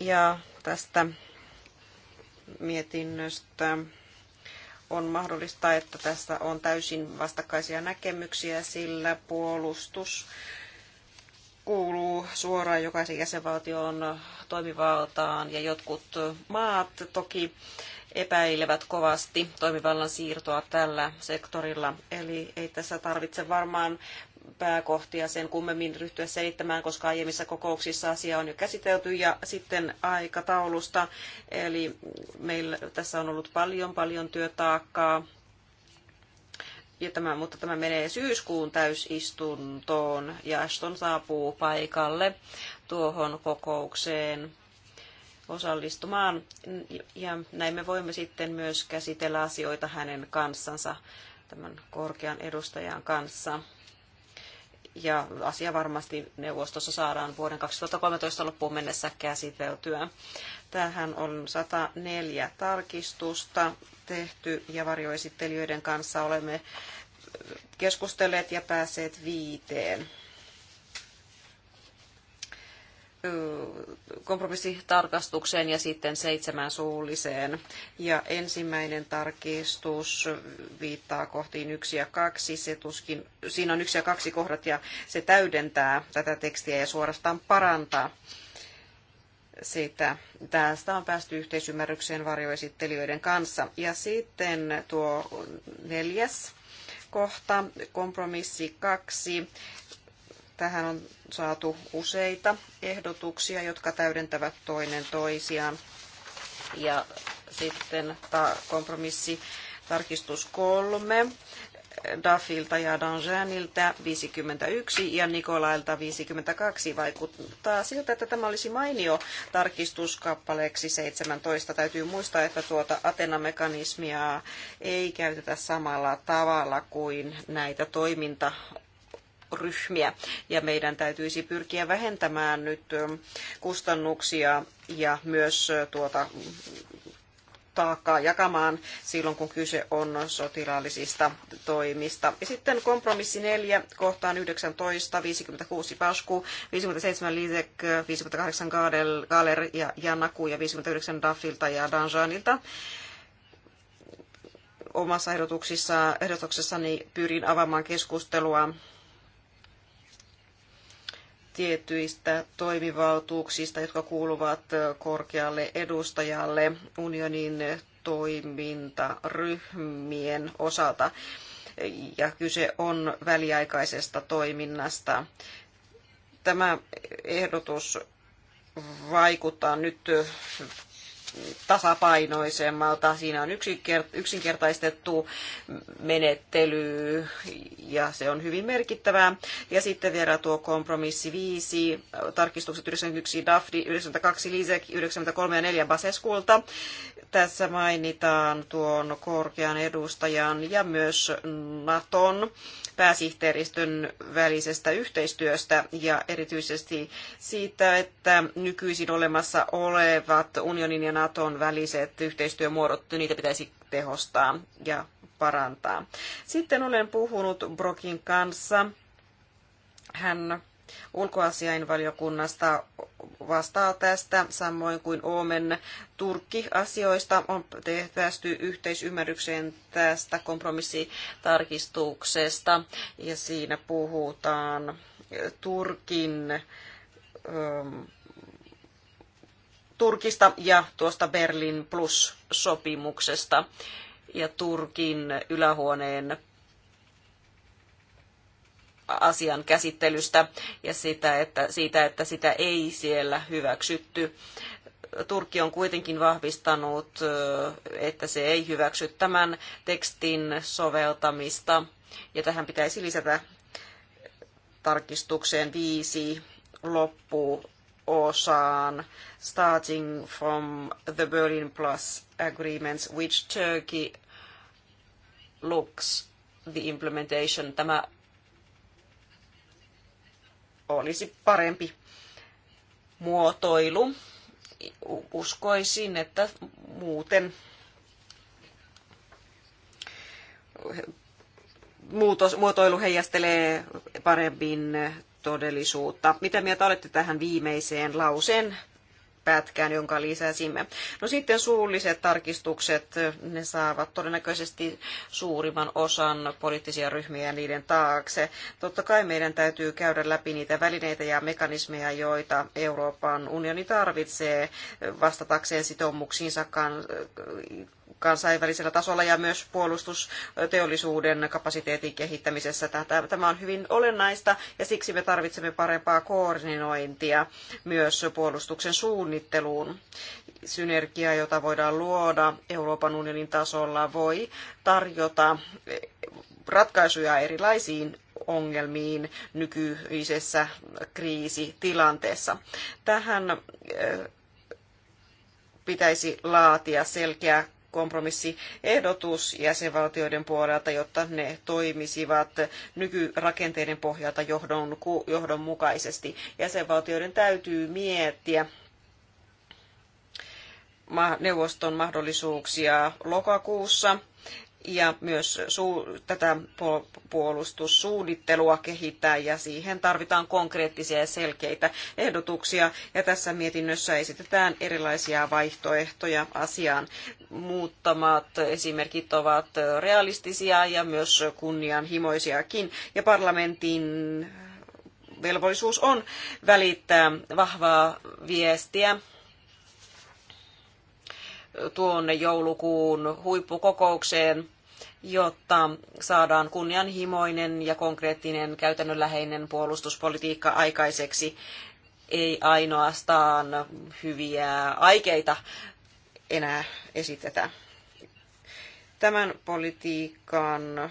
S1: ja tästä mietinnöstä on mahdollista, että tässä on täysin vastakkaisia näkemyksiä, sillä puolustus kuuluu suoraan jokaisen jäsenvaltion toimivaltaan ja jotkut maat toki epäilevät kovasti toimivallan siirtoa tällä sektorilla. Eli ei tässä tarvitse varmaan pääkohtia sen kummemmin ryhtyä selittämään, koska aiemmissa kokouksissa asia on jo käsitelty ja sitten aikataulusta. Eli meillä tässä on ollut paljon paljon työtaakkaa ja tämä, mutta tämä menee syyskuun täysistuntoon ja Ashton saapuu paikalle tuohon kokoukseen osallistumaan. Ja näin me voimme sitten myös käsitellä asioita hänen kanssansa, tämän korkean edustajan kanssa. Ja asia varmasti neuvostossa saadaan vuoden 2013 loppuun mennessä käsiteltyä. Tähän on 104 tarkistusta tehty ja varjoesittelijöiden kanssa olemme keskustelleet ja päässeet viiteen. kompromissitarkastukseen ja sitten seitsemän suulliseen. Ja ensimmäinen tarkistus viittaa kohtiin yksi ja kaksi. Se tuskin, siinä on yksi ja kaksi kohdat ja se täydentää tätä tekstiä ja suorastaan parantaa sitä. Tästä on päästy yhteisymmärrykseen varjoesittelijöiden kanssa. Ja sitten tuo neljäs kohta, kompromissi kaksi. Tähän on saatu useita ehdotuksia, jotka täydentävät toinen toisiaan. Ja sitten ta- kompromissi tarkistus kolme Duffilta ja Danjanilta 51 ja Nikolailta 52. Vaikuttaa siltä, että tämä olisi mainio tarkistuskappaleeksi 17. Täytyy muistaa, että tuota Atena-mekanismia ei käytetä samalla tavalla kuin näitä toiminta ryhmiä ja meidän täytyisi pyrkiä vähentämään nyt kustannuksia ja myös tuota taakkaa jakamaan silloin, kun kyse on sotilaallisista toimista. Ja sitten kompromissi 4 kohtaan 19, 56 Pasku, 57 Litek, 58 Gaaler ja Janaku ja 59 Daffilta ja Danjanilta omassa ehdotuksessani pyrin avaamaan keskustelua tietyistä toimivaltuuksista, jotka kuuluvat korkealle edustajalle unionin toimintaryhmien osalta. Ja kyse on väliaikaisesta toiminnasta. Tämä ehdotus vaikuttaa nyt tasapainoisemmalta. Siinä on yksinkertaistettu menettely ja se on hyvin merkittävää. Ja sitten vielä tuo kompromissi 5, tarkistukset 91 DAFDI, 92 LISEK, 93 ja 4 Baseskulta. Tässä mainitaan tuon korkean edustajan ja myös Naton pääsihteeristön välisestä yhteistyöstä ja erityisesti siitä, että nykyisin olemassa olevat unionin ja Naton väliset yhteistyömuodot, niitä pitäisi tehostaa ja parantaa. Sitten olen puhunut Brokin kanssa. Hän ulkoasiainvaliokunnasta vastaa tästä, samoin kuin Oomen Turkki-asioista on tehty yhteisymmärrykseen tästä kompromissitarkistuksesta, ja siinä puhutaan Turkin ähm, Turkista ja tuosta Berlin Plus-sopimuksesta ja Turkin ylähuoneen asian käsittelystä ja sitä, että, siitä, että sitä ei siellä hyväksytty. Turkki on kuitenkin vahvistanut, että se ei hyväksy tämän tekstin soveltamista. Ja tähän pitäisi lisätä tarkistukseen viisi loppuosaan, starting from the Berlin Plus agreements, which Turkey looks the implementation. Tämä olisi parempi muotoilu. Uskoisin, että muuten muutos, muotoilu heijastelee paremmin todellisuutta. Mitä mieltä olette tähän viimeiseen lauseen pätkään, jonka lisäsimme. No sitten suulliset tarkistukset, ne saavat todennäköisesti suurimman osan poliittisia ryhmiä niiden taakse. Totta kai meidän täytyy käydä läpi niitä välineitä ja mekanismeja, joita Euroopan unioni tarvitsee vastatakseen sitoumuksiinsa kansainvälisellä tasolla ja myös puolustusteollisuuden kapasiteetin kehittämisessä. Tämä on hyvin olennaista ja siksi me tarvitsemme parempaa koordinointia myös puolustuksen suunnitteluun. Synergia, jota voidaan luoda Euroopan unionin tasolla, voi tarjota ratkaisuja erilaisiin ongelmiin nykyisessä kriisitilanteessa. Tähän eh, pitäisi laatia selkeä kompromissiehdotus jäsenvaltioiden puolelta, jotta ne toimisivat nykyrakenteiden pohjalta johdonmukaisesti. Jäsenvaltioiden täytyy miettiä, neuvoston mahdollisuuksia lokakuussa ja myös tätä puolustussuunnittelua kehittää ja siihen tarvitaan konkreettisia ja selkeitä ehdotuksia. Ja tässä mietinnössä esitetään erilaisia vaihtoehtoja asiaan. Muuttamat esimerkit ovat realistisia ja myös kunnianhimoisiakin ja parlamentin velvollisuus on välittää vahvaa viestiä tuonne joulukuun huippukokoukseen, jotta saadaan kunnianhimoinen ja konkreettinen käytännönläheinen puolustuspolitiikka aikaiseksi, ei ainoastaan hyviä aikeita enää esitetä. Tämän politiikan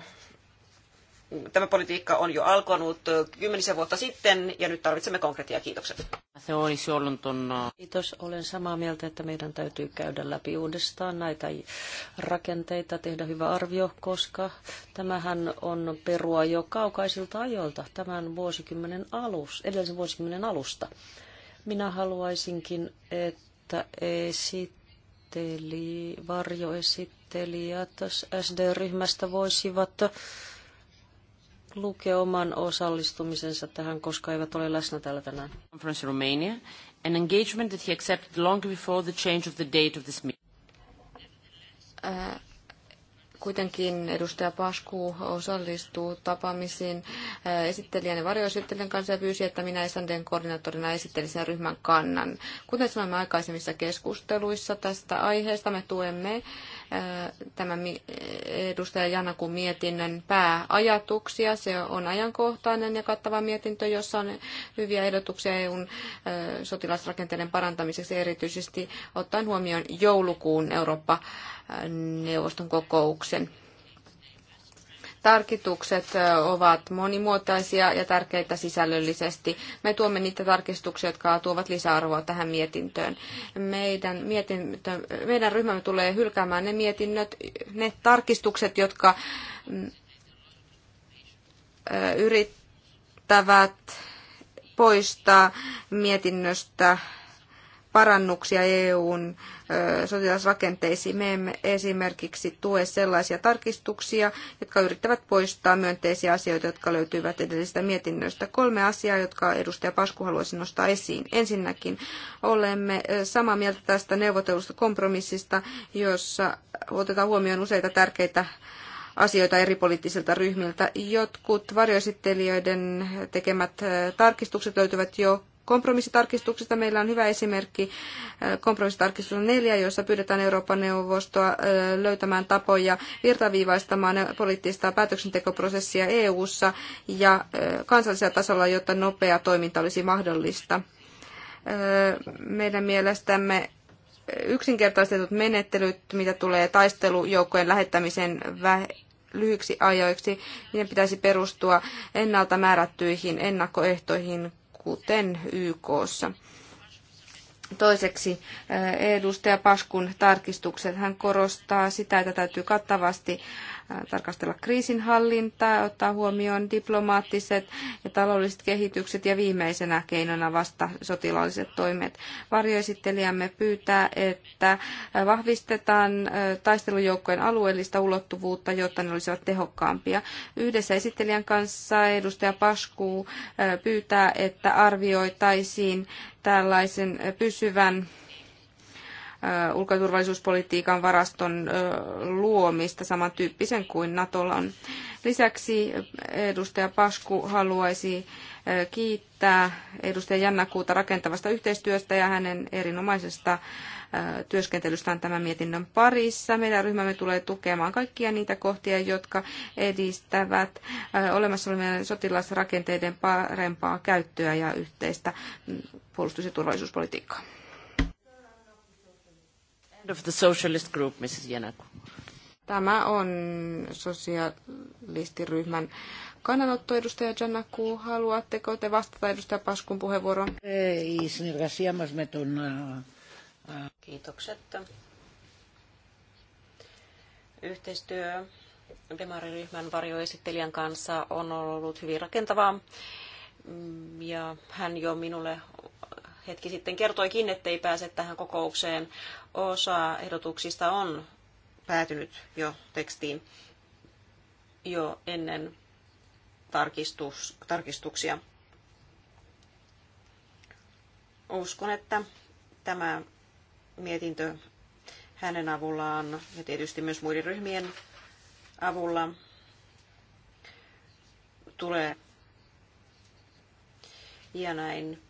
S1: tämä politiikka on jo alkanut kymmenisen vuotta sitten ja nyt tarvitsemme konkretiaa. Kiitokset. Se olisi ollut
S2: Kiitos. Olen samaa mieltä, että meidän täytyy käydä läpi uudestaan näitä rakenteita, tehdä hyvä arvio, koska tämähän on perua jo kaukaisilta ajoilta tämän vuosikymmenen alus, edellisen vuosikymmenen alusta. Minä haluaisinkin, että esitteli, varjoesittelijät SD-ryhmästä voisivat lukea oman osallistumisensa tähän, koska eivät ole
S3: läsnä täällä tänään.
S1: Conference Romania, an engagement that he accepted long before
S2: the change of the date of this meeting.
S3: Äh, Kuitenkin edustaja Pasku osallistuu tapaamisiin äh, esittelijän ja varjoesittelijän kanssa ja pyysi, että minä SNDn koordinaattorina esittelisin ryhmän kannan. Kuten sanoimme aikaisemmissa keskusteluissa tästä aiheesta, me tuemme äh, tämän edustaja Janakun mietinnön pääajatuksia. Se on ajankohtainen ja kattava mietintö, jossa on hyviä ehdotuksia EUn äh, sotilasrakenteiden parantamiseksi, erityisesti ottaen huomioon joulukuun Eurooppa-neuvoston kokouksia kehityksen. Tarkistukset ovat monimuotoisia ja tärkeitä sisällöllisesti. Me tuomme niitä tarkistuksia, jotka tuovat lisäarvoa tähän mietintöön. Meidän, mietintö, meidän ryhmämme tulee hylkäämään ne mietinnöt, ne tarkistukset, jotka mm, yrittävät poistaa mietinnöstä parannuksia EUn sotilasrakenteisiin. Me emme esimerkiksi tue sellaisia tarkistuksia, jotka yrittävät poistaa myönteisiä asioita, jotka löytyvät edellisestä mietinnöstä. Kolme asiaa, jotka edustaja Pasku haluaisi nostaa esiin. Ensinnäkin olemme samaa mieltä tästä neuvotelusta kompromissista, jossa otetaan huomioon useita tärkeitä asioita eri poliittisilta ryhmiltä. Jotkut varjoesittelijöiden tekemät tarkistukset löytyvät jo kompromissitarkistuksista. Meillä on hyvä esimerkki kompromissitarkistus neljä, jossa pyydetään Euroopan neuvostoa löytämään tapoja virtaviivaistamaan poliittista päätöksentekoprosessia EU-ssa ja kansallisella tasolla, jotta nopea toiminta olisi mahdollista. Meidän mielestämme yksinkertaistetut menettelyt, mitä tulee taistelujoukkojen lähettämisen lyhyiksi ajoiksi, niiden pitäisi perustua ennalta määrättyihin ennakkoehtoihin kuten YKssa. Toiseksi edustaja Paskun tarkistukset. Hän korostaa sitä, että täytyy kattavasti Äh, tarkastella kriisinhallintaa, ottaa huomioon diplomaattiset ja taloudelliset kehitykset ja viimeisenä keinona vasta sotilaalliset toimet. Varjoesittelijämme pyytää, että äh, vahvistetaan äh, taistelujoukkojen alueellista ulottuvuutta, jotta ne olisivat tehokkaampia. Yhdessä esittelijän kanssa edustaja Pasku pyytää, että arvioitaisiin tällaisen pysyvän ulkoturvallisuuspolitiikan varaston luomista samantyyppisen kuin Natolla on. Lisäksi edustaja Pasku haluaisi kiittää edustaja Jannakuuta rakentavasta yhteistyöstä ja hänen erinomaisesta työskentelystään tämän mietinnön parissa. Meidän ryhmämme tulee tukemaan kaikkia niitä kohtia, jotka edistävät olemassa olevien sotilasrakenteiden parempaa käyttöä ja yhteistä mm, puolustus- ja turvallisuuspolitiikkaa
S2: of the socialist group, Mrs. Yanaku.
S3: Tämä on sosialistiryhmän kannanotto, edustaja Janaku. Haluatteko te vastata edustaja Paskun puheenvuoroon? Eh,
S1: Kiitokset. Yhteistyö demariryhmän varjoesittelijän kanssa on ollut hyvin rakentavaa. Mm, ja hän jo minulle hetki sitten kertoikin, ettei pääse tähän kokoukseen, Osa ehdotuksista on päätynyt jo tekstiin jo ennen tarkistus, tarkistuksia. Uskon, että tämä mietintö hänen avullaan ja tietysti myös muiden ryhmien avulla tulee. Ja näin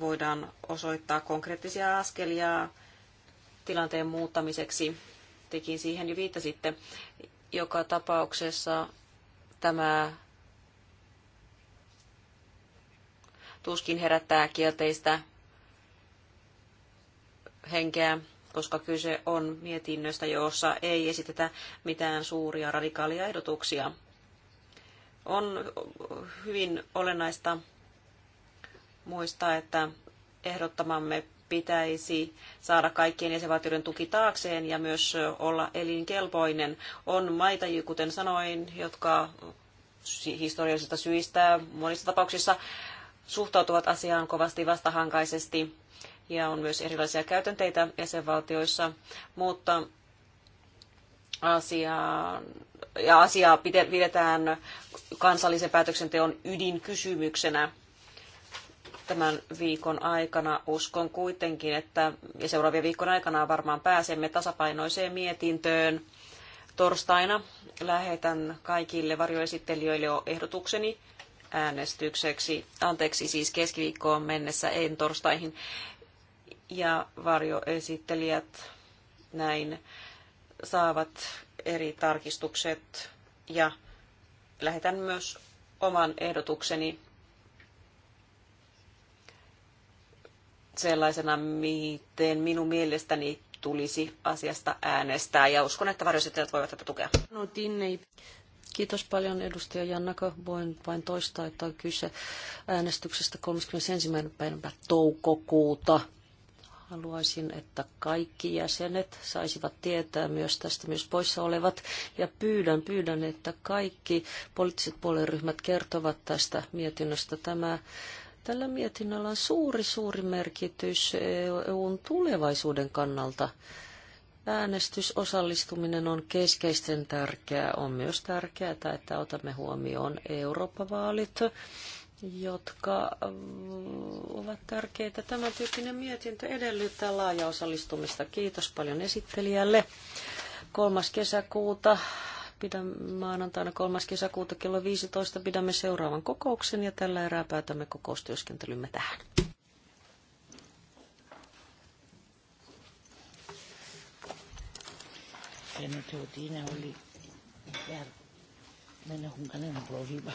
S1: voidaan osoittaa konkreettisia askelia tilanteen muuttamiseksi. Tekin siihen jo viittasitte. Joka tapauksessa tämä tuskin herättää kielteistä henkeä, koska kyse on mietinnöstä, jossa ei esitetä mitään suuria radikaalia ehdotuksia. On hyvin olennaista muistaa, että ehdottamamme pitäisi saada kaikkien jäsenvaltioiden tuki taakseen ja myös olla elinkelpoinen. On maita, kuten sanoin, jotka historiallisista syistä monissa tapauksissa suhtautuvat asiaan kovasti vastahankaisesti ja on myös erilaisia käytänteitä jäsenvaltioissa, mutta asia ja asiaa pidetään kansallisen päätöksenteon ydinkysymyksenä tämän viikon aikana. Uskon kuitenkin, että ja seuraavien viikon aikana varmaan pääsemme tasapainoiseen mietintöön. Torstaina lähetän kaikille varjoesittelijöille jo ehdotukseni äänestykseksi, anteeksi siis keskiviikkoon mennessä, en torstaihin. Ja varjoesittelijät näin saavat eri tarkistukset ja lähetän myös oman ehdotukseni sellaisena, miten minun mielestäni tulisi asiasta äänestää. Ja uskon, että varjoesittelijät voivat tätä tukea.
S3: No,
S2: Kiitos paljon edustaja Jannaka. Voin vain toistaa, että on kyse äänestyksestä 31. päivä toukokuuta. Haluaisin, että kaikki jäsenet saisivat tietää myös tästä myös poissa olevat. Ja pyydän, pyydän, että kaikki poliittiset puolueryhmät kertovat tästä mietinnöstä. Tämä Tällä mietinnöllä on suuri, suuri merkitys EUn tulevaisuuden kannalta. Äänestysosallistuminen on keskeisten tärkeää. On myös tärkeää, että otamme huomioon Eurooppa-vaalit, jotka ovat tärkeitä. Tämä tyyppinen mietintö edellyttää laajaa osallistumista. Kiitos paljon esittelijälle. 3. kesäkuuta pidämme maanantaina 3. kesäkuuta kello 15 pidämme seuraavan kokouksen ja tällä erää päätämme kokoustyöskentelymme tähän. Mennään oli mennä hunkanen proviva.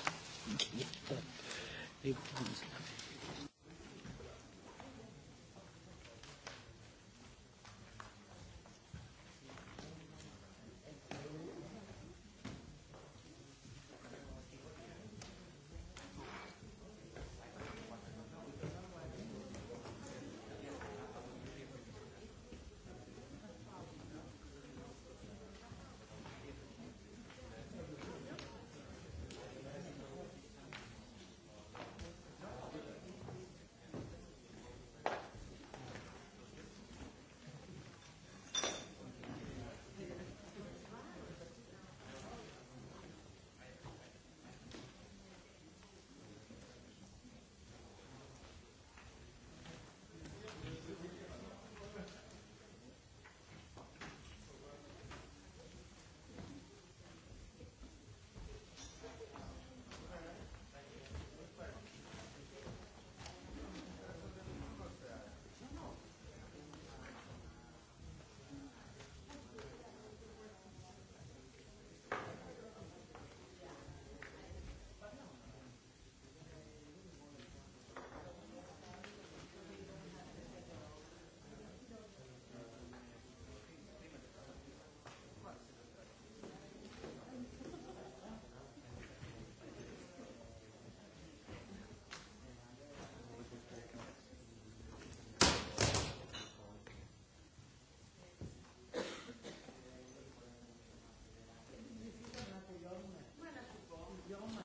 S2: Riippuu.